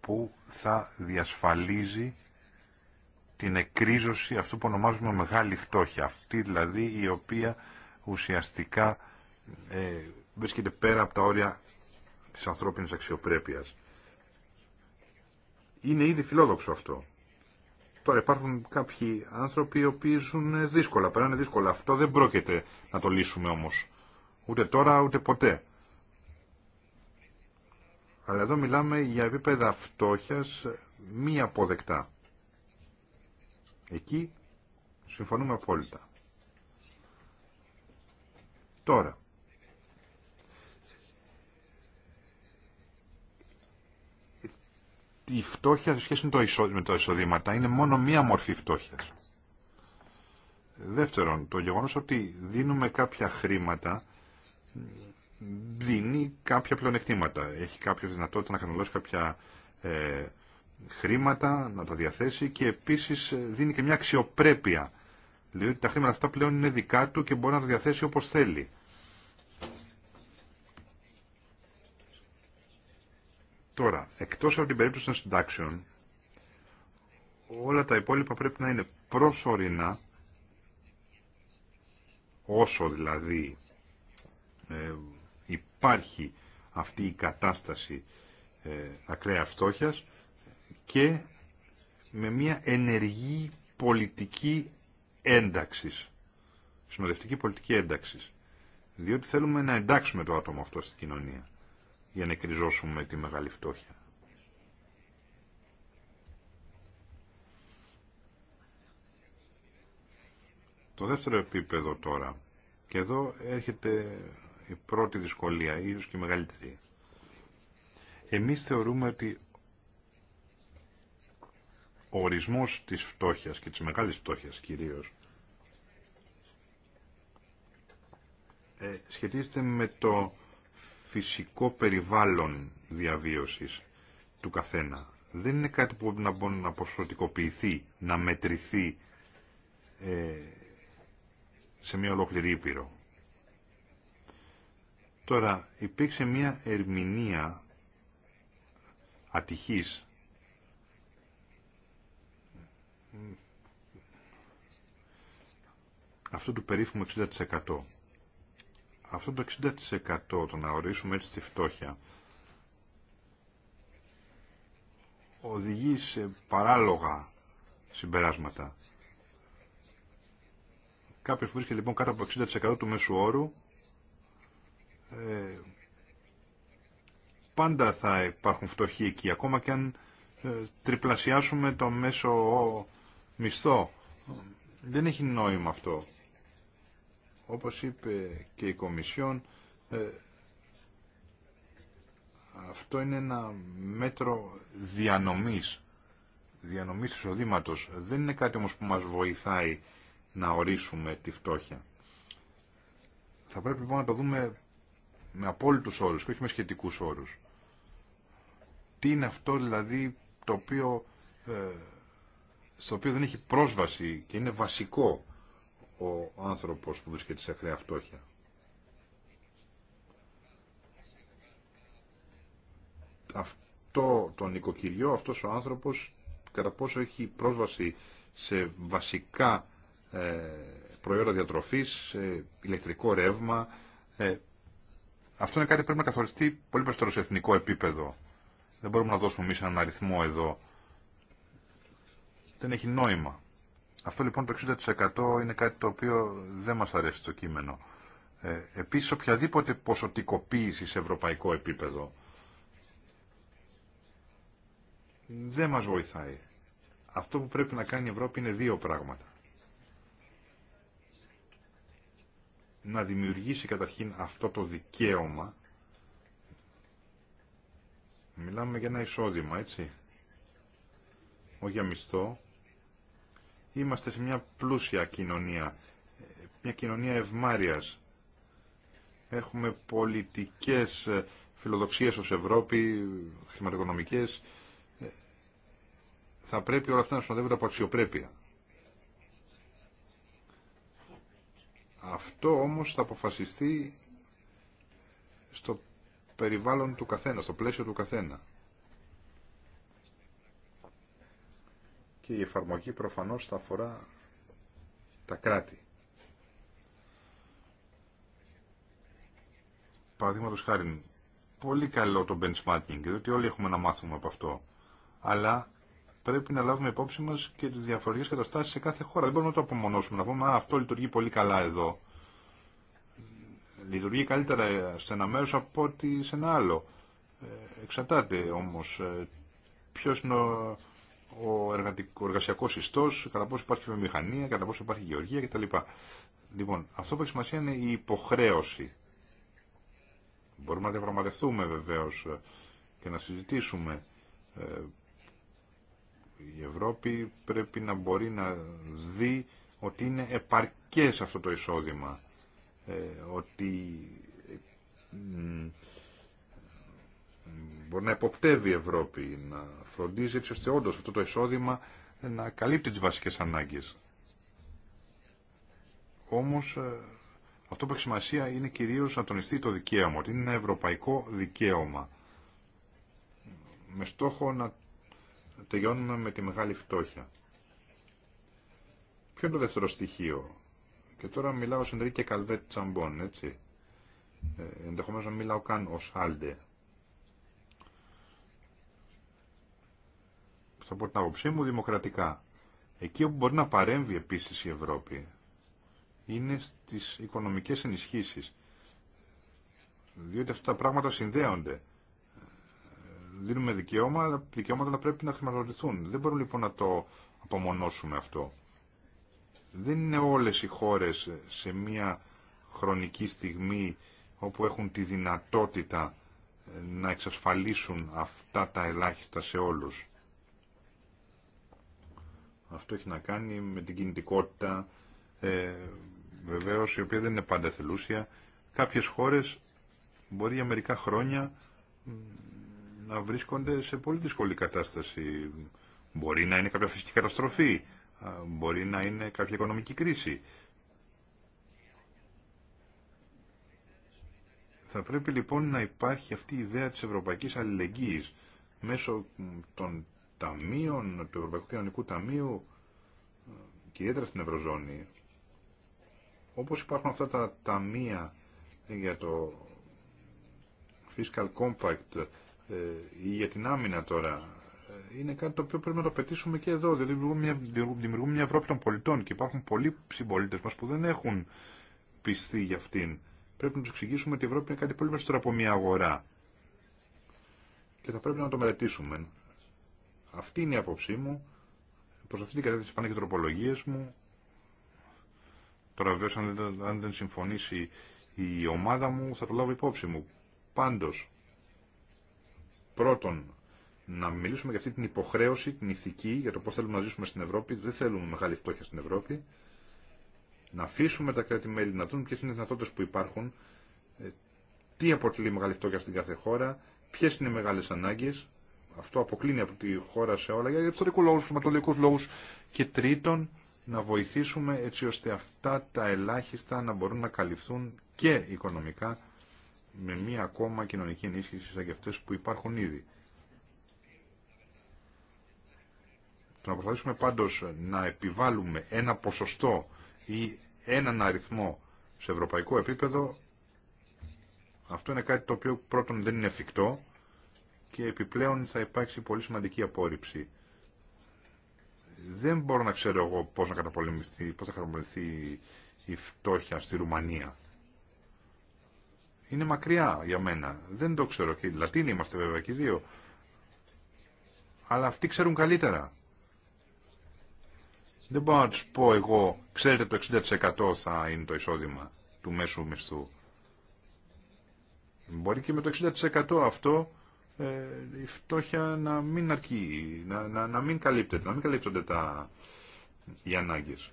που θα διασφαλίζει την εκρίζωση αυτού που ονομάζουμε μεγάλη φτώχεια. Αυτή δηλαδή η οποία ουσιαστικά ε, βρίσκεται πέρα από τα όρια της ανθρώπινης αξιοπρέπειας. Είναι ήδη φιλόδοξο αυτό. Τώρα υπάρχουν κάποιοι άνθρωποι οι οποίοι ζουν δύσκολα, περνάνε δύσκολα. Αυτό δεν πρόκειται να το λύσουμε όμως. Ούτε τώρα ούτε ποτέ. Αλλά εδώ μιλάμε για επίπεδα φτώχειας μη αποδεκτά. Εκεί συμφωνούμε απόλυτα. Τώρα, η φτώχεια σε σχέση με τα εισοδήματα είναι μόνο μία μορφή φτώχειας. Δεύτερον, το γεγονός ότι δίνουμε κάποια χρήματα δίνει κάποια πλεονεκτήματα. Έχει κάποιο δυνατότητα να καταναλώσει κάποια ε, χρήματα, να τα διαθέσει και επίσης δίνει και μια αξιοπρέπεια. Λέει ότι τα χρήματα αυτά πλέον είναι δικά του και μπορεί να τα διαθέσει όπως θέλει. Τώρα, εκτός από την περίπτωση των συντάξεων, όλα τα υπόλοιπα πρέπει να είναι προσωρινά, όσο δηλαδή ε, υπάρχει αυτή η κατάσταση ε, ακραία φτώχειας, και με μια ενεργή πολιτική ένταξης. Συνοδευτική πολιτική ένταξης. Διότι θέλουμε να εντάξουμε το άτομο αυτό στην κοινωνία για να κρυζώσουμε τη μεγάλη φτώχεια. Το δεύτερο επίπεδο τώρα, και εδώ έρχεται η πρώτη δυσκολία, ίσως και η μεγαλύτερη. Εμείς θεωρούμε ότι ο ορισμός της φτώχειας και της μεγάλης φτώχειας κυρίως ε, σχετίζεται με το φυσικό περιβάλλον διαβίωσης του καθένα. Δεν είναι κάτι που να μπορεί να ποσοτικοποιηθεί, να μετρηθεί ε, σε μια ολόκληρη ήπειρο. Τώρα, υπήρξε μια ερμηνεία ατυχής αυτό του περίφημου 60%. Αυτό το 60% το να ορίσουμε έτσι τη φτώχεια οδηγεί σε παράλογα συμπεράσματα. Κάποιος που βρίσκεται λοιπόν κάτω από 60% του μέσου όρου ε, πάντα θα υπάρχουν φτωχοί εκεί, ακόμα και αν ε, τριπλασιάσουμε το μέσο μισθό. Δεν έχει νόημα αυτό. Όπως είπε και η Κομισιόν, ε, αυτό είναι ένα μέτρο διανομής, διανομής εισοδήματο. Δεν είναι κάτι όμως που μας βοηθάει να ορίσουμε τη φτώχεια. Θα πρέπει λοιπόν να το δούμε με απόλυτους όρους και όχι με σχετικούς όρους. Τι είναι αυτό δηλαδή το οποίο ε, στο οποίο δεν έχει πρόσβαση και είναι βασικό ο άνθρωπος που βρίσκεται σε χρέα φτώχεια. Αυτό το νοικοκυριό, αυτός ο άνθρωπος, κατά πόσο έχει πρόσβαση σε βασικά ε, προϊόντα διατροφής, σε ηλεκτρικό ρεύμα. Ε, αυτό είναι κάτι που πρέπει να καθοριστεί πολύ περισσότερο σε εθνικό επίπεδο. Δεν μπορούμε να δώσουμε εμεί έναν αριθμό εδώ δεν έχει νόημα. Αυτό λοιπόν το 60% είναι κάτι το οποίο δεν μας αρέσει το κείμενο. Ε, επίσης οποιαδήποτε ποσοτικοποίηση σε ευρωπαϊκό επίπεδο δεν μας βοηθάει. Αυτό που πρέπει να κάνει η Ευρώπη είναι δύο πράγματα. Να δημιουργήσει καταρχήν αυτό το δικαίωμα Μιλάμε για ένα εισόδημα, έτσι. Όχι για μισθό. Είμαστε σε μια πλούσια κοινωνία, μια κοινωνία ευμάριας. Έχουμε πολιτικές ε, φιλοδοξίες ως Ευρώπη, χρηματοοικονομικές. Ε, θα πρέπει όλα αυτά να συνοδεύονται από αξιοπρέπεια. Αυτό όμως θα αποφασιστεί στο περιβάλλον του καθένα, στο πλαίσιο του καθένα. και η εφαρμογή προφανώς θα αφορά τα κράτη. Παραδείγματο χάρη, πολύ καλό το benchmarking, διότι όλοι έχουμε να μάθουμε από αυτό. Αλλά πρέπει να λάβουμε υπόψη μα και τι διαφορετικέ καταστάσει σε κάθε χώρα. Δεν μπορούμε να το απομονώσουμε, να πούμε Α, αυτό λειτουργεί πολύ καλά εδώ. Λειτουργεί καλύτερα σε ένα μέρο από ότι σε ένα άλλο. Ε, εξαρτάται όμω ε, ποιο είναι ο ο, εργατικο, ο εργασιακό ιστό, κατά πόσο υπάρχει βιομηχανία, κατά πόσο υπάρχει γεωργία κτλ. Λοιπόν, αυτό που έχει σημασία είναι η υποχρέωση. Μπορούμε να διαπραγματευτούμε βεβαίω και να συζητήσουμε. Ε, η Ευρώπη πρέπει να μπορεί να δει ότι είναι επαρκές αυτό το εισόδημα. Ε, ότι μπορεί να εποπτεύει η Ευρώπη, να φροντίζει έτσι ώστε όντως αυτό το εισόδημα να καλύπτει τις βασικές ανάγκες. Όμως ε, αυτό που έχει σημασία είναι κυρίως να τονιστεί το δικαίωμα, ότι είναι ένα ευρωπαϊκό δικαίωμα με στόχο να τελειώνουμε με τη μεγάλη φτώχεια. Ποιο είναι το δεύτερο στοιχείο. Και τώρα μιλάω ως Ενρίκε Καλβέτ Τσαμπόν, έτσι. Ε, ενδεχομένως να μιλάω καν ως Άλντε. θα από την άποψή μου, δημοκρατικά. Εκεί όπου μπορεί να παρέμβει επίσης η Ευρώπη είναι στις οικονομικές ενισχύσεις. Διότι αυτά τα πράγματα συνδέονται. Δίνουμε δικαιώματα, δικαιώματα να πρέπει να χρηματοδοτηθούν. Δεν μπορούμε λοιπόν να το απομονώσουμε αυτό. Δεν είναι όλες οι χώρες σε μια χρονική στιγμή όπου έχουν τη δυνατότητα να εξασφαλίσουν αυτά τα ελάχιστα σε όλους. Αυτό έχει να κάνει με την κινητικότητα, ε, βεβαίως η οποία δεν είναι πάντα θελούσια. Κάποιες χώρες μπορεί για μερικά χρόνια να βρίσκονται σε πολύ δύσκολη κατάσταση. Μπορεί να είναι κάποια φυσική καταστροφή, μπορεί να είναι κάποια οικονομική κρίση. Θα πρέπει λοιπόν να υπάρχει αυτή η ιδέα της ευρωπαϊκής αλληλεγγύης μέσω των ταμείων, του Ευρωπαϊκού Κοινωνικού Ταμείου και ιδιαίτερα στην Ευρωζώνη, όπως υπάρχουν αυτά τα ταμεία για το Fiscal Compact ε, ή για την άμυνα τώρα, ε, είναι κάτι το οποίο πρέπει να το πετήσουμε και εδώ. Δηλαδή δημιουργούμε μια, δημιουργούμε μια Ευρώπη των πολιτών και υπάρχουν πολλοί συμπολίτε μας που δεν έχουν πιστεί για αυτήν. Πρέπει να του εξηγήσουμε ότι η Ευρώπη είναι κάτι πολύ περισσότερο από μια αγορά. Και θα πρέπει να το μελετήσουμε. Αυτή είναι η άποψή μου. Προς αυτή την κατεύθυνση πάνε και τροπολογίες μου. Τώρα βεβαίω αν, αν δεν συμφωνήσει η ομάδα μου θα το λάβω υπόψη μου. Πάντως, πρώτον, να μιλήσουμε για αυτή την υποχρέωση, την ηθική, για το πώς θέλουμε να ζήσουμε στην Ευρώπη. Δεν θέλουμε μεγάλη φτώχεια στην Ευρώπη. Να αφήσουμε τα κράτη-μέλη να δουν ποιες είναι οι δυνατότητες που υπάρχουν, ε, τι αποτελεί μεγάλη φτώχεια στην κάθε χώρα, ποιες είναι οι μεγάλες ανάγκες αυτό αποκλίνει από τη χώρα σε όλα για ιστορικού λόγους, κλιματολογικούς λόγου. και τρίτον να βοηθήσουμε έτσι ώστε αυτά τα ελάχιστα να μπορούν να καλυφθούν και οικονομικά με μία ακόμα κοινωνική ενίσχυση σαν και αυτέ που υπάρχουν ήδη. Το να προσπαθήσουμε πάντως να επιβάλλουμε ένα ποσοστό ή έναν αριθμό σε ευρωπαϊκό επίπεδο αυτό είναι κάτι το οποίο πρώτον δεν είναι εφικτό και επιπλέον θα υπάρξει πολύ σημαντική απόρριψη. Δεν μπορώ να ξέρω εγώ πώς, να θα καταπολεμηθεί η φτώχεια στη Ρουμανία. Είναι μακριά για μένα. Δεν το ξέρω. Και οι Λατίνοι είμαστε βέβαια και οι δύο. Αλλά αυτοί ξέρουν καλύτερα. Δεν μπορώ να του πω εγώ, ξέρετε το 60% θα είναι το εισόδημα του μέσου μισθού. Μπορεί και με το 60% αυτό ε, η φτώχεια να μην αρκεί, να, να, μην καλύπτεται, να μην καλύπτονται τα, οι ανάγκες.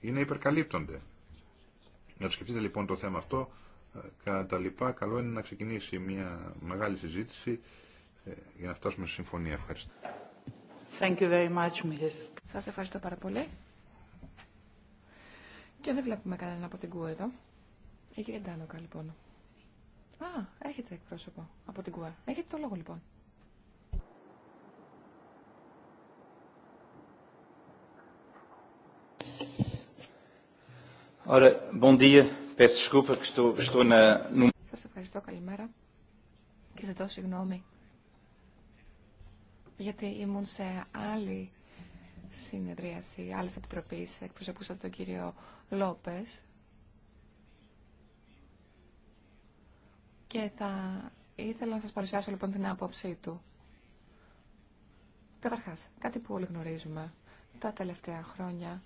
Ή να υπερκαλύπτονται. Να το σκεφτείτε λοιπόν το θέμα αυτό. Ε, κατά τα λοιπά, καλό είναι να ξεκινήσει μια μεγάλη συζήτηση ε, για να φτάσουμε σε συμφωνία. Ευχαριστώ. Thank you very much, Mrs. Σας ευχαριστώ πάρα πολύ. Και δεν βλέπουμε κανέναν από την ΚΟΥ εδώ. Η κυρία Ντάνοκα, λοιπόν. Α, έχετε εκπρόσωπο από την ΚΟΕ. Έχετε το λόγο λοιπόν. Σας ευχαριστώ, καλημέρα και ζητώ συγγνώμη γιατί ήμουν σε άλλη συνεδρίαση, άλλη επιτροπή, εκπροσωπούσα τον κύριο Λόπες και θα ήθελα να σας παρουσιάσω λοιπόν την άποψή του. Καταρχάς, κάτι που όλοι γνωρίζουμε τα τελευταία χρόνια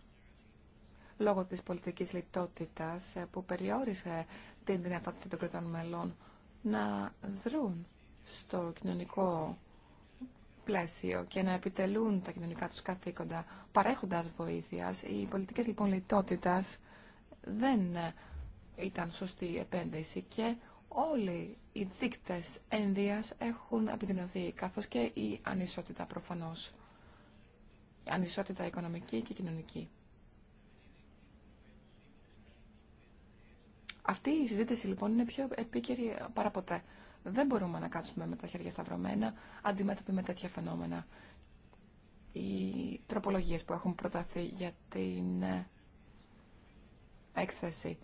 λόγω της πολιτικής λιτότητας ε, που περιόρισε την δυνατότητα των κρατών μελών να δρούν στο κοινωνικό πλαίσιο και να επιτελούν τα κοινωνικά τους καθήκοντα παρέχοντας βοήθειας. Οι πολιτικές λοιπόν λιτότητας δεν ε, ήταν σωστή επένδυση και όλοι οι δείκτες ένδυας έχουν επιδεινωθεί, καθώς και η ανισότητα προφανώς. Η ανισότητα οικονομική και κοινωνική. Αυτή η συζήτηση λοιπόν είναι πιο επίκαιρη ποτέ. Δεν μπορούμε να κάτσουμε με τα χέρια σταυρωμένα, αντιμέτωποι με τέτοια φαινόμενα. Οι τροπολογίες που έχουν προταθεί για την ε, έκθεση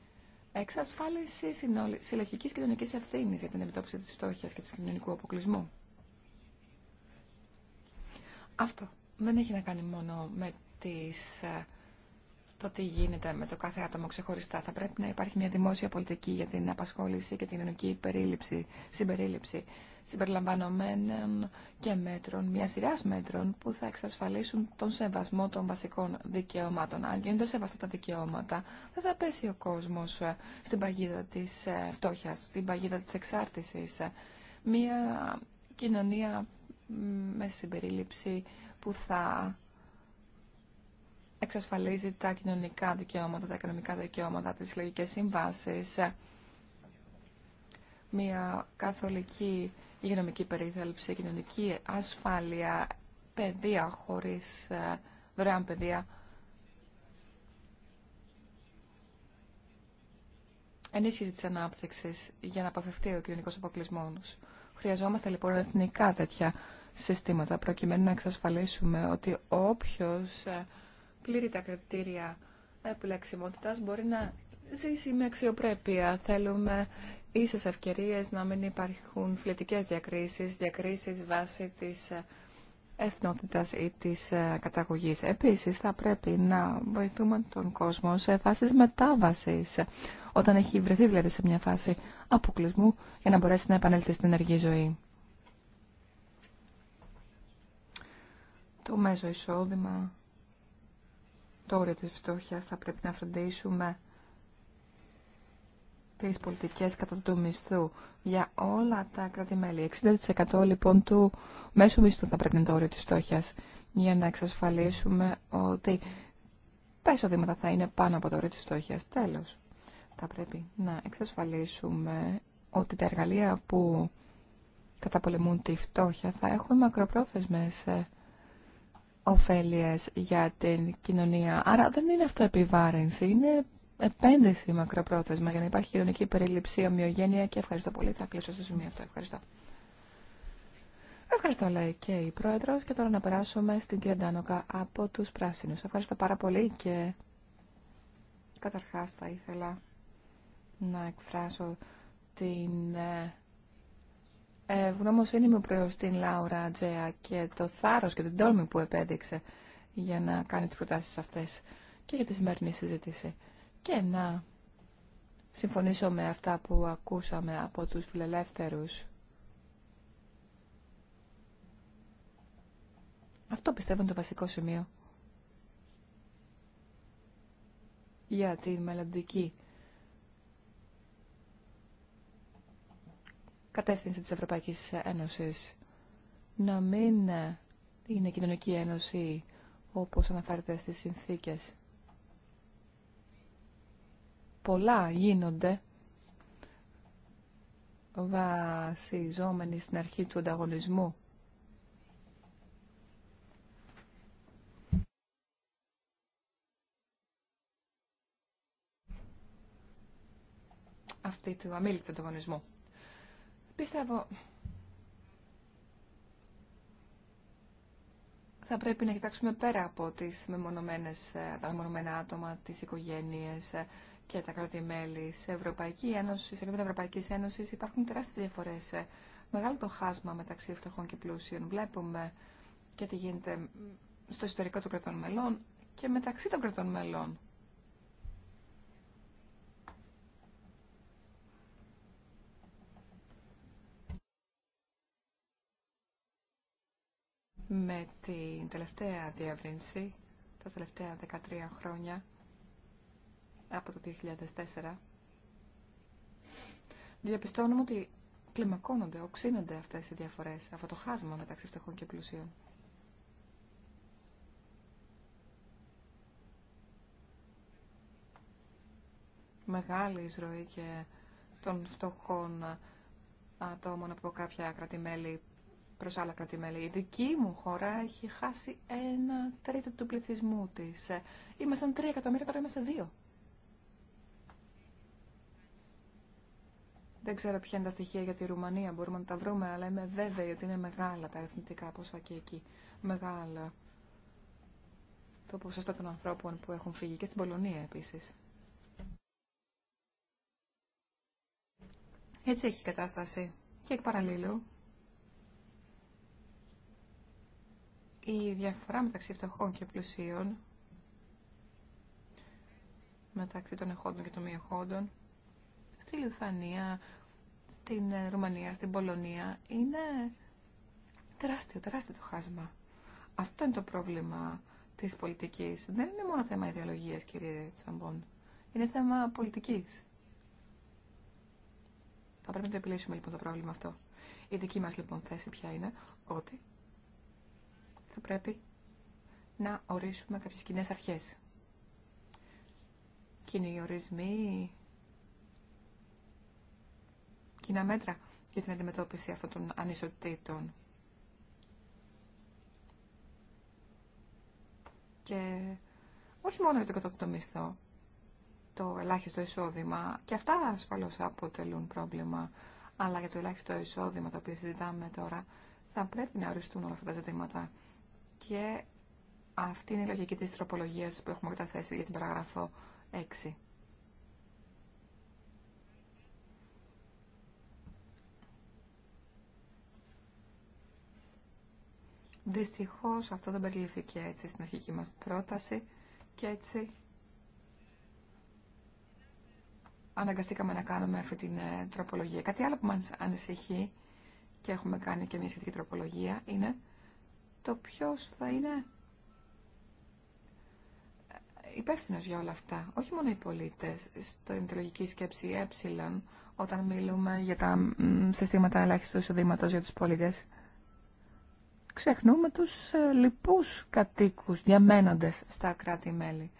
εξασφάλιση συλλογική κοινωνική ευθύνη για την επιτόπιση τη φτώχεια και του κοινωνικού αποκλεισμού. Αυτό δεν έχει να κάνει μόνο με τις ε, το τι γίνεται με το κάθε άτομο ξεχωριστά. Θα πρέπει να υπάρχει μια δημόσια πολιτική για την απασχόληση και την ενοική περίληψη, συμπερίληψη συμπεριλαμβανομένων και μέτρων, μια σειρά μέτρων που θα εξασφαλίσουν τον σεβασμό των βασικών δικαιωμάτων. Αν γίνονται σεβαστά τα δικαιώματα, δεν θα πέσει ο κόσμο ε, στην παγίδα τη ε, φτώχεια, στην παγίδα τη εξάρτηση. Μια κοινωνία με συμπερίληψη που θα εξασφαλίζει τα κοινωνικά δικαιώματα, τα οικονομικά δικαιώματα, τις συλλογικέ συμβάσεις, μια καθολική υγειονομική περίθαλψη, κοινωνική ασφάλεια, παιδεία χωρίς ε, δωρεάν παιδεία, ενίσχυση της ανάπτυξης για να αποφευθεί ο κοινωνικός αποκλεισμός. Χρειαζόμαστε λοιπόν εθνικά τέτοια συστήματα προκειμένου να εξασφαλίσουμε ότι όποιος ε, Πλήρη τα κριτήρια επιλεξιμότητας μπορεί να ζήσει με αξιοπρέπεια. Θέλουμε ίσες ευκαιρίες να μην υπάρχουν φλετικές διακρίσεις, διακρίσεις βάσει της ε, εθνότητας ή της ε, καταγωγής. Επίσης, θα πρέπει να βοηθούμε τον κόσμο σε φάσεις μετάβασης, όταν έχει βρεθεί δηλαδή σε μια φάση αποκλεισμού για να μπορέσει να επανέλθει στην ενεργή ζωή. Το μέσο εισόδημα το όριο της φτώχειας. Θα πρέπει να φροντίσουμε τις πολιτικές κατά του μισθού για όλα τα κράτη-μέλη. 60% λοιπόν του μέσου μισθού θα πρέπει να είναι το όριο της φτώχειας για να εξασφαλίσουμε ότι τα εισοδήματα θα είναι πάνω από το όριο της φτώχειας. Τέλος, θα πρέπει να εξασφαλίσουμε ότι τα εργαλεία που καταπολεμούν τη φτώχεια θα έχουν μακροπρόθεσμες ε, ωφέλειες για την κοινωνία. Άρα δεν είναι αυτό επιβάρυνση, είναι επένδυση μακροπρόθεσμα για να υπάρχει κοινωνική περιληψή, ομοιογένεια και ευχαριστώ πολύ. Θα κλείσω στο σημείο αυτό. Ευχαριστώ. Ευχαριστώ, λέει και η πρόεδρο Και τώρα να περάσουμε στην κυρία Ντάνοκα από του πράσινου. Ευχαριστώ πάρα πολύ και καταρχά θα ήθελα να εκφράσω την ε, ε, είναι μου προς την Λάουρα Τζέα και το θάρρος και την τόλμη που επέδειξε για να κάνει τις προτάσεις αυτές και για τη σημερινή συζήτηση. Και να συμφωνήσω με αυτά που ακούσαμε από τους φιλελεύθερους. Αυτό πιστεύω είναι το βασικό σημείο για τη μελλοντική κατεύθυνση της Ευρωπαϊκής Ένωσης. Να μην είναι κοινωνική ένωση όπως αναφέρεται στις συνθήκες. Πολλά γίνονται βασιζόμενοι στην αρχή του ανταγωνισμού. Αυτή του αμήλικτου ανταγωνισμού. Πιστεύω θα πρέπει να κοιτάξουμε πέρα από τις μεμονωμένες, ε, τα μεμονωμένα άτομα, τις οικογένειες ε, και τα κρατη Σε Ευρωπαϊκή Ένωση, σε επίπεδο Ευρωπαϊκής Ένωσης υπάρχουν τεράστιες διαφορές. Ε. Μεγάλο το χάσμα μεταξύ φτωχών και πλούσιων. Βλέπουμε και τι γίνεται στο ιστορικό των κρατών μελών και μεταξύ των κρατών μελών. με την τελευταία διεύρυνση τα τελευταία 13 χρόνια από το 2004 διαπιστώνουμε ότι κλιμακώνονται, οξύνονται αυτές οι διαφορές, αυτό το χάσμα μεταξύ φτωχών και πλουσίων. Μεγάλη εισρωή και των φτωχών ατόμων από κάποια κρατημέλη Προ άλλα κρατημέλη. Η δική μου χώρα έχει χάσει ένα τρίτο του πληθυσμού τη. Ήμασταν τρία εκατομμύρια, τώρα είμαστε δύο. Δεν ξέρω ποια είναι τα στοιχεία για τη Ρουμανία, μπορούμε να τα βρούμε, αλλά είμαι βέβαιη ότι είναι μεγάλα τα αριθμητικά ποσά και εκεί. Μεγάλα το ποσοστό των ανθρώπων που έχουν φύγει και στην Πολωνία επίση. Έτσι έχει η κατάσταση. Και εκ παραλλήλου, η διαφορά μεταξύ φτωχών και πλουσίων, μεταξύ των εχόντων και των μη εχόντων, στη Λιθανία, στην ε, Ρουμανία, στην Πολωνία, είναι τεράστιο, τεράστιο το χάσμα. Αυτό είναι το πρόβλημα της πολιτικής. Δεν είναι μόνο θέμα ιδεολογίας, κύριε Τσαμπών. Είναι θέμα πολιτικής. Θα πρέπει να το επιλύσουμε λοιπόν το πρόβλημα αυτό. Η δική μας λοιπόν θέση ποια είναι ότι θα πρέπει να ορίσουμε κάποιες κοινέ αρχές. Κοινοί ορισμοί, κοινά μέτρα για την αντιμετώπιση αυτών των ανισοτήτων. Και όχι μόνο για το κατώτατο μισθό, το ελάχιστο εισόδημα, και αυτά ασφαλώς αποτελούν πρόβλημα, αλλά για το ελάχιστο εισόδημα το οποίο συζητάμε τώρα, θα πρέπει να οριστούν όλα αυτά τα ζητήματα και αυτή είναι η λογική της τροπολογίας που έχουμε καταθέσει για την παραγραφό 6. Δυστυχώς αυτό δεν περιληφθήκε έτσι στην αρχική μας πρόταση και έτσι αναγκαστήκαμε να κάνουμε αυτή την ε, τροπολογία. Κάτι άλλο που μας ανησυχεί και έχουμε κάνει και μια σχετική τροπολογία είναι το ποιος θα είναι υπεύθυνο για όλα αυτά. Όχι μόνο οι πολίτες. Στο εντελογική σκέψη ε, όταν μιλούμε για τα συστήματα ελάχιστου εισοδήματο για του πολίτε. ξεχνούμε τους ε, λοιπούς κατοίκους, διαμένοντες στα κράτη-μέλη.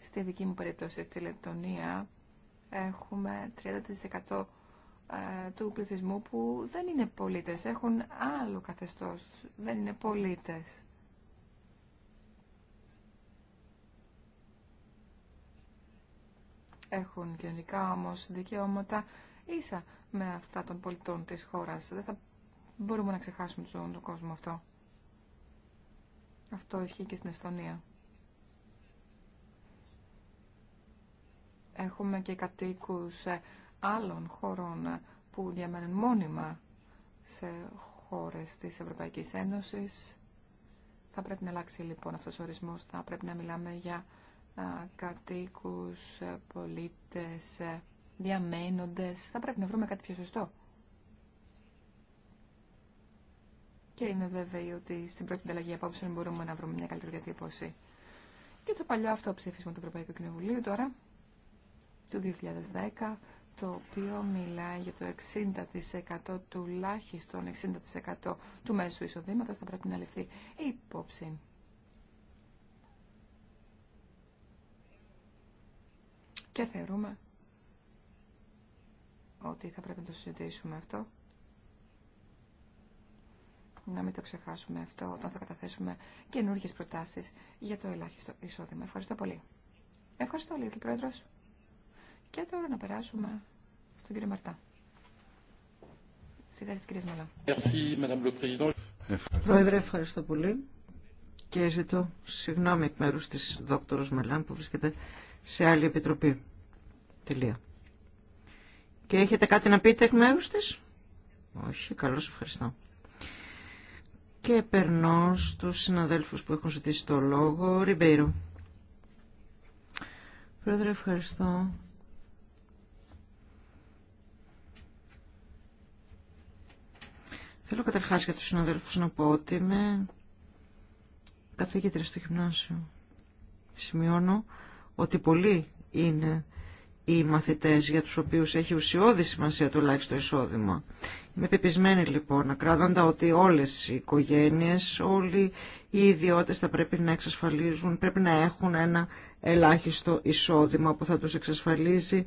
Στη δική μου περίπτωση, στη Λετωνία, έχουμε 30% ε, του πληθυσμού που δεν είναι πολίτες, έχουν άλλο καθεστώς, δεν είναι πολίτες. Έχουν γενικά όμως δικαιώματα ίσα με αυτά των πολιτών της χώρας. Δεν θα μπορούμε να ξεχάσουμε τον κόσμο αυτό. Αυτό ισχύει και στην Εστονία. Έχουμε και κατοίκους ε, άλλων χωρών που διαμένουν μόνιμα σε χώρες της Ευρωπαϊκής Ένωσης. Θα πρέπει να αλλάξει λοιπόν αυτός ο ορισμός. Θα πρέπει να μιλάμε για κατοίκους, πολίτες, διαμένοντες. Θα πρέπει να βρούμε κάτι πιο σωστό. Και είμαι βέβαιη ότι στην πρώτη ανταλλαγή απόψεων μπορούμε να βρούμε μια καλύτερη διατύπωση. Και το παλιό αυτό ψήφισμα του Ευρωπαϊκού Κοινοβουλίου τώρα, του 2010, το οποίο μιλάει για το 60% τουλάχιστον 60% του μέσου εισοδήματος θα πρέπει να ληφθεί υπόψη. Και θεωρούμε ότι θα πρέπει να το συζητήσουμε αυτό. Να μην το ξεχάσουμε αυτό όταν θα καταθέσουμε καινούργιες προτάσεις για το ελάχιστο εισόδημα. Ευχαριστώ πολύ. Ευχαριστώ, Λίγη πρόεδρος. Και τώρα να περάσουμε στον κύριο Μαρτά. Συγχαρητήρια, κύριε Μαλά. Πρόεδρε, ευχαριστώ πολύ. Και ζητώ συγγνώμη εκ μέρου τη δόκτωρο Μελάν που βρίσκεται σε άλλη επιτροπή. Τελεία. Και έχετε κάτι να πείτε εκ μέρου τη. Όχι, καλώ ευχαριστώ. Και περνώ στου συναδέλφους που έχουν ζητήσει το λόγο. Ριμπέιρο. Πρόεδρε, ευχαριστώ. Θέλω καταρχάς για τους συναδέλφους να πω ότι είμαι καθηγήτρια στο γυμνάσιο. Σημειώνω ότι πολλοί είναι οι μαθητές για τους οποίους έχει ουσιώδη σημασία το ελάχιστο εισόδημα. Είμαι πεπισμένη λοιπόν ακράδαντα ότι όλες οι οικογένειες, όλοι οι ιδιώτες θα πρέπει να εξασφαλίζουν, πρέπει να έχουν ένα ελάχιστο εισόδημα που θα τους εξασφαλίζει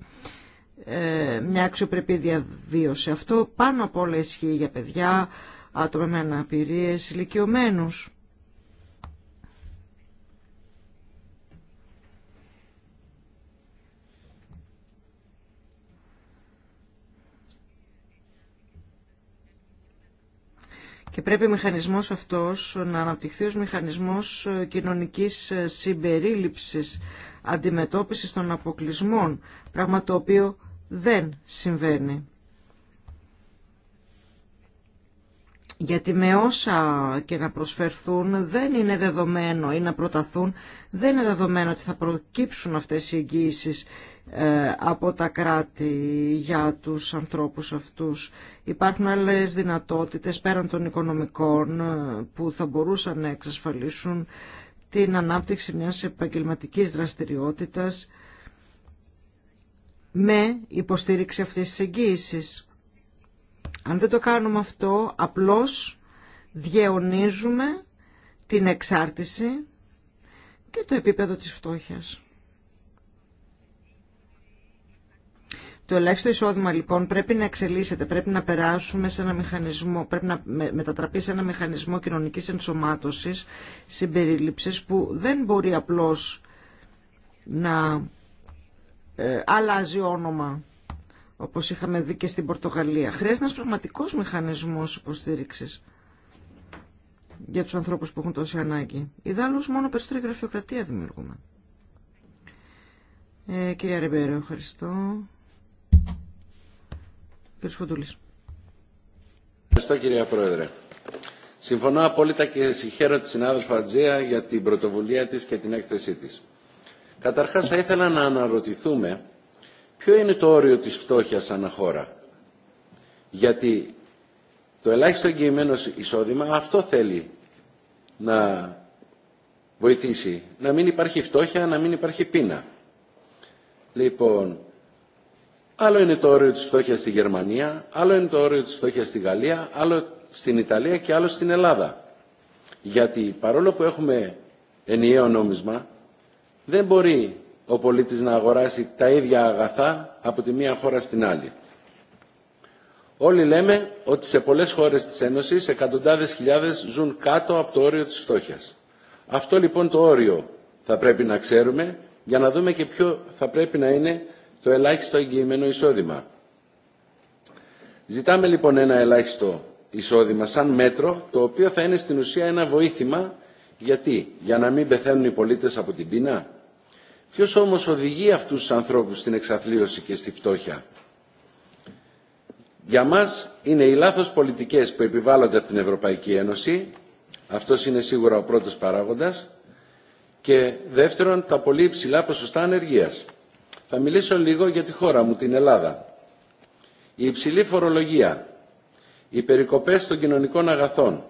ε, μια αξιοπρεπή διαβίωση. Αυτό πάνω απ' όλα ισχύει για παιδιά, άτομα με αναπηρίες, ηλικιωμένους. Και πρέπει ο μηχανισμός αυτός να αναπτυχθεί ως μηχανισμός ε, κοινωνικής ε, συμπερίληψης, αντιμετώπισης των αποκλεισμών, πράγμα το οποίο δεν συμβαίνει. Γιατί με όσα και να προσφερθούν δεν είναι δεδομένο ή να προταθούν, δεν είναι δεδομένο ότι θα προκύψουν αυτές οι εγγύησεις ε, από τα κράτη για τους ανθρώπους αυτούς. Υπάρχουν άλλες δυνατότητες πέραν των οικονομικών ε, που θα μπορούσαν να εξασφαλίσουν την ανάπτυξη μιας επαγγελματικής δραστηριότητας με υποστήριξη αυτής της εγγύησης. Αν δεν το κάνουμε αυτό, απλώς διαιωνίζουμε την εξάρτηση και το επίπεδο της φτώχειας. Το ελάχιστο εισόδημα λοιπόν πρέπει να εξελίσσεται, πρέπει να περάσουμε σε ένα μηχανισμό, πρέπει να μετατραπεί σε ένα μηχανισμό κοινωνικής ενσωμάτωσης, συμπερίληψης που δεν μπορεί απλώς να ε, αλλάζει όνομα, όπως είχαμε δει και στην Πορτογαλία. Χρειάζεται ένας πραγματικός μηχανισμός υποστήριξης για τους ανθρώπους που έχουν τόση ανάγκη. Ιδάλλως μόνο περισσότερη γραφειοκρατία δημιουργούμε. Ε, κυρία Ρεμπέρο, ευχαριστώ. Κύριος Φοντούλης. Ευχαριστώ κυρία Πρόεδρε. Συμφωνώ απόλυτα και συγχαίρω τη συνάδελφα Ατζέα για την πρωτοβουλία της και την έκθεσή της. Καταρχάς θα ήθελα να αναρωτηθούμε ποιο είναι το όριο της φτώχειας χώρα. Γιατί το ελάχιστο εγγυημένο εισόδημα αυτό θέλει να βοηθήσει. Να μην υπάρχει φτώχεια, να μην υπάρχει πείνα. Λοιπόν, άλλο είναι το όριο της φτώχειας στη Γερμανία, άλλο είναι το όριο της φτώχειας στη Γαλλία, άλλο στην Ιταλία και άλλο στην Ελλάδα. Γιατί παρόλο που έχουμε ενιαίο νόμισμα, δεν μπορεί ο πολίτης να αγοράσει τα ίδια αγαθά από τη μία χώρα στην άλλη. Όλοι λέμε ότι σε πολλές χώρες της Ένωσης εκατοντάδες χιλιάδες ζουν κάτω από το όριο της φτώχειας. Αυτό λοιπόν το όριο θα πρέπει να ξέρουμε για να δούμε και ποιο θα πρέπει να είναι το ελάχιστο εγγυημένο εισόδημα. Ζητάμε λοιπόν ένα ελάχιστο εισόδημα σαν μέτρο το οποίο θα είναι στην ουσία ένα βοήθημα γιατί για να μην πεθαίνουν οι πολίτες από την πείνα Ποιος όμως οδηγεί αυτούς τους ανθρώπους στην εξαθλίωση και στη φτώχεια. Για μας είναι οι λάθος πολιτικές που επιβάλλονται από την Ευρωπαϊκή Ένωση, αυτός είναι σίγουρα ο πρώτος παράγοντας, και δεύτερον τα πολύ υψηλά ποσοστά ανεργίας. Θα μιλήσω λίγο για τη χώρα μου, την Ελλάδα. Η υψηλή φορολογία, οι περικοπές των κοινωνικών αγαθών,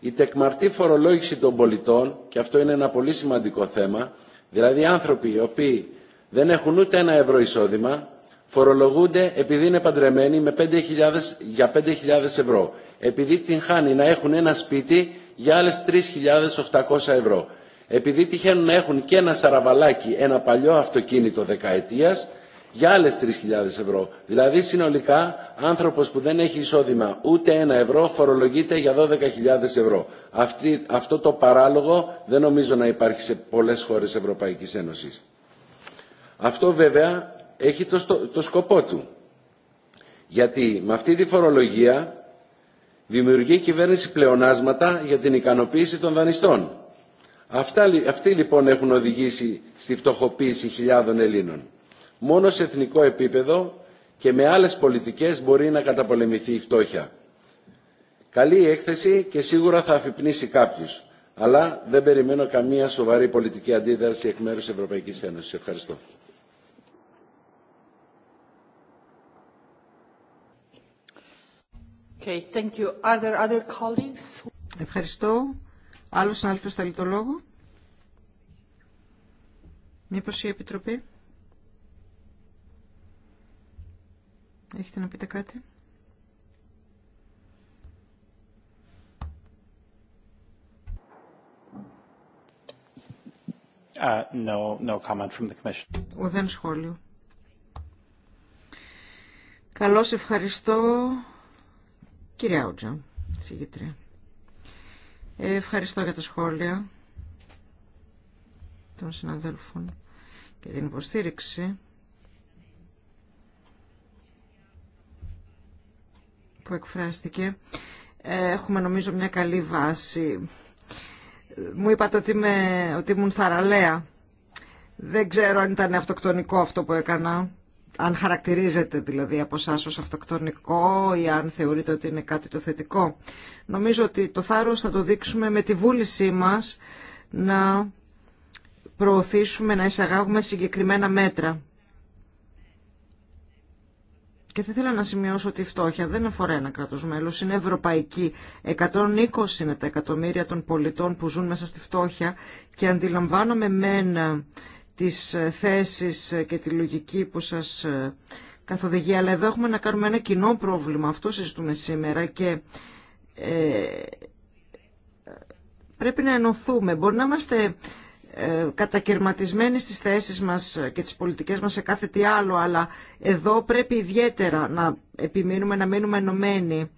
η τεκμαρτή φορολόγηση των πολιτών, και αυτό είναι ένα πολύ σημαντικό θέμα, Δηλαδή άνθρωποι οι οποίοι δεν έχουν ούτε ένα ευρώ εισόδημα, φορολογούνται επειδή είναι παντρεμένοι με 5.000, για 5.000 ευρώ. Επειδή την χάνει να έχουν ένα σπίτι για άλλες 3.800 ευρώ. Επειδή τυχαίνουν να έχουν και ένα σαραβαλάκι, ένα παλιό αυτοκίνητο δεκαετίας για άλλες 3.000 ευρώ. Δηλαδή συνολικά άνθρωπος που δεν έχει εισόδημα ούτε ένα ευρώ φορολογείται για 12.000 ευρώ. Αυτή, αυτό το παράλογο δεν νομίζω να υπάρχει σε πολλές χώρες Ευρωπαϊκής Ένωσης. Αυτό βέβαια έχει το, σκοπό του. Γιατί με αυτή τη φορολογία δημιουργεί η κυβέρνηση πλεονάσματα για την ικανοποίηση των δανειστών. Αυτά, αυτοί λοιπόν έχουν οδηγήσει στη φτωχοποίηση χιλιάδων Ελλήνων. Μόνο σε εθνικό επίπεδο και με άλλες πολιτικές μπορεί να καταπολεμηθεί η φτώχεια. Καλή η έκθεση και σίγουρα θα αφυπνήσει κάποιους. Αλλά δεν περιμένω καμία σοβαρή πολιτική αντίδραση εκ μέρους της Ευρωπαϊκής Ένωσης. Ευχαριστώ. Okay, thank you. Are there other colleagues? Ευχαριστώ. Άλλος συνάδελφος θέλει το λόγο. Μήπως η Επιτροπή. Έχετε να πείτε κάτι. Uh, no, no comment from the commission. Ουδέν σχόλιο. Καλώ ευχαριστώ κυρία Άουτζα, συγγήτρια. Ευχαριστώ για τα σχόλια των συναδέλφων και την υποστήριξη που εκφράστηκε. Ε, έχουμε νομίζω μια καλή βάση. Μου είπατε ότι, είμαι, ότι ήμουν θαραλέα. Δεν ξέρω αν ήταν αυτοκτονικό αυτό που έκανα. Αν χαρακτηρίζεται δηλαδή από εσά ως αυτοκτονικό ή αν θεωρείτε ότι είναι κάτι το θετικό. Νομίζω ότι το θάρρο θα το δείξουμε με τη βούλησή μας να προωθήσουμε, να εισαγάγουμε συγκεκριμένα μέτρα. Και θα ήθελα να σημειώσω ότι η φτώχεια δεν αφορά ένα κράτος μέλος, είναι ευρωπαϊκή. 120 είναι τα εκατομμύρια των πολιτών που ζουν μέσα στη φτώχεια και αντιλαμβάνομαι μεν ε, τις ε, θέσεις ε, και τη λογική που σας καθοδηγεί, αλλά εδώ έχουμε να κάνουμε ένα κοινό πρόβλημα, αυτό συζητούμε σήμερα και πρέπει να ενωθούμε. Μπορεί να είμαστε κατακαιρματισμένοι στις θέσεις μας και τις πολιτικές μας σε κάθε τι άλλο, αλλά εδώ πρέπει ιδιαίτερα να επιμείνουμε να μείνουμε ενωμένοι.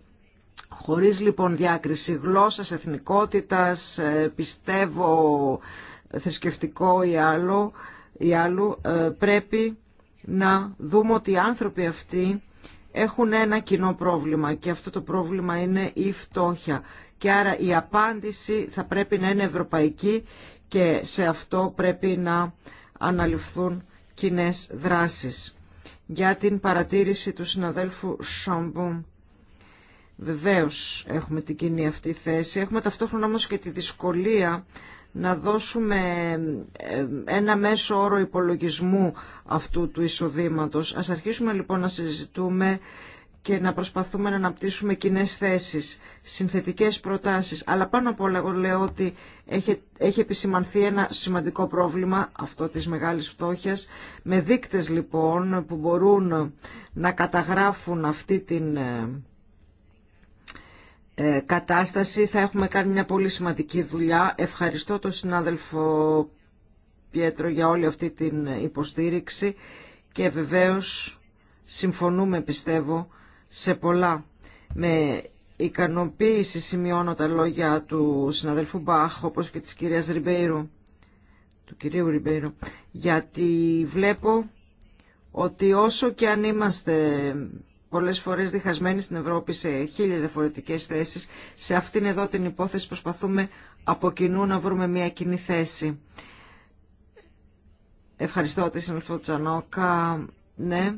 Χωρίς λοιπόν διάκριση γλώσσας, εθνικότητας, ε, πιστεύω θρησκευτικό ή άλλο, ή άλλο ε, πρέπει να δούμε ότι οι άνθρωποι αυτοί έχουν ένα κοινό πρόβλημα και αυτό το πρόβλημα είναι η φτώχεια. Και άρα η απάντηση θα πρέπει να είναι ευρωπαϊκή και σε αυτό πρέπει να αναλυφθούν κοινέ δράσεις. Για την παρατήρηση του συναδέλφου Σαμπούν. Βεβαίως έχουμε την κοινή αυτή θέση. Έχουμε ταυτόχρονα όμως και τη δυσκολία να δώσουμε ε, ένα μέσο όρο υπολογισμού αυτού του εισοδήματος. Ας αρχίσουμε λοιπόν να συζητούμε και να προσπαθούμε να αναπτύσσουμε κοινέ θέσει, συνθετικές προτάσεις. Αλλά πάνω από όλα εγώ λέω ότι έχει, έχει επισημανθεί ένα σημαντικό πρόβλημα, αυτό της μεγάλη φτώχεια με δίκτες λοιπόν που μπορούν να καταγράφουν αυτή την ε, ε, κατάσταση. Θα έχουμε κάνει μια πολύ σημαντική δουλειά. Ευχαριστώ τον συνάδελφο Πιέτρο για όλη αυτή την υποστήριξη και βεβαίως συμφωνούμε πιστεύω σε πολλά. Με ικανοποίηση σημειώνω τα λόγια του συναδελφού Μπαχ, όπως και της κυρίας Ριμπέιρου, του κυρίου Ριμπέιρου, γιατί βλέπω ότι όσο και αν είμαστε πολλές φορές διχασμένοι στην Ευρώπη σε χίλιες διαφορετικέ θέσεις, σε αυτήν εδώ την υπόθεση προσπαθούμε από κοινού να βρούμε μια κοινή θέση. Ευχαριστώ τη Τσανόκα. Ναι,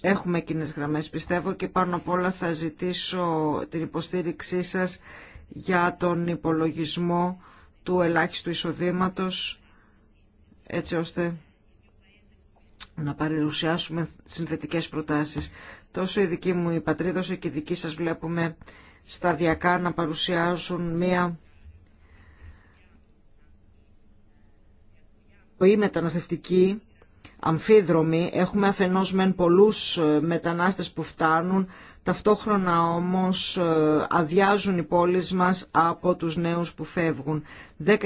Έχουμε κοινέ γραμμές πιστεύω και πάνω απ' όλα θα ζητήσω την υποστήριξή σας για τον υπολογισμό του ελάχιστου εισοδήματος έτσι ώστε να παρουσιάσουμε συνθετικές προτάσεις. Τόσο η δική μου η πατρίδα και η δική σας βλέπουμε σταδιακά να παρουσιάζουν μία ή μεταναστευτική Αμφίδρομοι, Έχουμε αφενός μεν πολλούς ε, μετανάστες που φτάνουν, ταυτόχρονα όμως ε, αδειάζουν οι πόλεις μας από τους νέους που φεύγουν. 10.000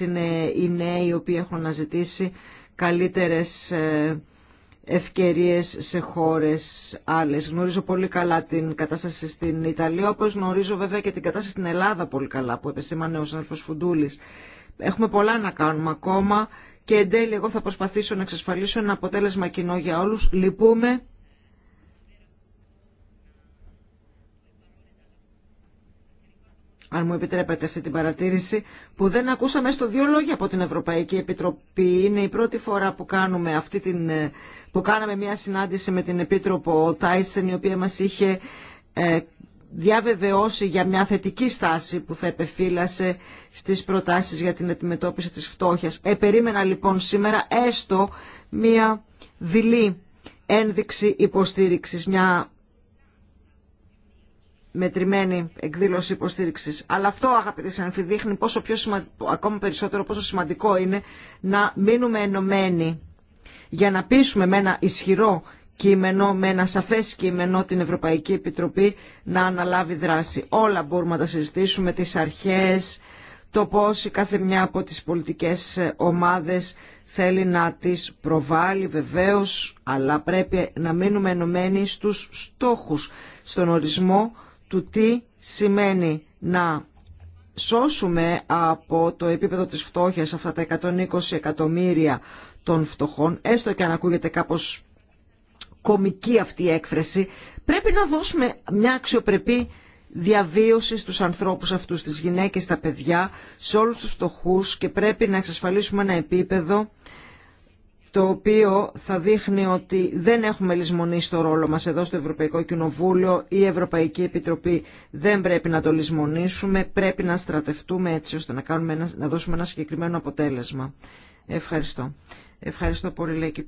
είναι οι νέοι οι οποίοι έχουν αναζητήσει καλύτερες ε, ευκαιρίες σε χώρες άλλες. Γνωρίζω πολύ καλά την κατάσταση στην Ιταλία, όπως γνωρίζω βέβαια και την κατάσταση στην Ελλάδα πολύ καλά, που επεσήμανε ο Σανερφος Φουντούλης. Έχουμε πολλά να κάνουμε ακόμα και εν τέλει εγώ θα προσπαθήσω να εξασφαλίσω ένα αποτέλεσμα κοινό για όλους. Λυπούμε. αν μου επιτρέπετε αυτή την παρατήρηση, που δεν ακούσαμε στο δύο λόγια από την Ευρωπαϊκή Επιτροπή. Είναι η πρώτη φορά που, κάνουμε αυτή την, ε, που κάναμε μια συνάντηση με την Επίτροπο Τάισεν, η οποία μας είχε ε, διαβεβαιώσει για μια θετική στάση που θα επεφύλασε στις προτάσεις για την αντιμετώπιση της φτώχειας. Επερίμενα λοιπόν σήμερα έστω μια δειλή ένδειξη υποστήριξης, μια μετρημένη εκδήλωση υποστήριξης. Αλλά αυτό, αγαπητοί συνάδελφοι, δείχνει πόσο πιο σημα... ακόμα περισσότερο πόσο σημαντικό είναι να μείνουμε ενωμένοι για να πείσουμε με ένα ισχυρό κείμενο, με ένα σαφές κείμενο την Ευρωπαϊκή Επιτροπή να αναλάβει δράση. Όλα μπορούμε να τα συζητήσουμε, τις αρχές, το πώς η κάθε μια από τις πολιτικές ομάδες θέλει να τις προβάλλει βεβαίως, αλλά πρέπει να μείνουμε ενωμένοι στους στόχους, στον ορισμό του τι σημαίνει να σώσουμε από το επίπεδο της φτώχειας αυτά τα 120 εκατομμύρια των φτωχών, έστω και αν ακούγεται κάπως κομική αυτή η έκφραση, πρέπει να δώσουμε μια αξιοπρεπή διαβίωση στους ανθρώπους αυτούς, στις γυναίκες, στα παιδιά, σε όλους τους φτωχούς και πρέπει να εξασφαλίσουμε ένα επίπεδο το οποίο θα δείχνει ότι δεν έχουμε λησμονήσει το ρόλο μας εδώ στο Ευρωπαϊκό Κοινοβούλιο ή η Ευρωπαϊκή Επιτροπή δεν πρέπει να το λησμονήσουμε, πρέπει να στρατευτούμε έτσι ώστε να, κάνουμε ένα, να δώσουμε ένα συγκεκριμένο αποτέλεσμα. Ευχαριστώ. Ευχαριστώ πολύ λέει και η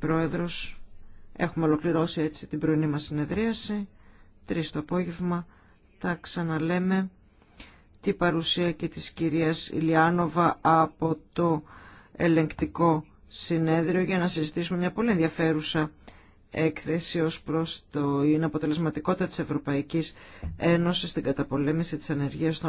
Έχουμε ολοκληρώσει έτσι την πρωινή μας συνεδρίαση. Τρεις το απόγευμα τα ξαναλέμε. Τη παρουσία και της κυρίας Ηλιάνοβα από το ελεγκτικό συνέδριο για να συζητήσουμε μια πολύ ενδιαφέρουσα έκθεση ως προς το είναι αποτελεσματικότητα της Ευρωπαϊκής Ένωσης στην καταπολέμηση της ανεργίας